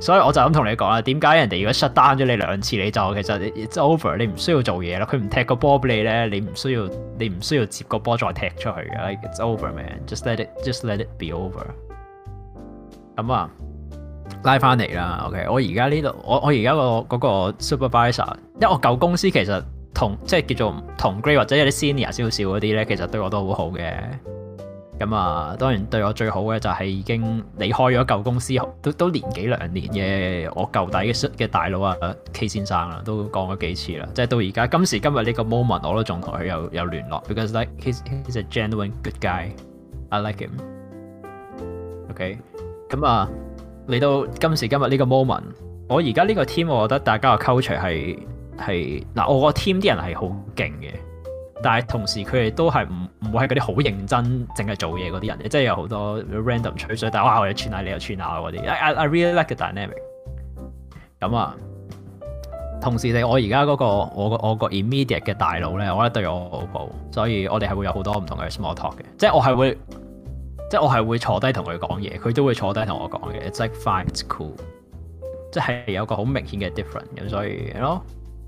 所以我就咁同你講啊，點解人哋如果 shut down 咗你兩次，你就其實 it's over，你唔需要做嘢啦。佢唔踢個波俾你咧，你唔需要，你唔需要接個波再踢出去嘅。It's over man，just let it，just let it be over。咁啊，拉翻嚟啦。OK，我而家呢度，我我而家個嗰個 supervisor，因為我舊公司其實同即係叫做同 grade 或者有啲 senior 少少嗰啲咧，其實對我都好好嘅。咁啊，當然對我最好嘅就係已經離開咗舊公司，都都年幾兩年嘅我舊底嘅嘅大佬啊，K 先生啦，都講咗幾次啦，即係到而家今時今日呢個 moment 我都仲同佢有有聯絡，because like he's he's a genuine good guy，I like him。OK，咁啊，嚟到今時今日呢個 moment，我而家呢個 team，我覺得大家嘅 culture 係係嗱，我個 team 啲人係好勁嘅。但係同時佢哋都係唔唔會係嗰啲好認真淨係做嘢嗰啲人，即係有好多 random 取水，但係哇我又串一下你又串一下我嗰啲。I, I really like the dynamic。咁啊，同時你我而家嗰個我個我個 immediate 嘅大佬咧，我覺得對我好好，所以我哋係會有好多唔同嘅 small talk 嘅，即係我係會，即係我係會坐低同佢講嘢，佢都會坐低同我講嘅，即係 find cool，即係有個好明顯嘅 different。咁所以咯。You know?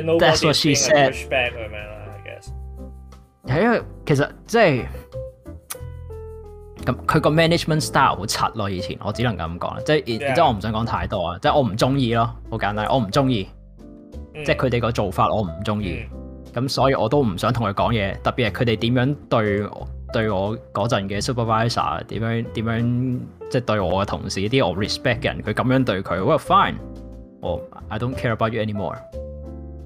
That's what she said. 係因為其實即係咁佢個 management style 好柒咯。以前我只能夠咁講啦，即係然然我唔想講太多啊，yeah. 即係我唔中意咯，好簡單，我唔中意即係佢哋個做法我，我唔中意咁，所以我都唔想同佢講嘢。特別係佢哋點樣對我對我嗰陣嘅 supervisor 點樣點樣，即係對我嘅同事啲我 respect 人，佢咁樣對佢，Well fine，我、oh, I don't care about you anymore。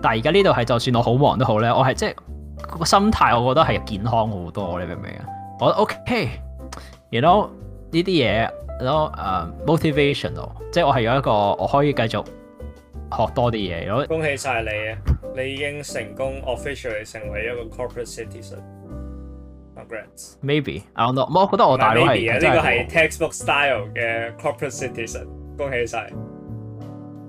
但而家呢度係就算我好忙都好咧，我係即係個心態，我覺得係健康好多，你明唔明啊？我 OK，you know 呢啲嘢咯，誒，motivation 咯，即係我係有一個，我可以繼續學多啲嘢。恭喜晒你啊！你已經成功 officially 成為一個 corporate citizen。Congrats。Maybe I don't know，我覺得我大佬係真係。呢個係 textbook style 嘅 corporate citizen。恭喜晒。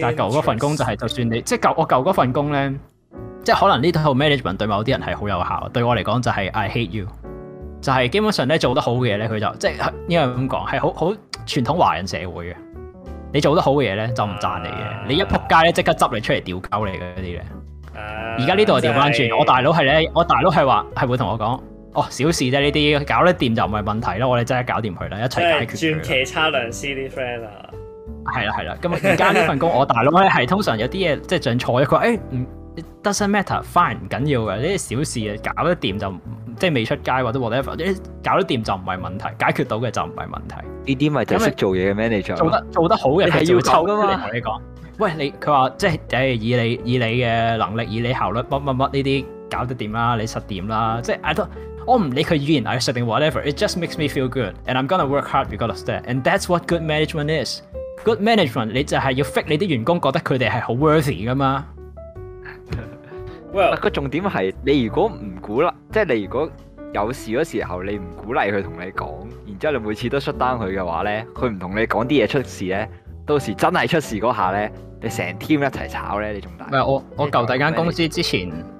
但係舊嗰份工就係，就算你即係舊我舊嗰份工咧，即係可能呢套 management 對某啲人係好有效，對我嚟講就係 I hate you，就係基本上咧，做得好嘅嘢咧，佢就即係因為咁講係好好傳統華人社會嘅，你做得好嘅嘢咧就唔讚你嘅、啊，你一仆街咧，即刻執你出嚟屌鳩你嗰啲嘅。而家呢度係調翻轉，我大佬係咧，我大佬係話係會同我講，哦，小事啫，呢啲搞得掂就唔係問題咯，我哋真係搞掂佢啦，一齊解決。轉、就、其、是、差良師啲 friend 啊！係啦係啦，咁啊，而家呢份工，我大佬咧，係通常有啲嘢，即係像錯咗，佢話誒 it doesn't matter fine 唔緊要嘅，呢啲小事啊，搞得掂就即係未出街或者 whatever 搞得掂就唔係問題，解決到嘅就唔係問題。呢啲咪就識做嘢嘅咩？你做得做得好嘅，係要湊噶，同你講，喂，你，佢話即係以你以你嘅能力，以你效率乜乜乜，呢啲搞得掂啦，你實掂啦，即係 i don't, 我唔理佢 Good management 你就係要 fit 你啲員工覺得佢哋係好 worthy 噶嘛？喂，個重點係你如果唔鼓勵，即係你如果有事嗰時候你唔鼓勵佢同你講，然之後你每次都出單佢嘅話咧，佢唔同你講啲嘢出事咧，到時真係出事嗰下咧，你成 team 一齊炒咧，你仲大？喂，我我舊底間公司之前。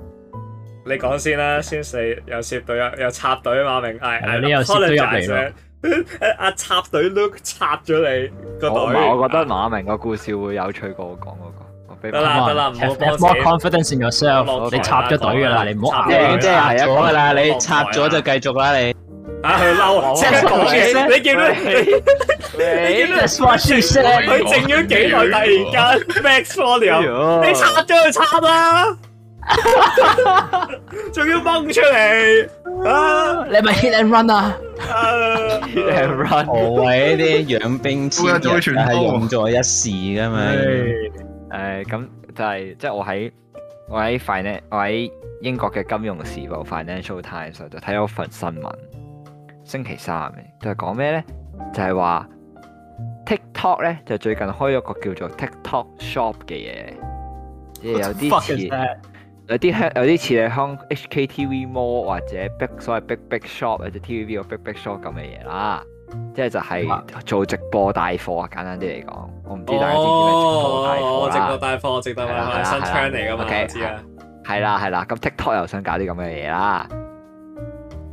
你講先啦，先四又插隊啊，又插隊馬明，係你又插隊入嚟啦。阿插隊 look 插咗你個隊。我明是是 you know,、啊、我，我覺得馬明個故事會有趣過我講嗰、那個。得啦得啦，唔好，好 have More confidence in yourself，你插咗隊嘅啦，你唔好拗。即係即係係啊，你插咗就繼續啦，你。啊佢嬲即你見到你見到你 w i t c h s e 佢靜咗幾耐，突然間 m a x for y 你插咗就插啦。你 啊 仲要掹出嚟，你係咪 hit and run 啊！hit and run，好偉大，養兵千日，但係用在一時噶嘛。誒，咁就係即係我喺我喺 financial，我喺英國嘅金融時報 Financial Times 就睇咗份新聞，星期三嘅，就係講咩咧？就係話 TikTok 咧就最近開咗個叫做 TikTok Shop 嘅嘢，即係有啲似。有啲香，有啲似你香港 HKTV Mall 或者 big 所謂 big big shop 或者 TVB 個 big big shop 咁嘅嘢啦，即係就係做直播帶貨啊，簡單啲嚟講，我唔知大家知唔知直播帶貨啦。直播帶貨，我直播，貨我直播貨新窗嚟噶嘛？Okay, 知啦，係啦係啦，咁 TikTok 又想搞啲咁嘅嘢啦，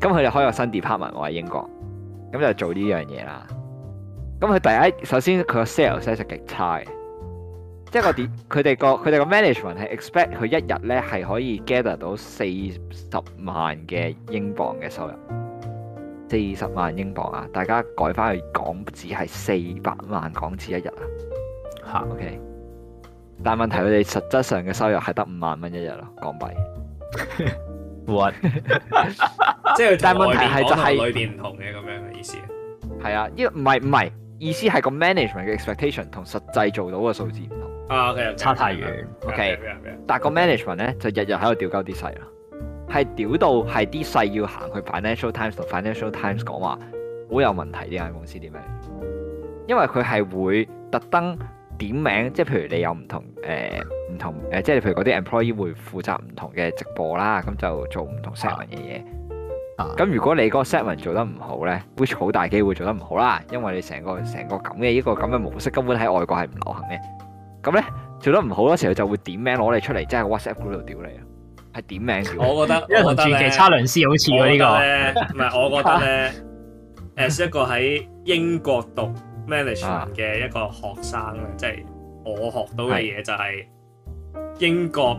咁佢哋開個新 department 喎喺英國，咁就做呢樣嘢啦，咁佢第一首先佢個 sales 真係極差即係個啲佢哋個佢哋個 management 係 expect 佢一日咧係可以 gather 到四十萬嘅英鎊嘅收入，四十萬英鎊啊！大家改翻去港紙係四百萬港紙一日啊！吓，啊，OK。但問題佢哋實質上嘅收入係得五萬蚊一日咯，港幣。 即係但問題係就係、係、里唔同嘅咁樣嘅意思。係啊，呢唔係唔係意思係個 management 嘅 expectation 同實際做到嘅數字唔同。啊，okay，差太遠，OK，但個 management 咧就日日喺度屌鳩啲細啦，係屌到係啲細要行去 Financial Times 同 Financial Times 講話好有問題呢間公司點樣？因為佢係會特登點名，即係譬如你有唔同誒唔、呃、同誒，即係譬如嗰啲 employee 會負責唔同嘅直播啦，咁就做唔同 seven 嘅嘢。啊，咁如果你嗰個 seven 做得唔好咧，which 好大機會做得唔好啦，因為你成個成個咁嘅一個咁嘅模式根本喺外國係唔流行嘅。咁咧做得唔好多時候就會點名攞你出嚟，即係喺 WhatsApp group 度屌你啊！係點名屌？我覺得，因為同傳奇差良師好似喎呢個。唔係，我覺得咧，as 一個喺英國讀 management 嘅一個學生咧，即係我學到嘅嘢就係英國。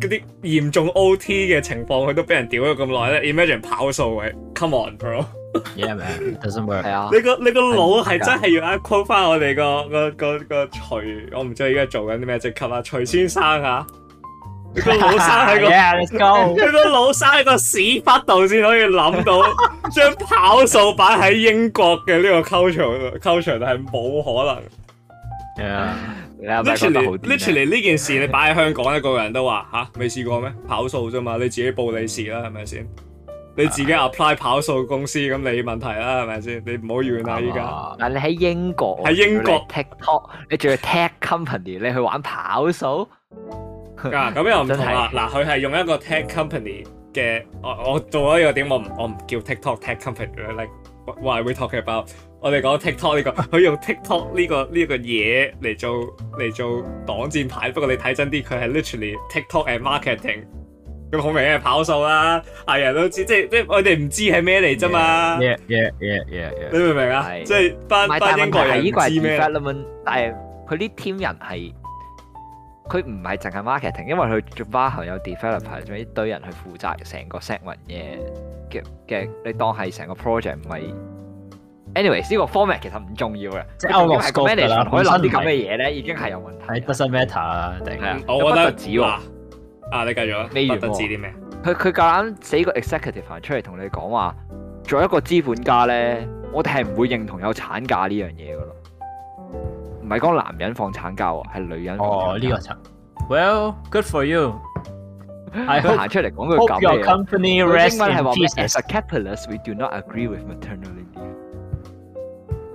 嗰啲嚴重 OT 嘅情況，佢都俾人屌咗咁耐咧。Imagine 跑數嘅，Come on，bro，係、yeah, doesn't work。 啊，你個你個腦係真係要 call 翻我哋個個個徐，我唔知而家做緊啲咩職級啊，徐先生啊，你個腦生喺、嗰個 yeah，Let's go， 腦生喺個屎忽度先可以諗到將跑數擺喺英國嘅呢個 culture， 呢個、culture 係冇可能。係啊。是是呢 literally 呢 literally, 件事你擺喺香港一個人都話吓未試過咩跑數啫嘛，你自己報你是啦係咪先，你自己 apply 跑數公司，咁你問題啦係咪先，你唔好怨啊依家。嗱，你喺、啊、英國喺英國你 TikTok 你仲要 Tech Company 你去玩跑數啊，咁又唔同啦。嗱，佢係用一個 Tech Company 嘅、哦、我我做咗一個點，我唔我唔叫 TikTok Tech Company like what are we talking about 我哋講 tiktok 呢，這個佢用 tiktok 呢，這個呢、這個嘢嚟做嚟做擋箭牌，不過你睇真啲佢係 literally tiktok and marketing 咁好明顯係跑數啦係人都知即係即係我哋唔知係咩嚟啫嘛你明唔明啊即係，但係佢呢 team 人係佢唔係淨係 marketing 因為佢做 ba 有 develop 仲一堆人去負責成個 segment 嘅嘅嘅你當係成個 project 唔係。Anyway 呢個 format 其實唔重要嘅，即係個 management 啦，可以諗啲咁嘅嘢咧，已經係有問題。是是是啊哦、不 matter 啦，定係我覺得唔止喎。啊，你繼續不不啊，呢段唔知啲咩？佢佢夾硬寫個 executive 出嚟同你講話，做一個資本家咧，我哋係唔會認同有產假呢樣嘢嘅咯。唔係講男人放產假喎，係女人放產假。哦，呢、這個 Well, good for you hope。係佢行出嚟講句搞咩 We have always as a capitalist, we do not agree with maternity.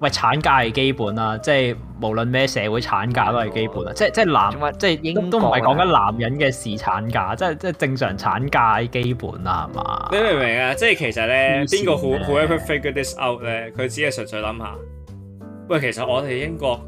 喂，產假係基本啊，即係無論咩社會產假都係基本啊！即即男即都唔係講緊男人嘅事產假，即即正，正常產假係基本啊。係嘛？你明唔明啊？即其實咧，邊個 whoever figure this out 咧？佢只係純粹諗下。喂，其實我哋英國。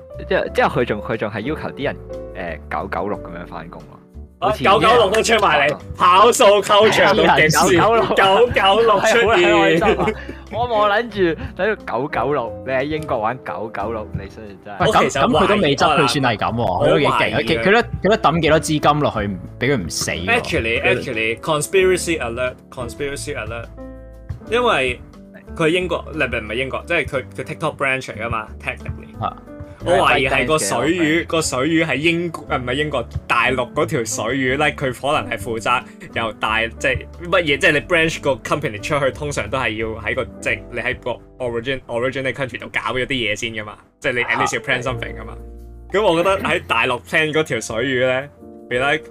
即係之後佢仲佢仲係要求啲人誒九九六咁樣翻工囉，九九六都出埋嚟跑數扣場，九九九九六出現，我冇諗住睇到九九六，你喺英國玩九九六，你真係真係咁咁佢都未執，佢算係咁，佢都幾勁，佢佢佢都佢都抌幾多資金落去，俾佢唔死。Actually, actually, conspiracy alert, conspiracy alert。因為佢係英國，特別唔係英國，即係佢佢 TikTok branch 嚟噶嘛，technically。我懷疑係個水魚，個水魚係英誒唔係英國大陸嗰條水魚咧，佢可能係負責由大即係乜嘢，即係你 branch 個 company 出去，通常都係要喺個即係你喺個 origin origin 嘅 country 度搞咗啲嘢先噶嘛，即係你 initial、啊、plan something 噶嘛。咁我覺得喺大陸 plan 嗰條水魚咧，like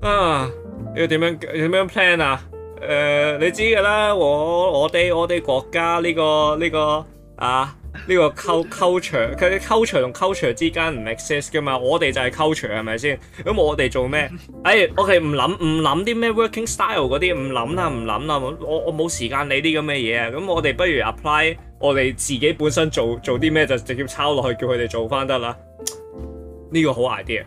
啊，要點樣點樣 plan 啊？誒、呃，你知㗎啦，我我哋我哋國家呢、呢個呢、呢個啊。呢、culture，佢嘅 culture 同 culture 之間唔 exist 㗎嘛，我哋就係 culture 係咪先？咁我哋做咩？誒、哎 okay，我哋唔諗唔諗啲咩 working style 嗰啲，唔諗啊，唔諗啊。我我冇時間理啲咁嘅嘢啊！咁我哋不如 apply 我哋自己本身做做啲咩，就直接抄落去叫佢哋做返得啦。呢、好 idea。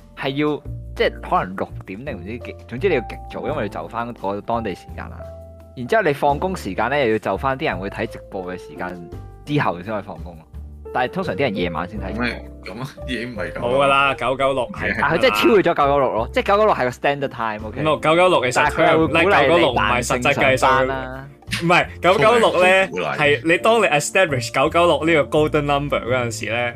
係要即係可能六點定唔知幾，總之你要極早，因為要就翻個當地時間啦。然之後你放工時間咧，又要就翻啲人會睇直播嘅時間之後先可以放工。但係通常啲人夜晚先睇直播。咁啊，啲嘢唔係咁。好噶啦，九九六係，但佢真係超越咗九九六咯。即係九九六係個 standard time。五六九九六其實佢係會九九六，唔係實際計算啦。唔係九九六咧，係 你當你 establish 九九六呢個 golden number 嗰陣時咧。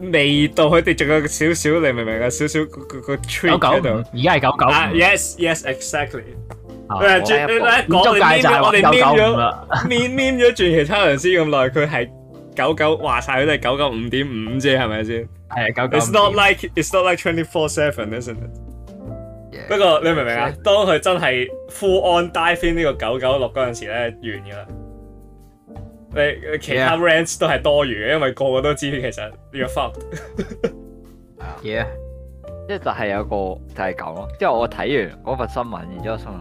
你味道佢哋仲有少少，你明唔明啊？少少嗰嗰嗰 trick 嗰度，而家係九九。Uh, yes, yes, exactly. Oh, 我哋唔做介紹。我哋咗面黏咗轉其他人先咁耐，佢係九九，話晒，佢都係九九五點五啫，係咪先？係九九。It's not like it's not like twenty four seven, isn't it? yeah, 不過你明唔明啊？27。當佢真係 full on dive in 呢個九九落嗰陣時咧，完噶啦。誒，其他 rants 都係多餘嘅，yeah. 因為個個都知道其實呢法、yeah. yeah.。啊，yeah，即係就係有個就係咁咯。即係我睇完嗰份新聞，然之後心諗，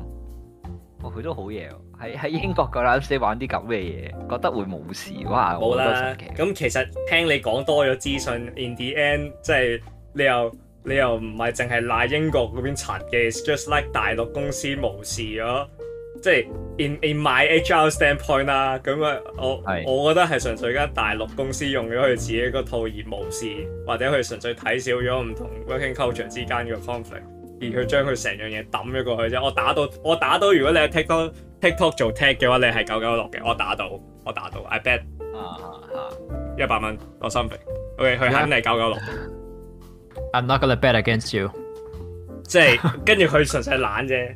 哦，佢都好嘢喎，喺喺英國嗰間公司玩啲咁嘅嘢，覺得會冇事哇。冇得。咁其實聽你講多咗資訊，in the end 即係你又你又唔係淨係賴英國嗰邊殘嘅，just like 大陸公司冇事咗。即係 in in my HR standpoint 啦，咁啊我我覺得係純粹間大陸公司用咗佢自己嗰套而無視，或者佢純粹睇少咗唔同 working culture 之間嘅 conflict，而佢將佢成樣嘢抌咗過去啫。我打到我打到，如果你喺 TikTok TikTok 做 tag 嘅話，你係九九六嘅，我打到我打到，I bet 啊啊啊，一百蚊我心服，OK，佢肯定係九九六。I'm not gonna bet against you。即係跟住佢純粹懶啫。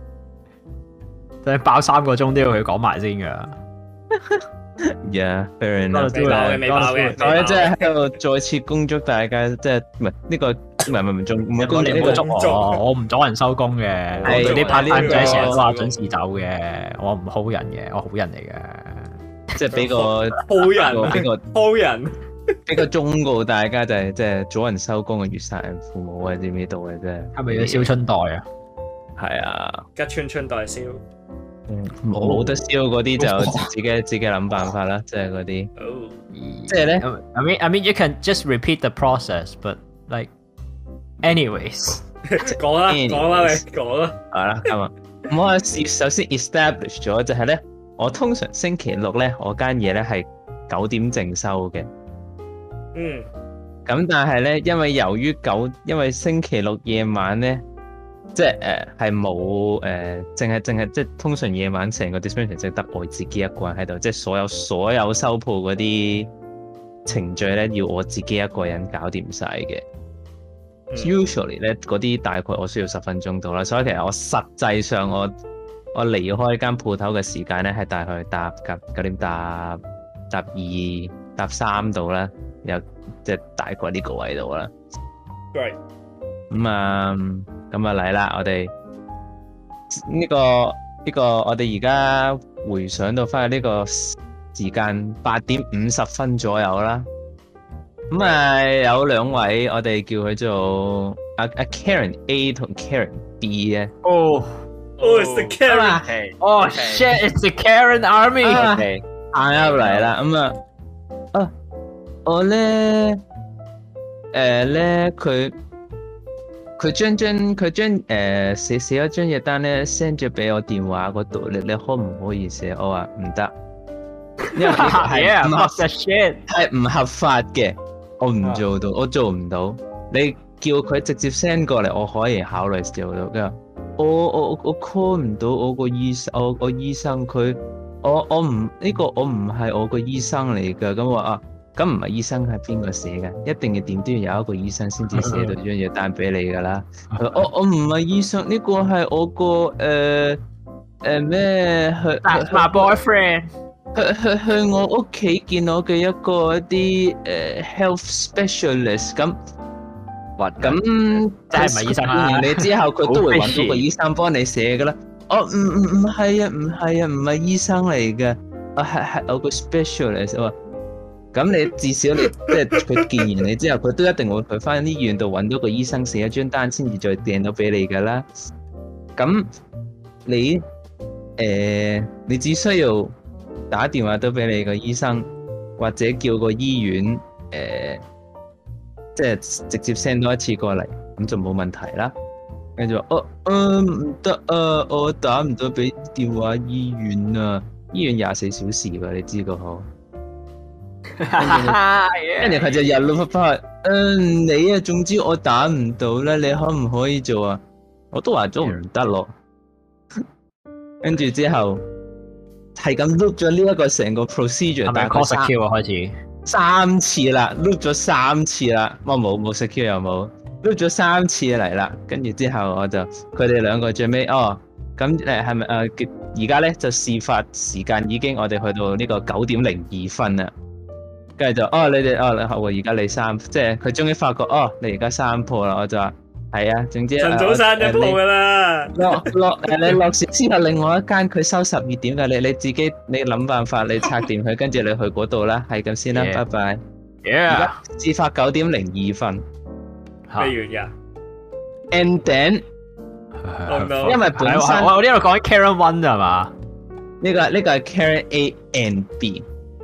真係爆三個鐘都要佢講埋先嘅，yeah，very nice，我咧即係喺度再次恭祝大家， 即係唔係呢個唔係唔係唔中唔係恭你唔好我，唔阻人收工嘅，你拍呢啲仔成日話準時總走嘅，我唔好人嘅，我好人嚟嘅， 即係俾一個好人俾個好人俾個忠告大家就係、是、即係阻人收工嘅。月殺人父母啊，知唔知道嘅啫？係咪要燒春袋啊？係啊，而家寸寸都係燒，嗯，冇得燒嗰啲就自己 自己諗辦法啦，即係嗰啲，即係咧，I mean I mean you can just repeat the process，but like anyways，講啦講啦你講說啦吧，係 啦，咁啊，我先首先 establish 咗就係咧，我通常星期六咧，我間嘢咧係九點正收嘅，嗯，咁但係咧，因為由於九，因為星期六夜晚咧。即係誒，係冇誒，淨係淨係即係通常夜晚成個 dispensing，淨得我自己一個人喺度，即係所有所有收鋪嗰啲程序咧，要我自己一個人搞掂晒嘅。Mm. Usually 咧，嗰啲大概我需要十分鐘到啦，所以其實我實際上我我離開間鋪頭嘅時間咧，係大概搭九九點搭搭二搭三度啦，有即係、就是、大概呢個位度啦。咁、right. 啊、嗯。Um, 咁啊嚟啦！我哋呢、這個呢、這個，我哋而家回想到翻去呢個時間八點五十分左右啦。咁啊，有兩位我哋叫佢做阿阿、啊啊、Karen A 同 Karen B 咧。Oh, oh, it's the Karen. Oh, oh shit, it's the Karen Army okay. Okay.。行入嚟啦。咁啊，我我咧，誒、呃、咧，佢。佢將張佢將誒、呃、寫寫一張藥單咧 send 咗畀我電話嗰度，你你可唔可以寫？我話唔得。係啊，not shit，係唔合法嘅，我唔做到，我做唔到。Yeah. 你叫佢直接 send 過嚟，我可以考慮做到噶。我我我 call 唔到我個醫生，我個醫生佢我我唔呢、呢個我唔係我個醫生嚟嘅咁話啊。咁唔係醫生係邊個寫嘅？一定要點都要有一個醫生先至寫到張藥單俾你噶啦。我我唔係醫生，呢個係我個誒誒咩去？My boyfriend 去去去我屋企見我嘅一個一啲誒 health specialist。咁哇，咁但係唔係醫生啊？你之後佢都會揾到個醫生幫你寫噶啦。哦唔唔唔係啊，唔係啊，唔係醫生嚟嘅。我係係我個 specialist 喎。咁你至少你 即係佢見完你之後，佢都一定會去翻啲醫院度揾到個醫生寫一張單，先至再訂到俾你噶啦。咁你誒、呃，你只需要打電話都俾你個醫生，或者叫個醫院誒、呃，即係直接 send 多一次過嚟，咁就冇問題啦。跟住話哦，嗯唔得啊，我打唔到俾電話醫院啊，醫院廿四小時㗎，你知個好跟住佢就入咯，發發，嗯，你啊，總之我打唔到啦，你可唔可以做啊？我都話做唔得咯。跟住之後係咁 look 咗呢一個成個 procedure，係咪 secure 啊？開始三,三次啦，look 咗三次啦，我冇冇 secure 又冇 look 咗三次嚟啦。跟住之後我就佢哋兩個最尾哦，咁誒係咪誒而家咧，就事發時間已經我哋去到呢個九點零二分啦。跟住就哦，你哋哦，你好啊！而家你三，即係佢終於發覺哦，你而家三鋪啦！我就話係啊，總之陳祖山一鋪噶啦，落落誒，你落線又另外一間，佢收十二點噶，你你自己你諗辦法，你拆掂佢，跟住你去嗰度啦，係咁先啦，拜拜。而家自發九點零二分，譬如日 and then，因為本身我呢度講 Karen One 咋嘛？呢個呢個係 Karen A and B。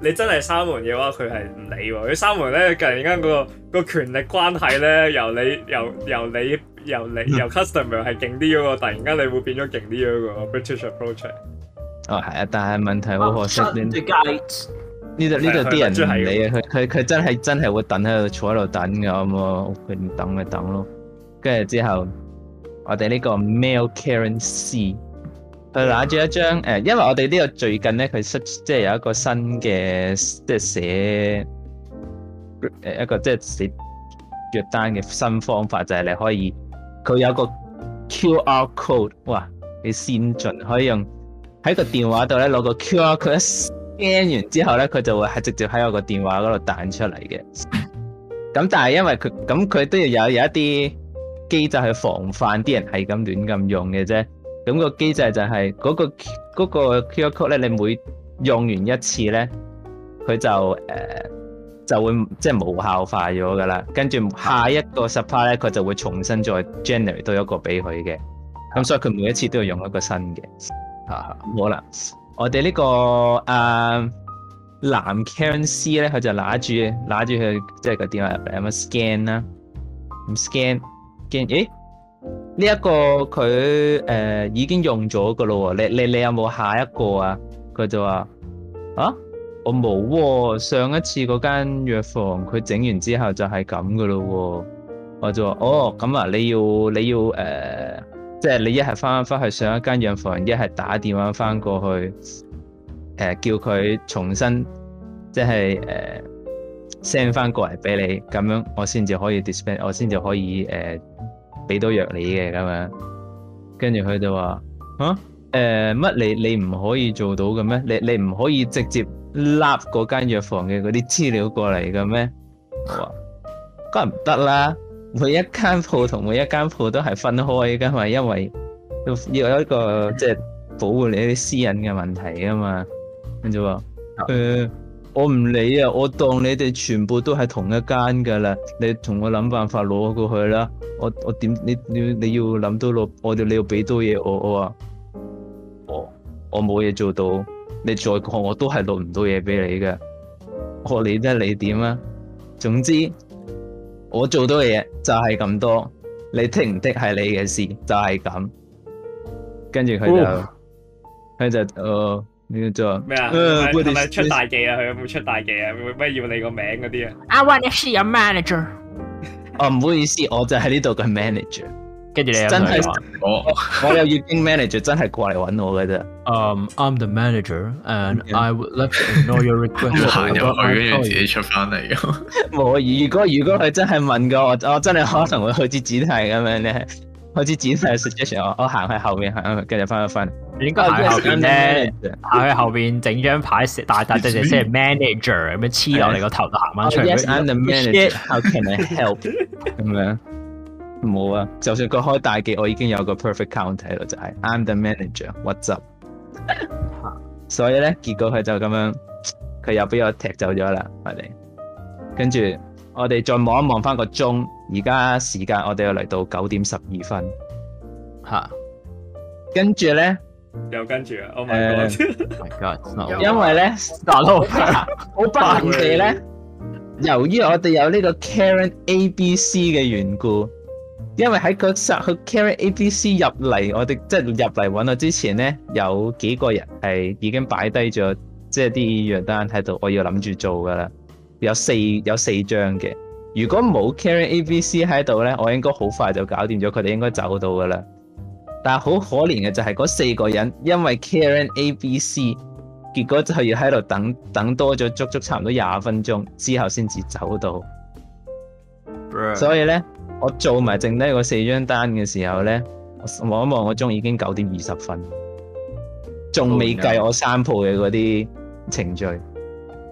你真係閂門嘅話，佢係唔理喎。佢閂門咧，突然間嗰、嗰個個權力關係咧，由你由由你由你由 customer 係勁啲嗰個，突然間你會變咗勁啲嗰 British approach。哦，係啊，但係問題好可惜，呢度呢度啲人唔理啊！佢佢佢真係真係會等喺度坐喺度等嘅咁啊，佢唔等咪等咯。跟住之後，我哋呢個 Mail Karen C。佢攞住一張誒，因為我哋呢個最近咧，佢即係有一個新嘅，即係寫誒一個即係寫藥單嘅新方法，就係、是、你可以佢有個 Q R code，哇，你先進，可以用喺個電話度咧攞個 Q R code 一 scan 完之後咧，佢就會係直接喺我個電話嗰度彈出嚟嘅。咁但係因為佢咁，佢都要有有一啲機制去防範啲人係咁亂咁用嘅啫。咁、那個機制就係嗰、那個、那個、QR code 咧，你每用完一次咧，佢就誒、呃、就會即係、就是、無效化咗噶啦。跟住下一個 supply 咧，佢就會重新再 generate 到一個俾佢嘅。咁所以佢每一次都要用一個新嘅。啊、嗯，好啦，我哋、這個呃、呢個啊男 Karen C 咧，佢就攞住攞住佢，即係、就是、個電話入嚟，咁樣 scan 啦，咁 scan, scan，scan，咦、欸？呢、這、一個佢誒、呃、已經用咗個咯，你你你有冇下一個啊？佢就話啊，我冇喎、哦。上一次嗰間藥房佢整完之後就係咁嘅咯，我就話哦咁啊，你要你要誒、即、呃、係、就是、你一係翻翻去上一間藥房，一係打電話翻過去誒、呃、叫佢重新即係誒 send 翻過嚟俾你，咁樣我先至可以 dispense，我先至可以誒。呃俾到藥你嘅咁樣，跟住佢就話：嚇、啊，誒、呃、乜你你唔可以做到嘅咩？你你唔可以直接拉嗰間藥房嘅嗰啲資料過嚟嘅咩？哇，梗係唔得啦！每一間鋪同每一間鋪都係分開㗎嘛，因為要要有一個即係保護你啲私隱嘅問題啊嘛，跟住話。嗯呃我唔理啊！我當你哋全部都係同一間噶啦，你同我諗辦法攞過去啦。我我點你你你要諗到攞，我哋你要畀多嘢我。我話我我冇嘢做到，你再講我都係攞唔到嘢畀你嘅。我理得你，你點啊？總之我做到嘅嘢就係咁多，你剔唔剔係你嘅事，就係、是、咁。跟住佢到去就誒。哦。你要做咩啊？會唔會出大忌啊？佢有冇出大忌啊？會唔會要你個名嗰啲啊？I want to see your manager。哦，唔好意思，我就喺呢度嘅 manager。跟住你真係我我有要見 manager，真係過嚟揾我嘅啫。嗯，I'm the manager，and I would love to know your request。行入去跟住自己出翻嚟。冇，如果如果佢真係問過我，我真係可能會去接主題咁樣咧。好似剪曬 suggestion，我我行去後面，係繼續翻一翻。應該係後邊咧，行去後邊整張牌，大大隻隻先係 manager，咁樣黐落你個頭度行翻出嚟。Yes，I'm the manager，how can I help？咁樣，冇啊，就算佢開大嘅，我已經有個 perfect count 喺度，就係 I'm the manager，what's up？所以咧，結果佢就咁樣，佢又俾我踢走咗啦，我哋跟住。我哋再望一望返個鐘，而家時間我哋要嚟到九點十二分，嚇、啊。跟住呢，又跟住啊！Oh my God！ 因為呢，老闆，我幫你哋由於我哋有呢個 Karen ABC 嘅緣故，因為喺個時 Karen ABC 入嚟，我哋即係入嚟揾我之前呢，有幾個人係已經擺低咗，即係啲藥單喺度，我要諗住做㗎喇。有四有四張嘅，如果冇 Karen A B C 喺度咧，我應該好快就搞掂咗，佢哋應該走到噶啦。但係好可憐嘅就係嗰四個人，因為 Karen A B C，結果就要喺度等等多咗足足差唔多廿分鐘之後先至走到。Right. 所以咧，我做埋剩低嗰四張單嘅時候咧，望一望個鐘已經九點二十分，仲未計我三鋪嘅嗰啲程序。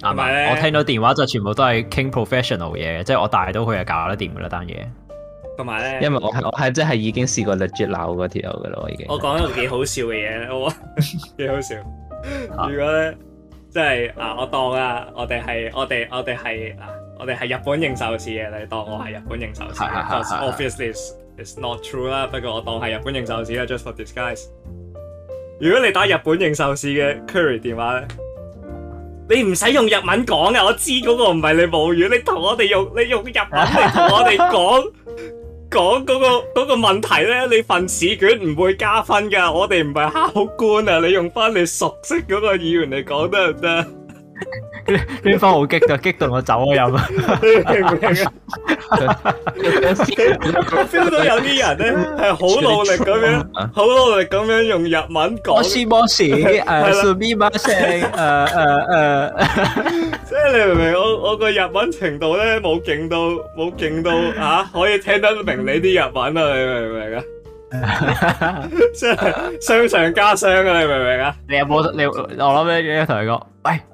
啱啦，我聽到電話就全部都係傾 professional 嘢，即、就、係、是、我帶到佢係搞得掂嘅呢單嘢。同埋咧，因為我我係即係已經試過 legit 擼嗰條嘅啦，我已經。我講咗件好笑嘅嘢，我 幾好笑，的、 啊。如果咧，即、就、係、是、啊，我當啊，我哋係我哋我哋係嗱，我哋係、啊、日本應酬士嘅，你當我係日本應酬士。Obviously it's, it's not true 啦，不過我當係日本應酬士啦，just for disguise。如果你打日本應酬士嘅 curry 電話咧？你唔使用,用日文講噶，我知嗰個唔係你母語，你同我哋用你用日文嚟同我哋講講嗰個嗰、嗰個問題呢，你份試卷唔會加分噶，我哋唔係考官啊，你用翻你熟悉嗰個語言嚟講得唔得？行不行 邊方好激㗎，激到我走咗入啊！聽唔聽啊？我 feel 到有啲人咧係好努力咁樣，好努力咁樣用日文講。Bossy bossy，誒，so busy 誒，誒，誒，即係你明唔明？我我個日文程度咧冇勁到，冇勁到吓可以聽得明你啲日文啊？你明唔明啊？即係傷上加傷啊！你明唔明啊？你有冇？你我諗咧，跟住同你講，喂。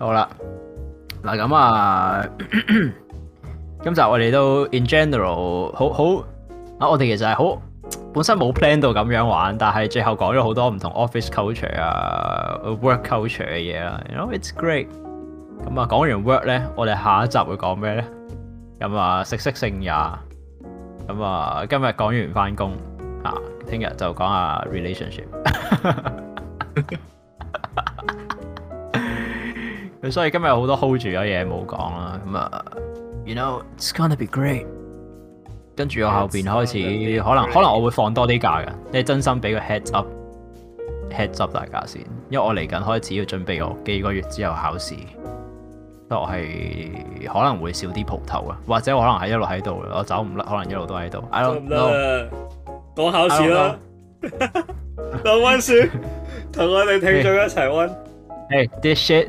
好啦，嗱咁啊，今集我哋都 in general 好好啊，我哋其實係好本身冇 plan 到咁樣玩，但係最後講咗好多唔同 office culture 啊 work culture 嘅嘢啦，You know it's great。咁啊，講完 work 咧，我哋下一集會講咩咧？咁啊，食色性也。咁啊，今日講完返工啊，聽日就講下 relationship。 所以今日好多 hold 住咗嘢冇講啦，咁啊，You know it's gonna be great。跟住我後邊開始，可能可能我會放多啲假嘅，即係真心俾個 heads up，heads up 大家先，因為我嚟緊開始要準備我幾個月之後考試，所以我係可能會少啲蒲頭啊，或者我可能係一路喺度，我走唔甩，可能一路都喺度。哎，唔得啦，講考試啦，當溫書，同我哋聽眾一齊溫。Hey, this shit。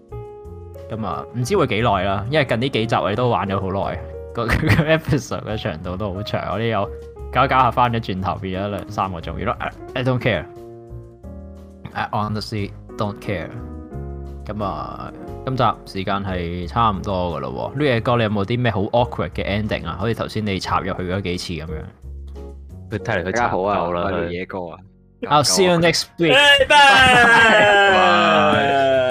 咁、嗯、啊，唔知會幾耐啦，因為近呢幾集我哋都玩咗好耐，個個 episode 嘅長度都好長，我哋有搞搞下翻咗轉頭變咗兩三個鐘，完啦。I, I don't care. I honestly don't care。咁啊，今集時間係差唔多噶咯。Lukas、這、哥、個，你有冇啲咩好 awkward 嘅 ending 啊？好似頭先你插入去嗰幾次咁樣。佢睇嚟佢插好啊，我 Lukas 哥啊。I'll see you next week。Bye bye, bye.。